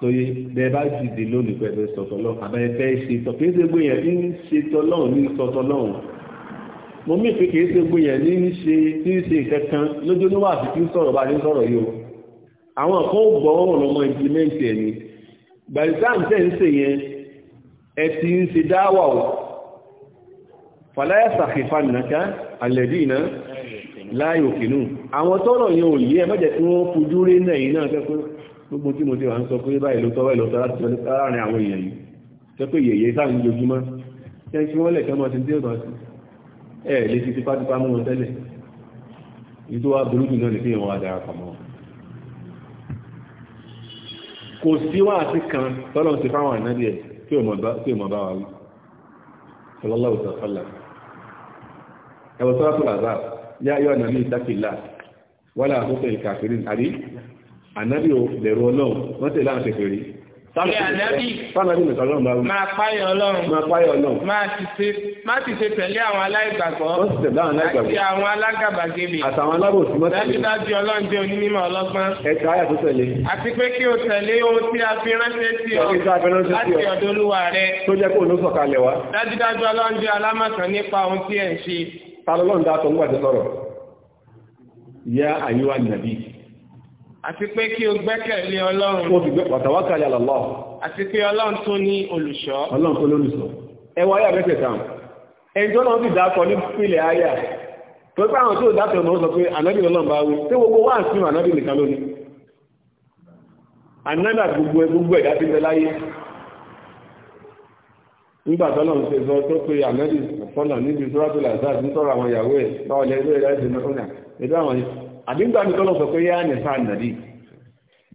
torí bẹ́ẹ̀ bá dìde lónìí pẹ̀lú sọ̀tọ̀lọ́ àbẹ́yẹ fẹ́ ṣe sọ kìí ṣe gbé yẹn ní ṣe tọ́lọ́run ní sọ̀tọ̀lọ́run mo mí pé kìí ṣe gbé yẹn ní ṣe tí ń ṣe nǹkan kan lójú níwájú tí ń sọ̀rọ̀ bá ní sọ̀rọ̀ yìí o àwọn kan ó gbọ́ ọ̀rọ̀ ọmọ ìpìlẹ́ǹtì ẹ̀ ni gbàrísàn tẹ́ ń ṣe yẹn ẹ ti ń ṣe dáwà ọ̀ fàláyà sàfífà nàká alẹ́dí iná láyé òkèlú àwọn tọ́rọ̀ yẹn ò yẹ mẹ́jẹ̀ tí wọ́n fojú rí náà iná kẹ́kọ́ gbogbo tí mo ti wà ń sọ pé báyìí ló tọ́wọ́ ìlọ́tọ́ láti sọ láàrin àwọn èèyàn yìí tẹ́ pé yẹ̀yẹ́ sáà jojúmọ́ tẹ́ fi wọ́n lẹ̀kẹ́ mọ́ ti dé ọ̀tọ̀ sí ẹ̀ lè ti tipátipá mú wọn tẹ́lẹ̀ ìtò wa burúkú náà lè fi hàn wá darapọ̀ mọ́ wọn kò sí wá àti kan tọ́lọ́n ti fáwọn ànábì ẹ̀ tí ò mọ̀ bá wa wí sallallahu ta'ala ẹwọ sọ́rọ̀ tó làzá yá yọ ànábì ìtàkìlá wálà àkókò ìkàfẹ́rin àrí ànábì Fánàbí nìkan lọ́nà bá wù. Máa páyọ̀ ọlọ́run. Máa páyọ̀ ọlọ́run. Máa ti ṣe tẹ̀lé àwọn aláìgbàgbọ́. Wọ́n ti tẹ̀lé àwọn aláìgbàgbọ́. Àti àwọn alágàbàgebè. Àtàwọn alábòsí mọ́ tẹ̀lé. Dájúdájú ọlọ́run jẹ́ onímọ̀ ọlọ́gbọ́n. Ẹ̀ka ayà tó tẹ̀lé. Àti pé kí o tẹ̀lé ohun tí a fi ránṣẹ́ sí ọ. Láti ọ̀dọ̀ olúwa rẹ. Tó jẹ́ kó o ló sọ̀kalẹ̀ wá. Dájúdájú ọlọ́run jẹ́ alámọ̀tàn nípa ohun tí ẹ̀ ń ṣe. Ta lọ́lọ́run dá àti pé kí o gbẹ́kẹ̀lé ọlọ́run. wọ́n fi gbẹ́ wàtàwákàlì àlọ́lọ́. àti pé ọlọ́run tó ní olùṣọ́. ọlọ́run tó lólùṣọ́. ẹ wọ ayé àbẹ́sẹ̀ kan ẹni tó náà ti dákọ ní pílẹ̀ ayà tó pé àwọn tó dákọ̀ náà sọ pé ànábì ọlọ́run bá wí pé gbogbo wà sí ànábì nìkan lónìí. ànábì àti gbogbo gbogbo ẹ̀dá ti bẹ láyé. nígbà tó náà ṣe sọ tó pé ànábì fọ́nà níbi àdígbà mi tọ́lọ̀ sọ pé yá nìfà nàdí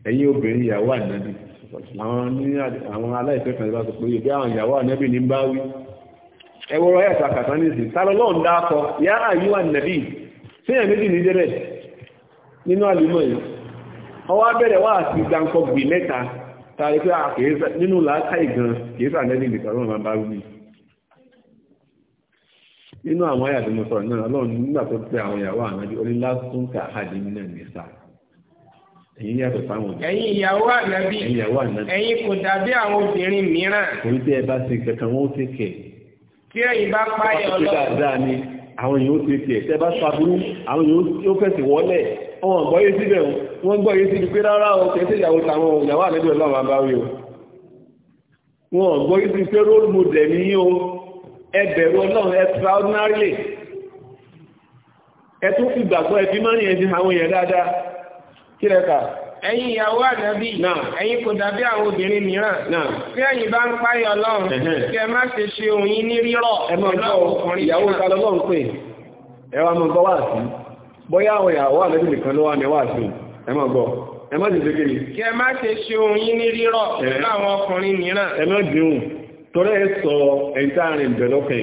ẹ̀yin obìnrin ìyàwó ànábì àwọn aláìfẹ́ kan bá sọ pé bí àwọn ìyàwó ànábì ní bá wí ẹwọ́rọ̀ ẹ̀ta kàtà ní ìsìn tálọ́lọ́ ń dákọ yá àyíwá nàbí síyàn méjì ní jẹ́rẹ̀ nínú àlùmọ̀ yìí ọwọ́ abẹ́rẹ̀ wà sí gbáǹkọ́ gbì mẹ́ta tàbí pé nínú làákà ìgan kìí sànẹ́bì nínú àwọn àyà tí mo sọ̀rọ̀ náà ọlọ́run nígbà tó pé àwọn ìyàwó ànábì onílásùn ká àdé nínú nìsà ẹ̀yin yàtọ̀ sáwọn obìnrin. ẹ̀yin ìyàwó ànábì ẹ̀yin ìyàwó ànábì ẹ̀yin kò dàbí àwọn obìnrin mìíràn. torí tí ẹ bá ṣe kankan wọn ó ṣe kẹ. tí ẹ̀yin bá páyọ lọ. wọ́n ti dáadáa ni àwọn èèyàn ó ṣe kẹ tẹ́ bá ṣàbúrú àwọn èèyàn ó fẹ̀sì wọlé wọn gbọ́ yé síbẹ̀ wọn gbọ́ yé síbi pé rárá o kẹsẹ̀ ìyàwó táwọn ìyàwó ànábì ọlọ́run àbáwí o wọn gbọ́ yé síbi pé role model ni yín o ẹbẹ̀rù ọlọ́run extraordinarily ẹ fi gbàgbọ́ ẹ fi máa ní ẹni àwọn èèyàn dáadáa kí lẹ́ka ìyàwó ànábì ẹ̀yin kò dàbí àwọn obìnrin mìíràn bí ẹ̀yin bá ń páyọ ọlọ́run kí ẹ má ṣe ṣe òun yín ní bóyá àwọn ìyàwó nìkan ló wà ẹ mọ gbọ, ẹ má ṣe kiri. kí ẹ má ṣe ṣe yín ẹ má tọ́rẹ́ ẹ sọ ẹ̀ntà rẹ̀ ìbẹ̀lọ́kẹ̀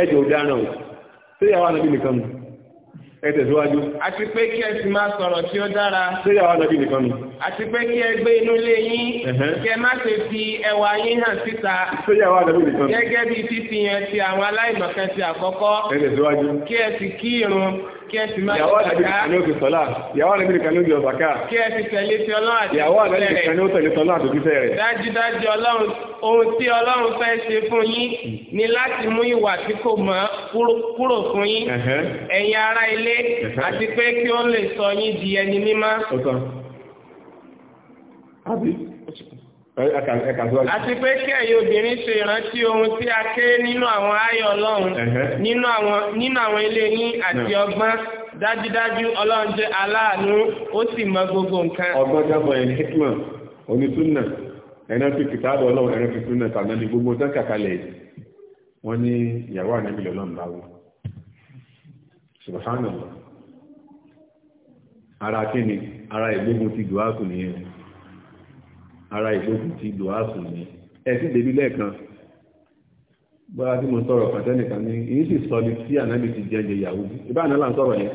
ẹjọ́ dáná síyàwó anábì nìkan nù ẹ tẹ̀síwájú. àti pé kí ẹ sì máa sọ̀rọ̀ tí ó dára. síyàwó anábì nìkan nù. àti pé kí ẹ gbé inú ilé yín. kí ẹ má ṣe fi ẹwà yín hàn síta. síyàwó anábì nìkan nù. gẹ́gẹ́ bí fífi yẹn ti àwọn aláìmọ̀kẹ́ ti àkọ́kọ́. ẹ tẹ̀síwájú. kí ẹ sì kí irun. Yàwó àdébìnrin kan ló jẹ ọ̀sàká. Kí ẹ ti tẹ̀lé ti ọlọ́run àti ìfẹ́ rẹ̀. Yàwó àdébìnrin kan ló tẹ̀lé tọ́lá àtòkífẹ́ rẹ̀. Dájúdájú ọlọ́run ohun tí ọlọ́run fẹ́ ṣe fún yín ni láti mú ìwà tí kò mọ́ kúrò fún yín. Ẹ̀yin ará ilé àti pé kí ó lè sọ yín di ẹni mímọ́. Àbí? àti pé kẹ́yìn obìnrin ṣe ìrántí ohun tí a ké nínú àwọn ayọ̀ ọlọ́run nínú àwọn ilé yín àti ọgbọ́n dájúdájú ọlọ́run jẹ́ aláàánú ó sì mọ gbogbo nǹkan. ọgbọ́n jábọ̀ ẹni hikma onítúnà ẹni fi kìtàbọ̀ ọlọ́run ẹni fi túnà tàbí ní gbogbo tán kàkalẹ̀ wọ́n ní ìyàwó ànábì lọ́lọ́run báwo subhanallah ara kí ni ara ìgbógun ti dùn á kù nìyẹn ara ìgbógun ti lò áàsùn ni ẹ sì débi lẹ́ẹ̀kan bóyá tí mo sọ̀rọ̀ pàtẹ́nìkan ní èyí sì sọ ni tí ànábì ti jẹ́jẹ ìyàwó bí ibà náà là ń sọ̀rọ̀ yẹn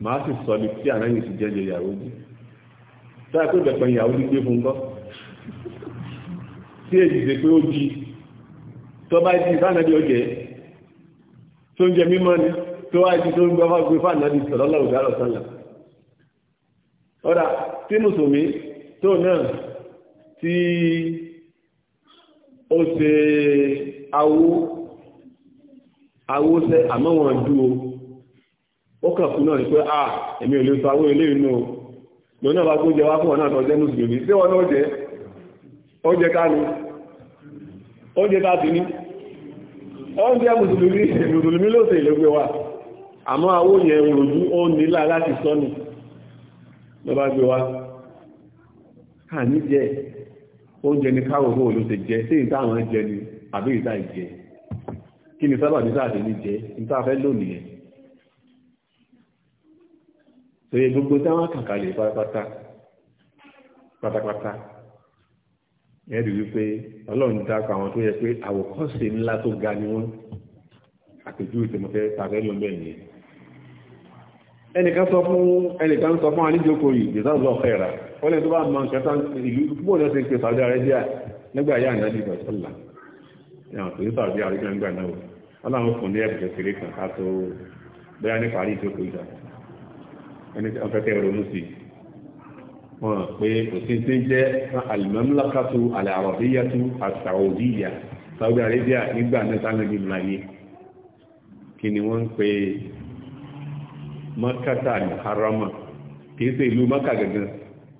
màá sì sọ ni tí ànábì ti jẹ́jẹ ìyàwó bí táà pé bẹ̀pẹ̀ ìyàwó bí gbé fún gbọ́ tí èyí ṣe pé ó di tó bá di ibà náà bí ó jẹ tó ń jẹ mímọ́ ni tó wá di tó ń gbọ́ fún agbèfà sọ̀rọ̀ lọ́wọ́ tí ó ṣe awó awó sẹ́ àmọ́ wọn dúró ó kàn fún náà ní pé ah èmi ò lè sọ awó ilé inú lòun náà bá tó jẹ wá fún ọ̀nà àtọ̀jẹ́ mùsùlùmí sí wọn náà jẹ oúnjẹ kánu oúnjẹ tàbí ní oúnjẹ mùsùlùmí mùsùlùmí ló ṣe ìlẹ́gbẹ̀ wa àmọ́ awó yẹn ròjú ó nílá láti sọ́nù lọ́bá gbé wa kà ní jẹ́ oúnjẹ ní káwọ̀ owó ló ti jẹ sí ìta àwọn jẹ ni àbí ìta ìjẹ kí ni sábà ní sáà ní jẹ níta fẹ́ lónìí ẹ̀ sòye gbogbo táwọn kàkàlẹ̀ pátápátá pátápátá ẹ̀ rí wípé ọlọ́run dákọ̀ àwọn tó yẹ pé àwòkọ́ṣe ńlá tó ga ni wọ́n àpèjúwe tí mo fẹ́ tàbẹ́ lọ bẹ́ẹ̀ nìyẹn ẹnìkan sọ fún ẹnìkan sọ fún àníjókòó yìí jésù lọ́ọ̀fẹ́ rà wọ́n lè tó bá mọ nǹkan tán ìlú bóòlù ṣe ń pe Saudi Arabia nígbà yá ànábì ìbọ̀sọ́là yàrá tó ní Saudi Arabia nígbà náà wọ́n láwọn fún ní ẹ̀bùn kékeré kan ká tó bẹ́ẹ̀ ní parí ìjókòó ìjà ẹni tí wọ́n fẹ́ kẹ́ ronú sí wọn pé kò sí ti ń jẹ́ al-mamlakatu al-arabiyyatu as-saudiyya Saudi Arabia nígbà náà sanabi mìláyé kí ni wọ́n ń pe mọ́kátà ìlú mọ́kà gẹ́gẹ́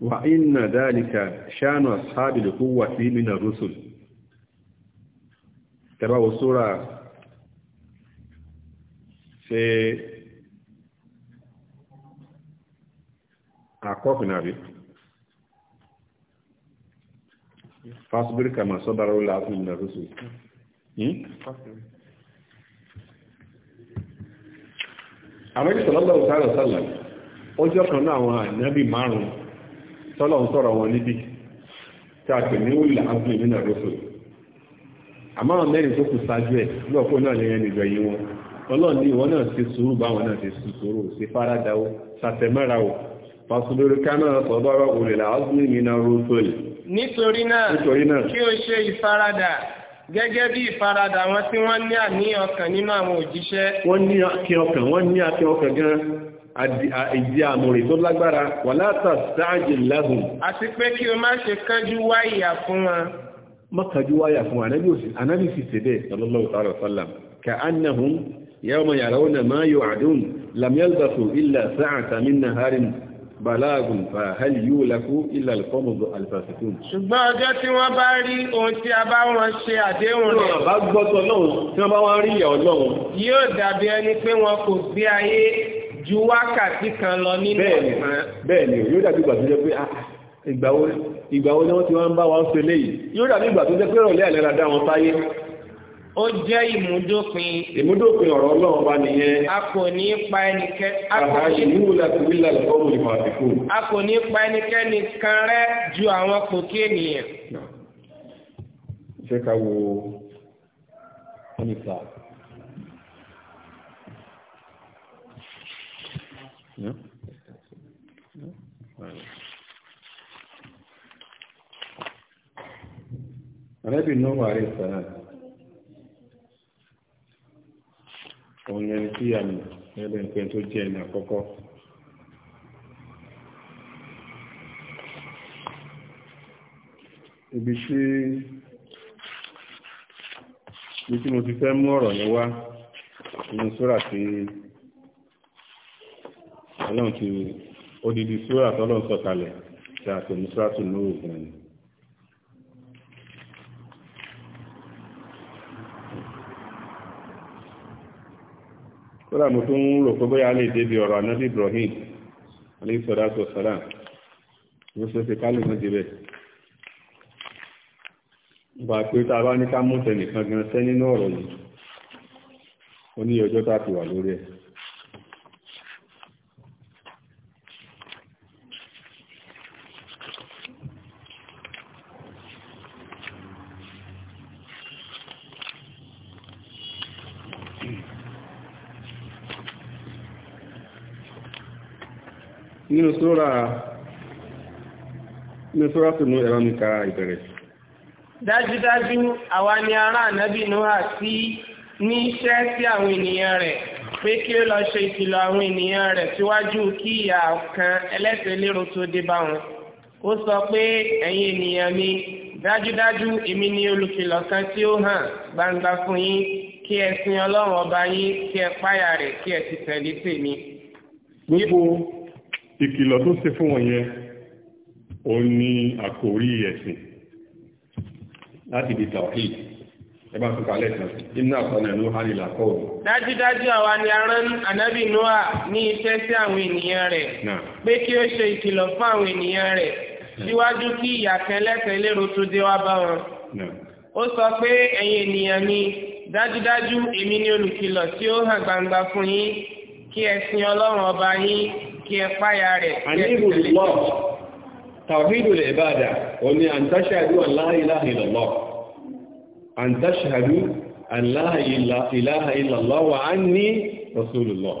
wà inna dhalika shanu ashabil quwwati minar rusul tẹ́báwò sóra ṣe àkọ́kùnàrí fásitì kama sọ́bàrá hmm? ó láàfin ìlànà rúsù àwọn ìṣọ̀lọ́lọ́ òtàrà sálà ó jọ́ kan náà àwọn ànábì márùn tọ́lọ̀ ń wọn níbi tí a ní òlà abúlé nínú àrọ́sọ̀ àmọ́ àwọn mẹ́rin tó kù ṣáájú ẹ̀ lọ́pọ̀ náà lẹ́yìn nìjọ yìí wọn ọlọ́run ní ìwọ náà ṣe sùúrù báwọn náà ṣe sùúrù ó ó o ṣe ìfaradà gẹ́gẹ́ bí ìfaradà wọn tí wọ́n ní àníyàn nínú àwọn òjíṣẹ́. wọ́n ní akẹ́ ọkàn wọ́n ní akẹ́ ọkàn gan ìdí àmúrè tó lágbára wà látà sáàjì lẹ́hùn. àti pé kí o má ṣe kánjú wáyà fún wa. má kánjú wáyà fún wa anábì sì ṣe bẹ́ẹ̀ sallallahu ta'ala sallam ka annahum yawma yarawna ma yu'adun lam yalbasu illa sa'atan min naharin balagun fa hal yulaku illa alqawmu alfasiqun ṣùgbọ́n ọjọ́ tí wọ́n bá rí ohun tí a bá wọn ṣe àdéhùn rẹ̀ bá gbọ́tọ̀ lọ́hùn tí wọ́n bá wọn rí ìyà ọlọ́hun yóò dàbí ẹni pé wọn kò gbé ayé ju wákàtí kan lọ nínú ọ̀sán. bẹ́ẹ̀ni yóò dàbí ìgbà tó jẹ́ pé ah, ìgbà wo ìgbà wo ni wọ́n ti wá ń bá wa ń ṣe léyìí yóò dàbí ìgbà tó jẹ́ pé ìrọ̀lẹ́ àlẹ́ra dá wọn sáyé ó jẹ́ ìmúdópin. ìmúdópin ọ̀rọ̀ ọlọ́run bá nìyẹn. a kò ní pa ẹnikẹ́ni. àbá ìlú làkúrí làlùkọ́mù ìmọ̀ àdìkù. a kò ní pa ẹnikẹ́ni kan rẹ́ ju àwọn kòkí ènìyàn. ṣé ká wo ẹnìkan. No? No? Ànábì náà wà rí ìsànà. Òun lẹni tí a mọ̀ lẹ́lẹ́ nǹkan tó jẹ́ ẹni àkọ́kọ́. Ibi tí ibi tí mo ti fẹ́ mú ọ̀rọ̀ yẹn wá, inú sọ́ra ti ọlọ́run ti odidi súrà tọ́lọ́run sọ̀kalẹ̀ tí a pè ní súrà òògùn ẹni kódà mo tún ń rò pé bóyá lè débi ọ̀rọ̀ anábì Ibrahim aléṣọ́dá sọ́dá ló ṣe ṣe kálù sóra ní sóra tó ní ẹ̀rọ ní ka ìbẹ̀rẹ̀. dájúdájú àwa ni ará ànábì Nóà sí ní iṣẹ́ sí àwọn ènìyàn rẹ̀ pé kí ó lọ ṣe ìkìlọ̀ àwọn ènìyàn rẹ̀ síwájú kí ìyà kan ẹlẹ́ṣẹ̀ lérò tó dé bá wọn ó sọ pé ẹ̀yin ènìyàn mi dájúdájú èmi ni olùkìlọ̀ kan tí ó hàn gbangba fún yín kí ẹ sin ọlọ́run ọba yín kí ẹ páyà rẹ̀ kí ẹ sì tẹ̀lé tèmi. gbogbo ìkìlọ̀ tó ṣe fún wọn yẹn ó ní àkórí ẹ̀sìn láti di tawhid ẹbá tún kalẹ̀ tán iná àkọọ́nà ló hálì làkọ́ ò. dájúdájú àwa ni arán ànábì noah ní iṣẹ́ sí àwọn ènìyàn rẹ̀ pé kí ó ṣe ìkìlọ̀ fún àwọn ènìyàn rẹ̀ síwájú kí ìyà kẹlẹ́kẹ́ lérò tó dé wá bá wọn. ó sọ pé ẹ̀yin ènìyàn ni dájúdájú èmi ni olùkìlọ̀ tí ó hàn gbangba fún yín kí ẹ ọlọ́run ọba yín kí ẹ páyà rẹ̀ àníbùdùlọ́ tàwídù lè bàdà òní àǹtàṣàdù aláìláhìlọ́lọ́ àǹtàṣàdù aláìláhìlọ́lọ́ wà á ní rasulullah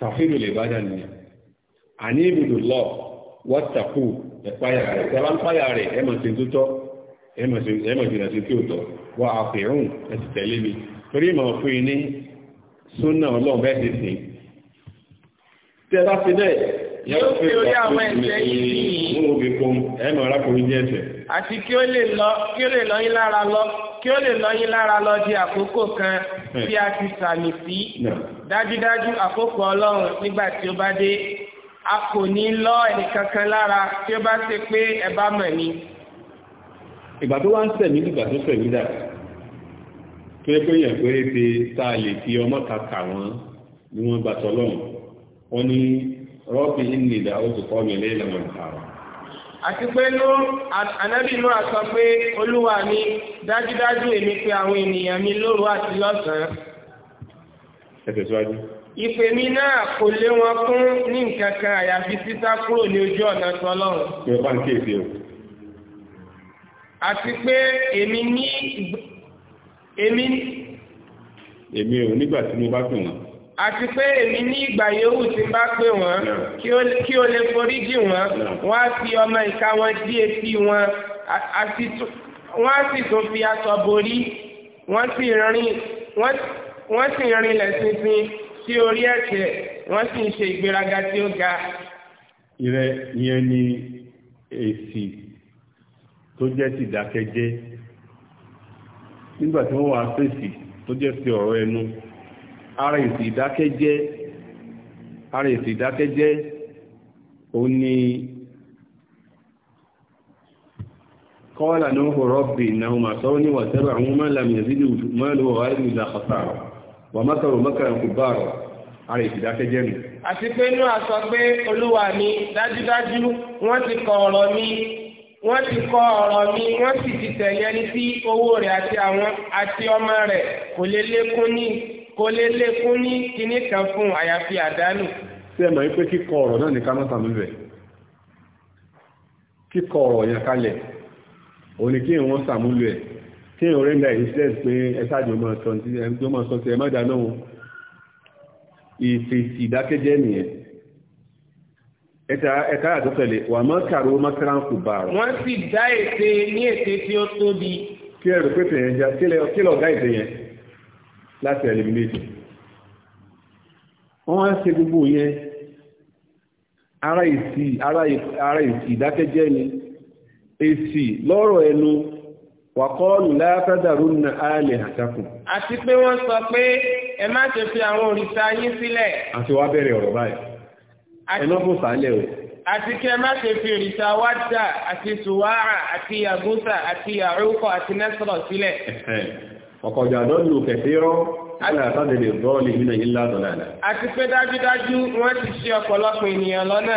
tàwídù lè bàdà ni àníbùdùlọ́ wọ́tàkù ẹ̀páyà rẹ̀ tẹ́lá ń páyà rẹ̀ ẹmọ̀ sí tútọ́ ẹmọ̀ jìnà sí kí ó tọ́ wà àfihàn tẹ bá fi bẹ́ẹ̀ yóò fi orí àwọn ẹ̀ṣẹ̀ yìí mú obì kún ẹ̀mọ̀ arákùnrin jẹ́ ẹ̀ṣẹ̀. àti kí ó lè lọ kí ó lè lọ yín lára lọ kí ó lè lọ yín lára lọ di àkókò kan tí a ti sàmì sí dájúdájú àkókò ọlọ́run nígbà tí ó bá dé a kò ní lọ ẹnìkankan lára tí ó bá ṣe pé ẹ bá mọ̀ ni. ìgbà tó wá ń sẹ̀mí nígbà tó sẹ̀mí dà tó yẹ pé èèyàn péré ti tá a lè fi ọmọ kàkà ó ní rọ́bì ní ìdáwó tó kọ́ yẹlé ìlànà ìtàrà. àti pé ló anábì inú àsọ pé olúwa mi dájúdájú èmi pé àwọn ènìyàn mi lóru àti lọ́sàn-án. ẹ tẹ̀síwájú. ìpè mi náà kò lé wọn kún ní nǹkan kan àyàfi sísá kúrò ní ojú ọ̀nà tọ́lọ́run. ń o. àti pé èmi ní èmi. èmi ò nígbà tí mo bá àti pé èmi ní ìgbà yòówù tí n bá pè wọ́n kí o lè forí jì wọ́n wọ́n á fi ọmọ ìka wọn dí etí wọn wọ́n á sì tún fi aṣọ borí wọ́n sì rinlẹ̀ ṣinṣin sí orí ẹ̀ṣẹ̀ wọ́n sì ń ṣe ìgbéraga tí ó ga. ìrẹ ìyẹn ni èsì tó jẹ́ sí ìdákẹ́jẹ́ nígbà tí wọ́n wá fèsì tó jẹ́ sí ọ̀rọ̀ ẹnu. ara èsì ìdákẹ́jẹ́ ara èsì ìdákẹ́jẹ́ ó ní ní rọ́bì ma sọ́wọ́ ní wàtẹ́bà àwọn mọ́làmì ẹ̀zídì mọ́lùwọ̀ àìrìn ìdàkọ̀tà wà mọ́kàrù mọ́kàrù kò bá ara èsì ìdákẹ́jẹ́ nù. àti pé inú àsọ pé olúwa mi dájúdájú wọ́n ti kọ ọ̀rọ̀ mi wọ́n ti kọ ọ̀rọ̀ mi wọ́n sì ti owó rẹ̀ àti àwọn ọmọ rẹ̀ kò lè kò lè lékún ní kinní kan fún àyàfi àdánù. tí ẹ mọ̀ wípé kíkọ ọ̀rọ̀ náà ní ká mọ́ta mi bẹ̀ kíkọ ọ̀rọ̀ yẹn kalẹ̀ òun ni kí wọ́n sàmúlò ẹ̀ kí èèyàn rẹ́ńdà ìṣẹ́ pé ẹ ṣáàjọ mọ́ sọ ti ẹ tó mọ́ sọ ti ẹ má dáná wọn ìfèsì ìdákẹ́jẹ́ nìyẹn ẹ̀ka àtọ́tẹ̀lẹ̀ wà mọ́ kàrò mọ́kàránkù bá rọ̀ wọ́n sì dá ète ní ète tí ó tóbi kí ẹ̀rù pé tẹ̀yẹn já kí lọ dá ète yẹn láti eliminate wọ́n wá ń ṣe gbogbo yẹn ara ìsì ara ìsì ìdákẹ́jẹ́ ni èsì lọ́rọ̀ ẹnu wàkọ́ọ̀lù látàdàrú na ààlẹ̀ àtakùn àti pé wọ́n sọ pé ẹ má ṣe fi àwọn òrìṣà yín sílẹ̀ àti wá bẹ̀rẹ̀ ọ̀rọ̀ báyìí ẹnà fún sàálẹ̀ o àti kí ẹ má ṣe fi òrìṣà wájà àti sùwárà àti yàgúsà àti yàrúkọ àti nẹ́sọ̀rọ̀ sílẹ̀ ọ̀kọ̀jà dọ́lù kẹfẹ́rọ́ aláàtọ́dẹ̀lẹ̀ bọ́ọ̀lì nínú ilá tọ̀lá àti pé dájúdájú wọ́n ti ṣe ọ̀pọ̀lọpọ̀ ènìyàn lọ́nà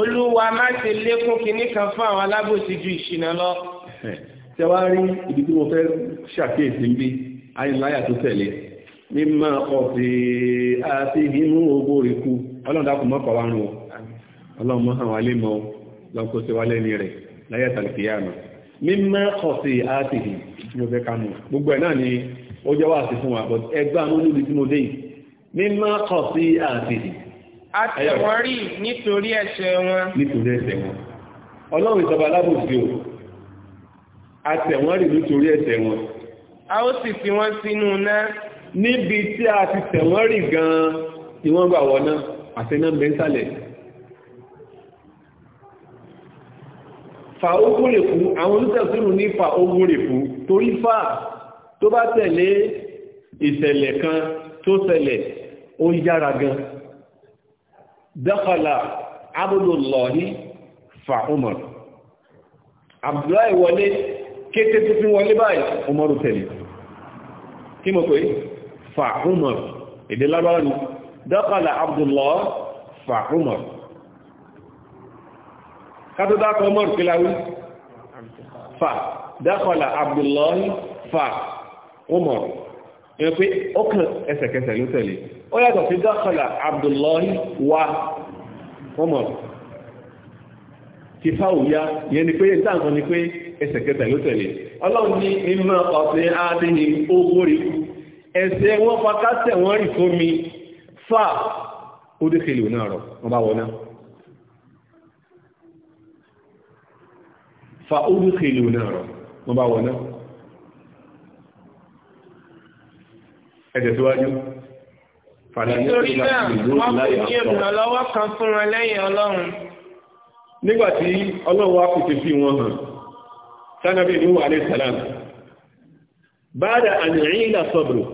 olúwa má ṣe lékún kinní kan fún àwọn alábòsí ju ìṣìnà lọ. ṣé wàá rí ibi tí mo fẹ́ ṣàkíyèsí ń bí ayélujára tó tẹ̀lé mímọ ọ̀sẹ̀ àti inú ogbó ikú ọlọ́run mọ́kọ̀ wá rún ọlọ́run àwọn alẹ́ tí mo fẹ́ ká mọ̀ gbogbo ẹ̀ náà ni ó jẹ́ wà sí fún wa but ẹgbẹ́ àwọn olóòlù tí mo dé yìí mímọ́ kọ̀ sí àtìrì. àtẹ̀wọ́rì nítorí ẹ̀ṣẹ̀ wọn. nítorí ẹ̀ṣẹ̀ wọn ọlọ́run ìjọba alábòsí o àtẹ̀wọ́rì nítorí ẹ̀ṣẹ̀ wọn. a ó sì fi wọ́n sínú náà. níbi tí a ti tẹ̀wọ́rì gan-an ni wọ́n gbà wọ́n náà àti náà bẹ́ńsàlẹ̀ fa ogún lè fún àwọn olùtẹ̀sùn ní fa ogún lè fún torí fa tó bá tẹ̀lé ìṣẹ̀lẹ̀ kan tó ṣẹlẹ̀ ó yára gan dákàlà abúlùlọ́hí fa Umar Abdullahi wọlé kété tó fi wọlé báyìí Umaru tẹ̀lé kí mọ̀ pé fa Umar èdè lábára ní Abdullahi fa Umar kátó dákọ̀ ọmọ ìpìláwí fa dákọ̀lá abdullahi fa umar ẹ pé ọkàn ẹsẹ̀kẹsẹ̀ ló tẹ̀lé ó yàtọ̀ sí dákọ̀lá abdullahi wa umar ti fáwùyá yẹn ni pé dáǹkan ni pé ẹsẹ̀kẹsẹ̀ ló tẹ̀lé ọlọ́run ní iná ọ̀sẹ̀ àádẹ́ni owó rí ẹsẹ̀ wọn fa kásẹ̀ wọn rí mi fa ó dé kèlè náà rọ̀ wọn bá wọ fa udkhilu nara wọ́n bá wọ̀ná ẹ̀jẹ̀ síwájú nítorí náà wọ́n kò ní ìrànlọ́wọ́ kan fún wọn lẹ́yìn ọlọ́run nígbàtí ọlọ́run wá pèsè sí wọn hàn sanabi ní wàhálẹ̀ sàlám báadà àmìrìn ìlà sọ́bùrù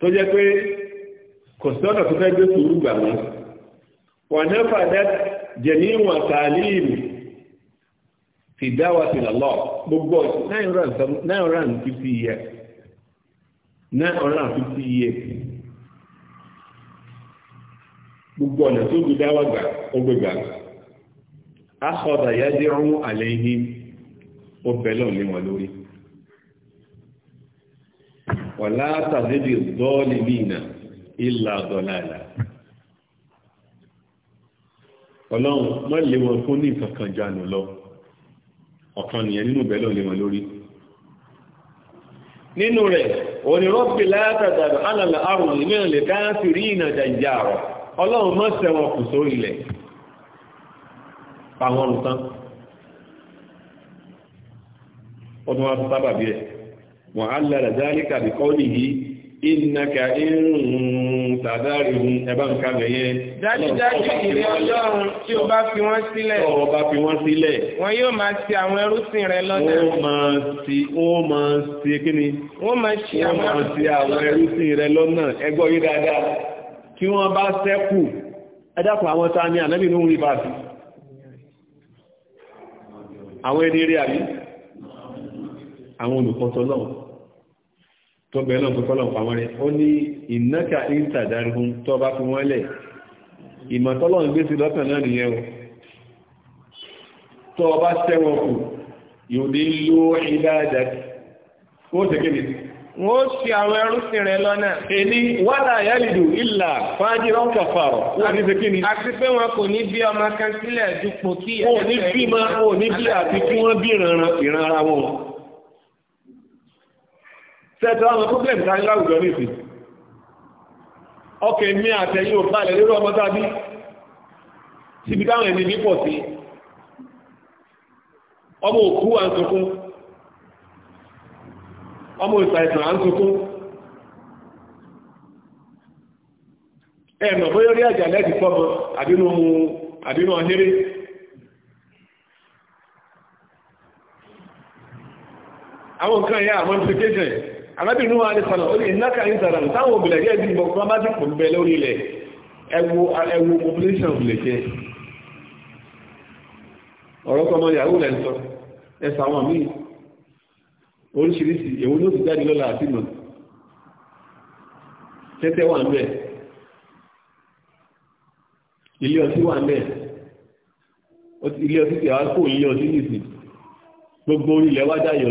tó jẹ́ pé kò sọ́nà tó fẹ́ gbé sùúrù gbà wà náà fàdá jẹ̀mí wọn tààlíìmù fi dáwà sí lọ́lọ́ gbogbo nine hundred and fifty years nine hundred and fifty years gbogbo ọ̀nà tó gbé dáwà gbà ó gbé gbà akọ̀dà yá dé ọ̀run àlẹ́ yìí ó bẹ̀lọ̀ lé wọn lórí wàlá tàbí dọ́ọ̀lì mìíràn ìlà dọ̀làlà ọlọ́run má lé wọn kó ní nǹkan jánu lọ ọ̀kan nìyẹn nínú bẹ́ẹ̀ lọ́lẹ̀ wọn lórí nínú rẹ̀ òní rọ́pì látàdàdà alàlà àrùn ìmìnà lè káàsì rí ìnà jàǹjà rọ̀ ọlọ́run mọ́ sẹ́wọ̀n kù sórí ilẹ̀ pàwọn nǹkan ọdún wa fún sábàbí ẹ̀ wọ́n á lára dáríkà bí kọ́ nìyí ìnàkà irun tàdárìhun ẹbá ń kàmẹ̀ yẹn dájúdájú ìrẹ́ ọlọ́run tí ó bá fi wọ́n sílẹ̀ ó bá fi wọ́n sílẹ̀ wọ́n yóò máa ti àwọn ẹrúsìn rẹ̀ lọ́dẹ wọ́n máa ti wọ́n máa ti kíni wọ́n máa ti àwọn ẹrúsìn rẹ̀ lọ́nà ẹgbọ́ yí dáadáa kí wọ́n bá sẹ́kù ẹdákùn àwọn tá ní ànábì ní orí bá sí àwọn ẹni rí àbí àwọn olùkọ́tọ̀ lọ́wọ́ tó bẹ̀rẹ̀ náà pẹ́kọ́ lọ́n pàwọn rẹ̀ ó ní ìnáka ìntàdárihun tó bá fi wọ́n lẹ̀ ìmọ̀tọ́lọ̀ ń gbé sí lọ́kàn náà nìyẹn o tó bá tẹ́wọ̀n kù yóò dé ló ìdáadáa wọ́n ṣe kéde wọ́n ṣe àwọn ẹrúsìn rẹ̀ lọ́nà èní wàlà yálìdù ìlà fàájírán kàfàrọ̀ láti ṣe kíni àti pé wọn kò ní bí ọmọ kan sílẹ̀ dupò kí ẹ̀ẹ́dẹ́gbẹ̀rẹ̀ tẹ́tẹ́ àwọn problem ta ní láwùjọ ní ìsìn ọkẹ̀ ní àtẹ̀yìn ò balẹ̀ lórí ọmọ tàbí síbi táwọn ẹni ní pọ̀ sí ọmọ òkú à ń sunkún ọmọ ìsàìsàn à ń sunkún ẹ̀nà bóyá rí àjà lẹ́ẹ̀dì ọ̀hírí àwọn nǹkan àwọn arábìnrin wa ní sọ̀rọ̀ ó ní ìnáka ní sọ̀rọ̀ táwọn obìnrin yẹ́ bí gbogbo bá ti pò ń bẹ lórí ilẹ̀ ẹwu ẹwu population lè jẹ́ ọ̀rọ̀ kọmọ ìyàwó rẹ̀ ń sọ ẹsà àwọn míì oríṣiríṣi èwo ló ti jáde lọ́la àti mọ̀ tẹ́tẹ́ wà ń ilé ọtí wà ń ilé ọtí tí a kó ilé ọtí nìsín gbogbo ilẹ̀ wájà yọ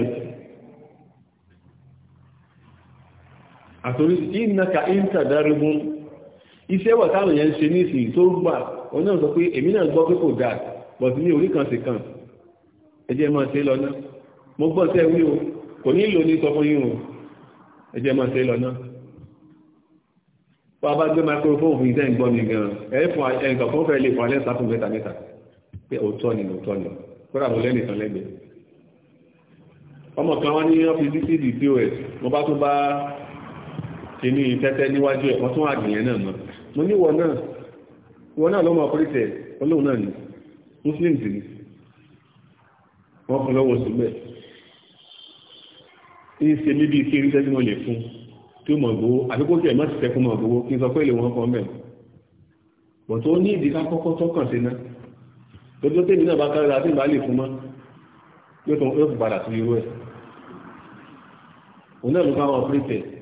àtòrí ìnaka ìntàdárígún iṣẹ́ wà táwọn yẹn ń ṣe ní ìsìn tó gbà wọn náà sọ pé èmi náà gbọ́ pé kò dáa but ní orí kan sì kan ẹjẹ́ máa ṣe lọ́nà mo gbọ́ tẹ́ wí o kò ní lò ní sọ fún yín o ẹjẹ́ máa ṣe lọ́nà wọ́n bá gbé microphone fún ìṣẹ́ ìgbọ́ ni òótọ́ ni kódà mo lẹ́nìkan lẹ́gbẹ̀ẹ́ ọmọ inú ìtẹ́tẹ́ níwájú ẹ̀ wọ́n tún wà gbìyàn náà mọ́ mo ní wọ náà wọ náà lọ́mọ ọ̀pọ̀lẹ́tẹ̀ olóhùn náà ni muslim sì ni wọ́n fún lọ́wọ́ oṣù bẹ́ẹ̀ ní ṣe níbi kí irinṣẹ́ tí mo lè fún tí ó mọ̀ gbowó àbíkó tí ẹ̀ má ti fẹ́ kó mọ̀ gbowó kí n sọ pé èlé wọn kan bẹ̀ bọ̀ tó ní ìdí ká kọ́kọ́ tọ́kàn sí náà lójó tèmi náà bá kárí àti ìbá lè fún mọ́ yóò tún padà sí irú ẹ̀ òun náà ló bá wọn pírítẹ̀ẹ́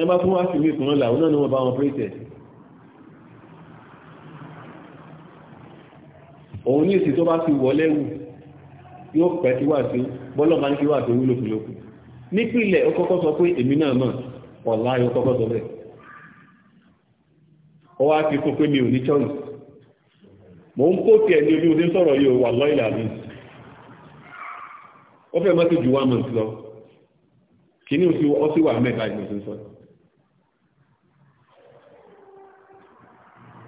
tẹ́ bá fún wá sí ìwé ìkùnlọ́lá òun náà ni wọ́n bá wọn pírítẹ̀ òun ní èsì tó bá ti wọlé wù yóò pẹ́ tí wà sí bọ́lọ̀ máa ń kí wà tó wúlò fúlòkù nípìnlẹ̀ ó kọ́kọ́ sọ pé èmi náà mọ̀ ọ̀la yóò kọ́kọ́ sọ bẹ́ẹ̀ ó wá fi kún pé mi ò ní chọ́ọ̀nù mò ń kó tiẹ̀ ní ojú ojú sọ̀rọ̀ yìí wà lọ́ìlà mi ó fẹ́ mọ́ sí ju one month lọ kìíní ó sì wà mẹ́ta ìgbésí sọ̀rọ̀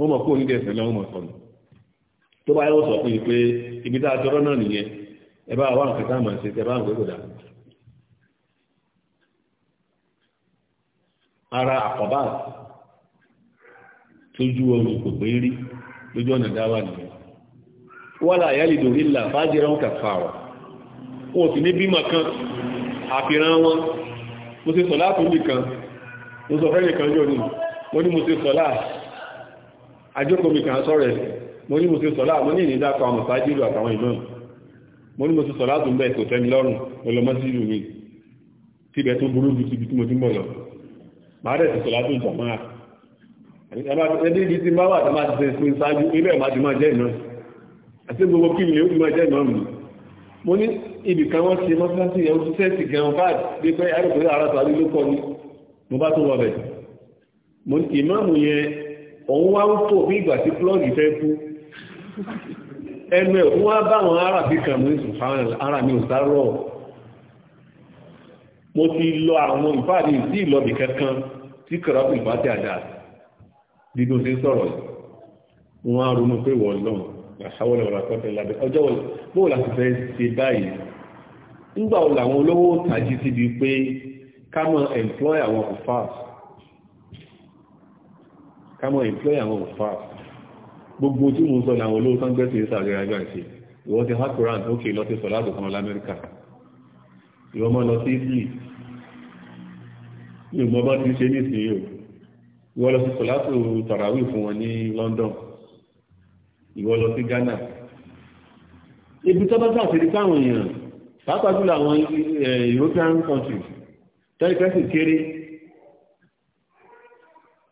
wọ́n mọ̀ kó onídẹ̀ ẹ̀sẹ̀ lọ́wọ́ mọ̀ sọ̀nù tó bá yóò sọ fún yìí pé ibi tá a tọrọ náà nìyẹn ẹ bá wà nǹkan táwọn ṣe tẹ bá ń gbégbòdà ara àkọ́bá tójú oorun kò pé rí lójú ọ̀nà dáwà nìyẹn wọ́n là yálì dòrí là bá jẹ́ ránkà fàrọ̀ wọn ò sì ní bímọ kan àfihàn wọn mo ṣe sọ̀lá àtúndì kan mo sọ fẹ́ nìkan jọ ni mo ní mo ṣe sọ̀lá ajókòmí kan sọ́rẹ̀ mo ní mo ti sọ́lá mo ní ìnídàkọ̀ àwọn ìsájìlú àtàwọn ìmọ̀ mo ní mo ti sọ́lá tó ń bẹ̀ kò tẹ́mi lọ́rùn ọlọ́mọ́sílù mi síbẹ̀ tó burú ju síbi tí mo ti mọ̀ lọ máa rẹ̀ ti sọ́lá tó ń jọ máa ẹbí ibi tí máa wà tó máa ti sẹ́sí ṣáájú ilé ọ̀ma ti máa jẹ́ ni ó ti máa mo ní ibì kan wọ́n ṣe mọ́sánsì yẹn ó ti sẹ́ẹ̀sì gan-an bá dé pé ayọ̀kùnrin ara ni mo bá òun wá ń fò bí ìgbà tí plọ́ọ̀gì fẹ́ kú ẹnu ẹ̀ fún wá báwọn ará bí kàmú ara mi ò sárọ̀ mo ti lọ àwọn ìfáàdì sí ìlọ́bì kankan tí kàràpù ìbá tí àdá dídùn sí sọ̀rọ̀ wọn á ronú pé wọ́n lọ́n àṣàwọ̀lẹ̀ ọ̀rọ̀ àkọ́tẹ̀ lábẹ́ ọjọ́ bó la ti fẹ́ ṣe báyìí nígbà wo làwọn olówó tàjí síbi pé ká employ àwọn kò kámọ̀ ìfẹ́ àwọn òfà gbogbo tí mo ń sọ làwọn olówó tán gbẹ́sìn sàrẹ́ ajá ìṣe ìwọ́n ti hakuran ókè lọ sí sọ̀lá àbùkan lamẹ́ríkà ìwọ́n mọ́ lọ sí Italy ní ìmọ̀ bá ti ṣe ní ìsìn yìí ìwọ́ lọ sí sọ̀lá tàràwì fún wọn ní London ìwọ́ lọ sí Ghana ibi tó bá sà sí káwọn èèyàn pàápàá jùlọ àwọn eh, European countries tẹ́lifẹ̀sì kéré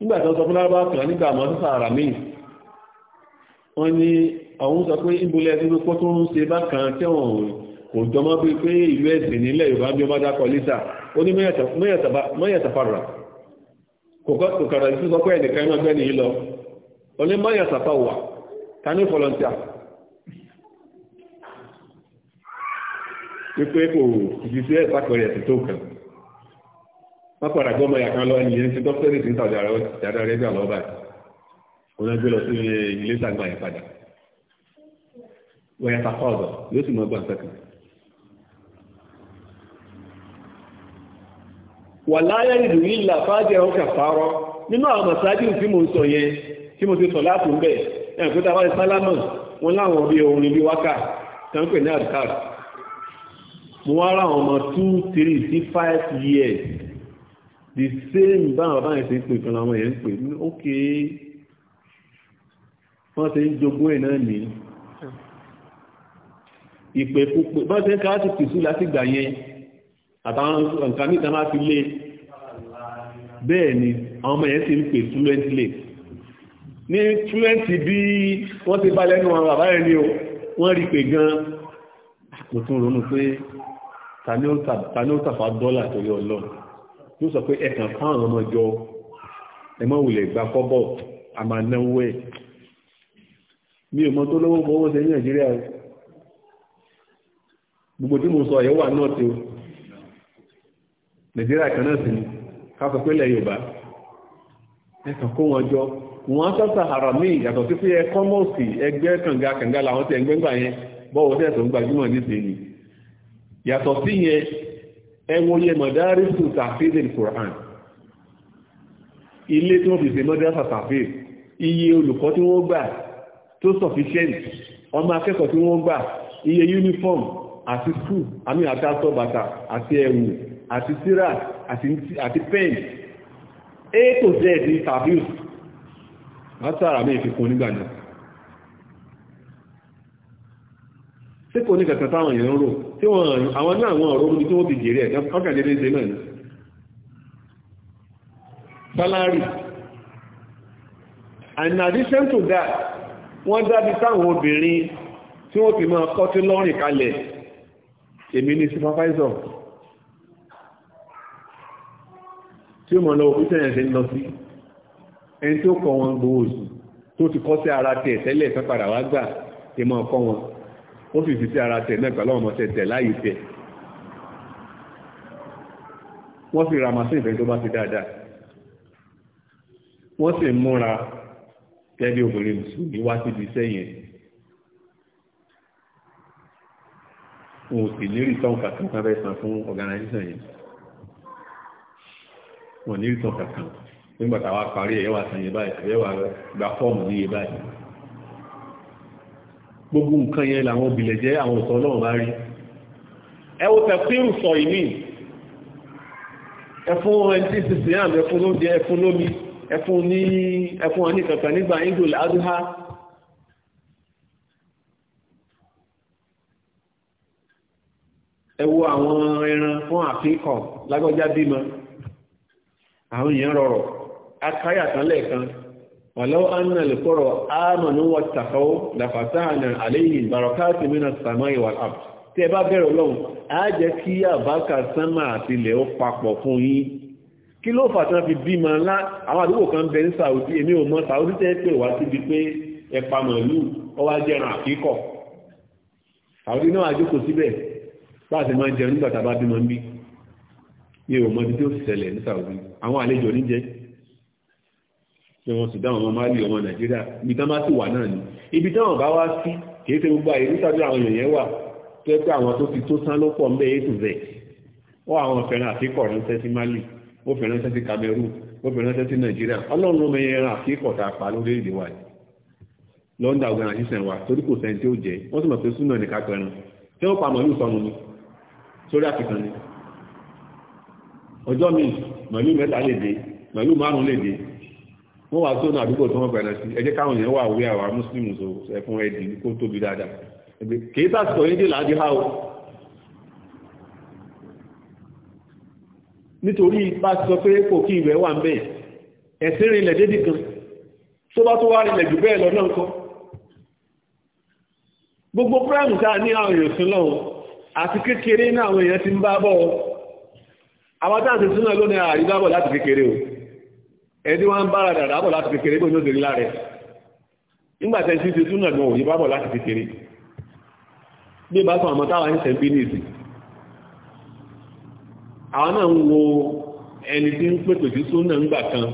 nígbà tó sọ fún lárúbá kan nígbà mọ́ sísà ara míì wọ́n ní ọ̀hún sọ pé ìbúlẹ̀ tí ó tó ń ṣe bákan tí wọ́n kò jọmọ́ bí pé ìlú ẹ̀sìn nílẹ̀ Yorùbá bí ó bá dákọ̀ lísà ó ní mọ́yàtàfàrà kò kàrà sí sọ pé ẹnìkan iná gbẹ́ nìyí lọ ó ní mọ́yàtàfà wà ta ní volunteer wípé kò ìdí sí ẹ̀sàkọ̀rẹ̀ ẹ̀sìn tó kàn wọ́n padà gbọ́mọ yàkan lọ ẹnìyẹn ti dọ́kítọ́rì sí ìtàjà ìjàdá rẹ̀ gbà lọ́ba òun ẹgbẹ́ lọ sí ilé ìtagbà yẹn padà wọ́n yàtà kọ́ọ̀dọ̀ yóò sì mọ gbà sẹ́kàn. wà láyé ìlú ìlà fájẹ́ ọkà fárọ́ nínú àwọn màsáájú tí mo sọ yẹn tí mo ti sọ láàpù ń bẹ̀ ẹ̀rùn pé táwọn sálámà wọn láwọn bí orin bí wákà tán pè ní àdùkà mo wá ra àwọn ọmọ two three sí five years the same báwọn báyìí ṣe ń pè kan láwọn èèyàn ń pè ní ókè wọ́n ṣe ń jogún ẹ̀ náà ní ìpè púpọ̀ bọ́n ṣe ń ká láti pìsú láti gbà yẹn àtàwọn nǹkan ní ìtàn láti lé bẹ́ẹ̀ ni àwọn ọmọ yẹn ti ń pè fluently ní fluently bí wọ́n ti bá lẹ́nu àwọn bàbá ẹni o wọ́n rí pé gan mo tún ronú pé ta ó tàfà dọ́là torí ọlọ́run yóò sọ pé ẹ̀kàn fáwọn ọmọ ìjọ ẹ̀mọ́ wulẹ̀ kọ́bọ̀ a máa náwó ẹ̀ mi ò mọ tó lọ́wọ́ fowó ṣe ní nàìjíríà nigeria gbogbo tí mo sọ ẹ̀ náà o nàìjíríà kan náà sì ni ká sọ jọ sọ́sà àrà míì yàtọ̀ sí pé ẹgbẹ́ kànga kànga làwọn ẹgbẹ́ yẹn bọ́wọ́ yàtọ̀ ẹwọ yẹ mọ̀dárí sùn tàfíìdì Kùrán ilé tí wọ́n fi ṣe mọ́dásà tàfíìdì iye olùkọ́ tí wọ́n gbà tó sufficient ọmọ akẹ́kọ̀ọ́ tí wọ́n gbà iye uniform àti school àmì àtàtọ̀ bàtà àti ẹ̀wù àti síra àti pen a to z ní tàfíìdì látara mi ìfikún nígbà náà tí kò ní kẹ̀kẹ́ táwọn èèyàn rò tí wọ́n àwọn ní àwọn ọ̀rọ̀ orí tí wọ́n ti jèrè ẹ̀ ọkàdédé ṣe náà ni and in addition to that wọ́n dábí táwọn obìnrin tí wọ́n ti máa kọ́ tí lọ́rìn kalẹ̀ èmi ni supervisor tí ó mọ̀ lọ òkú tẹ̀yẹ̀ ṣe ń lọ sí ẹni tí ó kọ́ wọn gbowó oṣù tó ti kọ́ sí ara tẹ̀ tẹ́lẹ̀ fẹ́ padà wá gbà ìmọ̀ ọ̀kọ́ wọn ó isi sí ara tẹ̀ náà pẹ̀lú ọmọ tẹ̀ láyé tẹ̀ wọ́n sì ra màsí ìfẹ́ tó bá ti dáadáa wọ́n sì múra kẹ́bí obìnrin mùsùlùmí wá síbi sẹ́yìn wọn ò sì lérí tán kàkà kan fẹ́ san fún organization yẹn wọn ò tán kàkàn nígbà táwa parí ẹ̀yẹ́wà san yẹn báyìí ẹ̀yẹ́wà gba fọ́ọ̀mù báyìí gbogbo nǹkan yẹn làwọn òbílẹ̀ jẹ́ àwọn ìtọ́ ọlọ́run bá rí ẹ wo tẹ̀fírù sọ ìmí ẹfún ẹntì sísè àmì ẹfún lóúnjẹ ẹfún lómi ẹfún ní ẹfún ọní kankan nígbà ingol adúhá ẹ wo àwọn ẹran fún àfikọ lágbọjá bímọ àwọn èèyàn rọrọ akáyà tán lẹ́ẹ̀kan ولو أن القرى آمنوا واتقوا لفتحنا عليهم بركات من السماء والأرض tẹ́ bá bẹ̀rẹ̀ Ọlọ́run á jẹ́ kí àbákà sánmà àti ilẹ̀ ó papọ̀ fún yín kí ló fà tán fi bímọ ńlá àwọn àdúgbò kan bẹ ní Saudi èmi ò mọ̀ Saudi tẹ́ pè wá síbi pé ẹ̀pà màlúù ó wá jẹran àkíkọ̀ Saudi náà àjókòó síbẹ̀ bá máa jẹun nígbà tá a bá bímọ ń bí mi ò mọ̀ ibi tí ó ṣẹlẹ̀ ní Saudi àwọn àlejò oníjẹ́ tí wọ́n sì dáwọn ọmọ ọmọ Nàìjíríà ibi tán bá sì wà náà ni ibi táwọn bá wá sí kìí ṣe gbogbo àyè nítorí àwọn èèyàn yẹn wà tó pé àwọn tó ti tó sán ló pọ̀ mbẹ́ ètò zẹ̀ ó àwọn fẹ́ràn àfikọ̀ ránṣẹ́ sí Mali ó fẹ́ràn ránṣẹ́ sí Cameroon ó fẹ́ràn ránṣẹ́ sí Nàìjíríà Ọlọ́run ló mẹyẹ ran àfikọ̀ tá a pa lórílẹ̀-èdè wa lọ́ndà organization wa torí kò sẹ́ni tí ó jẹ́ wọ́n sì mọ̀ pé súnà ní ká pẹran tí ó pa mọ̀lú sọnù ni sórí àfikàn ni ọjọ́ mi mọ̀lú mẹ́ta lè dé mọ̀lú márùn-ún lè dé wọ́n wá sónà àdúgbò tí wọ́n pẹ̀lẹ̀ sí ẹ jẹ́ káwọn èèyàn wà wí àwa mùsùlùmù so ẹ̀fún ẹ̀dì kó tóbi dáadáa kì í sàtìkọ̀ yín dè láti há o nítorí bá sọ pé kò kí ìwẹ̀ wà ń bẹ̀ ẹ̀sìn rìnlẹ̀ dédì kan tó bá tó wá rìnlẹ̀ jù bẹ́ẹ̀ lọ náà kọ́ gbogbo prime ta ní àwọn èèyàn sí lọ́wọ́ àti kékeré náà àwọn èèyàn ti ń bá bọ́ àwọn táàtì ẹni wọ́n ń bára dàdà bọ̀ láti kékeré bó ní òṣèré lára ẹ̀ nígbàtẹ́ sí ti túnà gan òyìnbá bọ̀ láti kékeré bí bá fún àmọ́ táwọn ẹ̀ṣẹ̀ bí ní ìsìn àwọn náà ń wo ẹni tí ń pèpè sí súnà ńgbà kan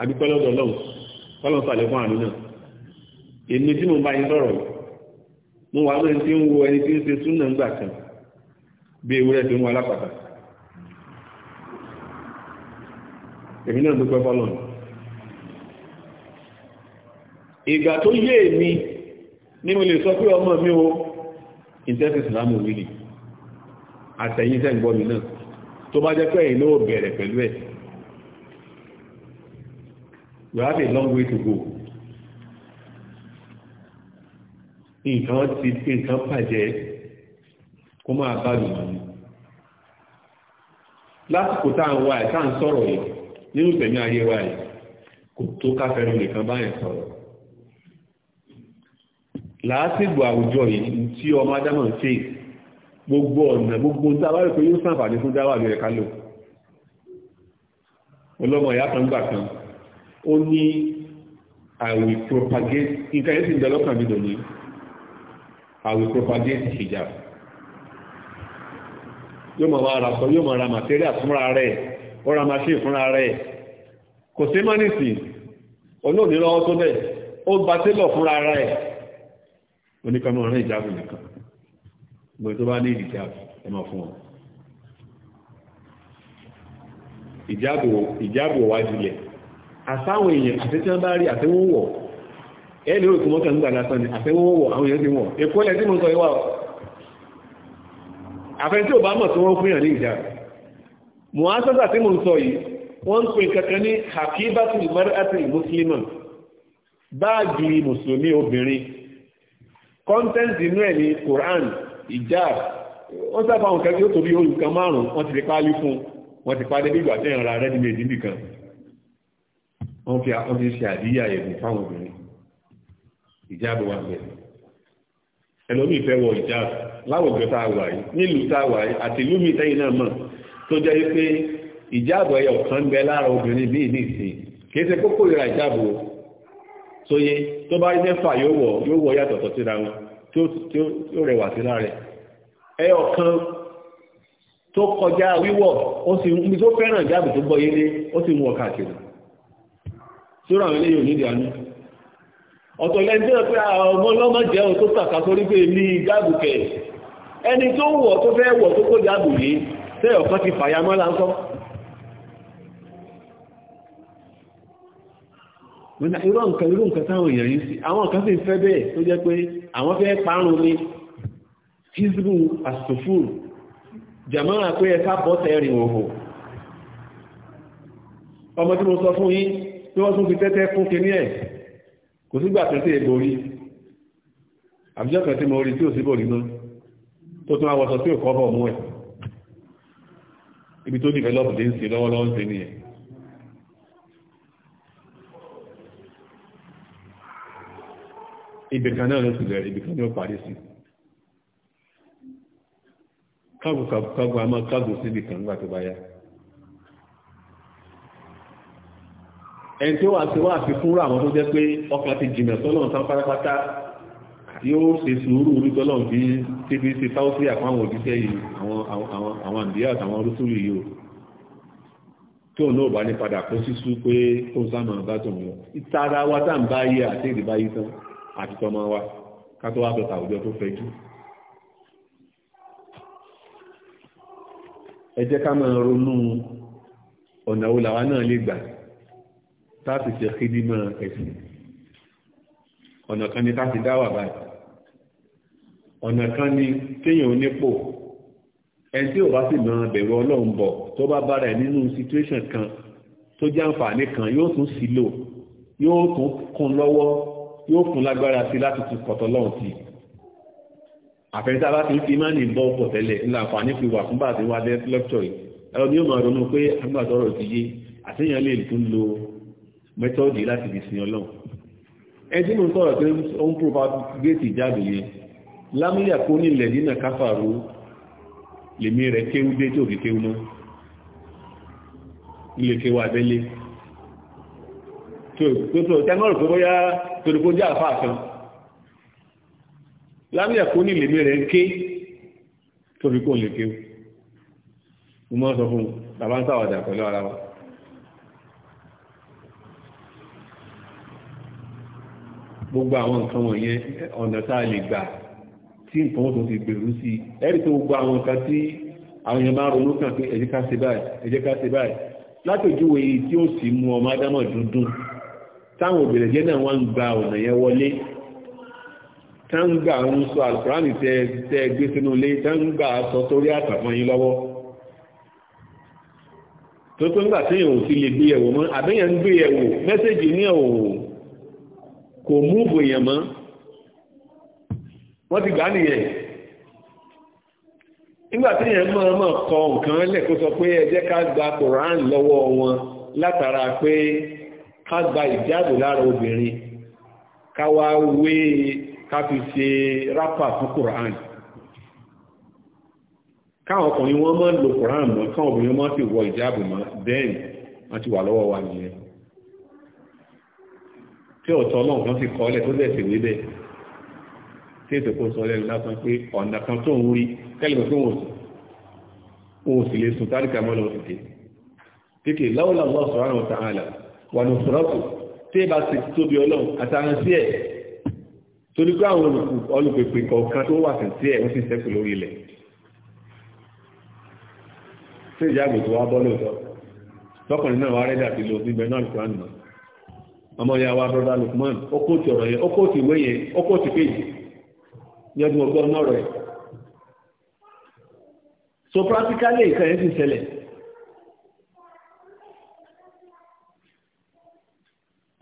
àbí pẹ́lọ́dọ̀ lọ́wọ́ tọ́lọ́ sàlẹ̀ fún àánú náà èmi tí mo bá yín sọ̀rọ̀ mo wà lóyún tí ń wo ẹni tí ń ṣe súnà ńgbà kan bí ewúrẹ́ tó ń wọ alápàtà èmi náà dúpẹ́ fọ́lọ̀ ìgbà tó yé mi ní mo lè sọ pé ọmọ mi o ìtẹ́sì ìsìlámù mi àtẹ̀yìn tẹ́gbọ́ mi náà tó bá jẹ́ pé ló bẹ̀rẹ̀ pẹ̀lú ẹ̀ we have a long way to go nǹkan ti pé nǹkan bàjẹ́ kó máa bá lùmọ̀ ní lásìkò táà ń wá ẹ̀ táà ń sọ̀rọ̀ yìí nínú ìgbẹ̀mí ayé wa yìí kò tó káfẹ́nu nìkan báyẹn sọ̀rọ̀ làásìgbò àwùjọ yìí tí ọmọ adámọ̀ ń fè gbogbo ọ̀nà gbogbo ń dáwà pé yóò sàǹfààní fún dáwà lórí ẹ̀ka lò ọlọ́mọ ìyá kan gbà kan ó ní I will propagate nǹkan yẹn sì ń bẹ lọ́kàn mi lónìí I will propagate hijab yóò mọ̀ wá ara sọ yóò mọ̀ ara màtẹ́rì àtúnra rẹ̀ ó ra machine fúnra rẹ̀ kò sí mọ́nìsì olóòní lọ́wọ́ tó bẹ̀ ó gba télọ̀ fúnra rẹ̀ oníkanmọ́ rẹ̀ ìjábù nìkan gbogbo tó bá ní ìjábù ẹ máa fún wọn ìjábù ìjábù wájú lẹ̀ àsáwọn èèyàn àti tí wọ́n bá rí àtẹ́wọ́n wọ̀ ẹni òkú mọ́ta ń gbà lásán ni àtẹ́wọ́n wọ̀ àwọn èèyàn ti wọ̀ èkó lẹ́ tí mo sọ ìwà afẹ́ tí ò bá mọ̀ tí wọ́n fún yàn ní ìjábù muasasa tí mo ń sọ yìí wọ́n ń pè kankan ní hakibatu mar'ati muslima báàgì mùsùlùmí obìnrin content inú ẹ̀ ní quran hijab wọ́n sábà wọn kẹ́kẹ́ tó bí olùkan márùn-ún wọ́n ti lè pálí fún wọ́n ti pàdé bígbà tẹ́ ìrànlá rẹ̀ nílé ìdílì kan wọ́n fi àwọn ti ṣe àdíyà ẹ̀bùn fáwọn obìnrin hijab wà bẹ̀rẹ̀ ẹlòmíì fẹ́ wọ hijab láwùjọ tá a wà yìí nílùú tá a wà yìí àtìlú mi tẹ́yìn náà mọ̀ tó jẹ́ wípé ìjáàbọ̀ ẹyọ kan ń bẹ lára obìnrin bíi nìsín kìí ṣe kókó ìra tó bá jẹ́ fà yóò wọ yóò wọ̀ yàtọ̀tọ̀ wọn tí ó rẹwà sí lára ẹyọ kan tó kọjá wíwọ̀ ó sì ń bí tó fẹ́ràn tó gbọ́ yélé ó sì ń wọ káàkiri nídìí àánú ọ̀tọ̀ pé ọmọ ọlọ́mọ jẹ́ tó tàkà sórí tẹ́ ọ̀kan ti fàyà mọ́lá ńkọ́ mọ́lá irú nǹkan irú nǹkan táwọn èèyàn yìí sí àwọn nǹkan sì ń fẹ́ bẹ́ẹ̀ tó jẹ́ pé àwọn fẹ́ parun ni hizbu asòfúrù jàmáà pé ẹ sábọ́ tẹ́rìn òhò ọmọ tí mo sọ fún yín tí wọ́n tún fi tẹ́tẹ́ fún kinní ẹ̀ kò sígbà tó sí èborí àbíjọ́ kan tí mo rí tí ò sí bòrí náà tó tún awọ́sọ tí ò kọ́ bọ̀ mú ẹ̀ ibi tó develop dé ń ṣe lọ́wọ́lọ́wọ́ ń ṣe nìyẹn ibì kan náà ló sì bẹ̀rẹ̀ ibì kan ní ó parí sí kágùkágù a máa kágù síbì kan nígbà tó bá yá ẹni tí ó wà sí wá fi fúnra àwọn tó jẹ́ pé ọkàn ti jìnà sọ́lọ́run tán pátápátá yóò ṣe sùúrù orí tọ́lọ́run fi tí fi ṣe táwọ́sí àpáwọn òjíṣẹ́ yìí àwọn àǹdíyà àtàwọn orúsùlù yìí o tí òun náà bá ní padà kó sísú pé kó ń sáàmà bá tòun lọ ìtara wa tá à ń bá yé àti èdè bá yí tán àti tọmọ wa ká tó wá sọ tàwùjọ tó fẹ́ jù ẹ jẹ́ ká máa ronú ọ̀nà wo làwa náà lè gbà táàtì ṣe kídímọ̀ ẹ̀sìn ọ̀nà kan ni táàtì dáwà báyìí ọ̀nà kan ni kéèyàn onípò ẹni tí ò bá sì máa bẹ̀rù ọlọ́run bọ̀ tó bá bára ẹ̀ nínú situation kan tó jẹ́ àǹfààní kan yóò tún sí lò yóò tún kún lọ́wọ́ yóò fún lágbára sí láti tún kọ̀tọ̀ lọ́run sí i àfẹ́ntà bá ti ń fi máa ní ìbọn pọ̀ tẹ́lẹ̀ ńlá àǹfààní fi wà fún bàtí wá lẹ́kítọ̀ yìí ẹ̀rọ ni ó máa ronú pé agbàtọ́rọ̀ ti yé àtẹ́yàn lè tún lo mẹ́tọ́ọ̀dì láti fi sin ọlọ́run ẹni tí mo lámìlíà kó nílẹ̀ nínà káfàró lèmi rẹ̀ kéwú dé tó fi kéwú mọ́ ilé kéwú abẹ́lé tó tó tẹ́ngọ́rù tó bóyá torípó jẹ́ àfáà kan lámìlíà kó nílẹ̀ mi rẹ̀ ké tó fi kó lè kéwú mo máa sọ fún bàbá ń ṣàwàdà pẹ̀lú ara wa gbogbo àwọn nǹkan wọ̀nyẹn ọ̀nà tá a lè gbà tí nǹkan tó ti gbèrú sí ẹ̀rí tó gbogbo àwọn nǹkan tí àwọn èèyàn bá ronú kàn pé ẹ jẹ́ ká ṣe báyìí ẹ jẹ́ ká ṣe báyìí látòjúwe yìí tí ó sì mú ọmọ adámọ̀ dúndún táwọn òbèrè jẹ́ náà wọ́n ń gba ọ̀nà yẹn wọlé táǹgbà ń sọ alkùránì tẹ́ gbé sínú ilé táǹgbà sọ torí àtàfọn yín lọ́wọ́ tó tó tí èèyàn ò sí lè gbé mọ́ àbẹ́yẹn ń gbé ẹ̀wò ní ẹ̀wò kò múùbù èèyàn mọ́ wọ́n ti gbà nìyẹn nígbà tí yẹn máa máa kọ nǹkan lẹ̀ kó sọ pé ẹ jẹ́ ká gba koran lọ́wọ́ wọn látara pé ká gba ìjáàbò lára obìnrin ká wá wé ká fi ṣe rápà fún koran káwọn ọkùnrin wọn máa ń lo koran mọ́ káwọn obìnrin wọn sì wọ ìjáàbò mọ́ bẹ́ẹ̀ wọ́n ti wà lọ́wọ́ wa nìyẹn tí ọ̀tọ̀ náà wọ́n ti kọ́ ọ́lẹ̀ tó bẹ̀ sì wí bẹ́ẹ̀ tí ètò kò sọ lẹ́nu lásán pé ọ̀nà kan tó ń rí kẹ́lẹ̀kọ́ tó ń wò sùn òun sì lè sùn tálíkà mọ́ lọ tètè tètè láwùlà Allah subhanahu wa ta'ala wà ní òṣùrọ́kù tí ẹ bá ti tóbi ọlọ́run àtàrun sí ẹ̀ torí pé àwọn olùpèpè kọ̀ọ̀kan tó wà sí sí ẹ̀ wọ́n sì sẹ́kù lórí ilẹ̀ tí ìyá àgbètò wa bọ́ lóòótọ́ lọ́kùnrin náà wà rẹ́dà ti lo níbẹ̀ náà lùkùrán náà ọmọ ìyá wa brother Lukman ó kóòtù ọ̀rọ̀ yẹn ó kóòtù ìwé yẹn ó kóòtù péjì yọdún ọgbọ́n ọ̀rọ̀ ẹ̀ so practically nǹkan yẹn ti ṣẹlẹ̀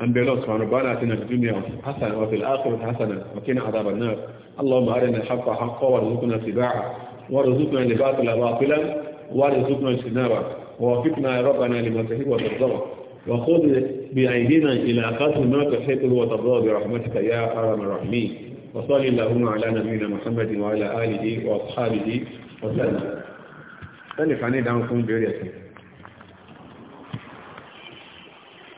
أنبياء سبحانه ربنا آتنا في الدنيا حسنة وفي الآخرة حسنة وقنا عذاب النار اللهم أرنا الحق حقا وارزقنا اتباعه وارزقنا الباطل باطلا وارزقنا اجتنابه ووفقنا يا ربنا لما تحب وترضى وخذ بأيدينا إلى قتل ما تحب وترضى برحمتك يا أرحم الراحمين وصلي اللهم على نبينا محمد وعلى آله وأصحابه وسلم. ألف عن يدعمكم بيريتكم.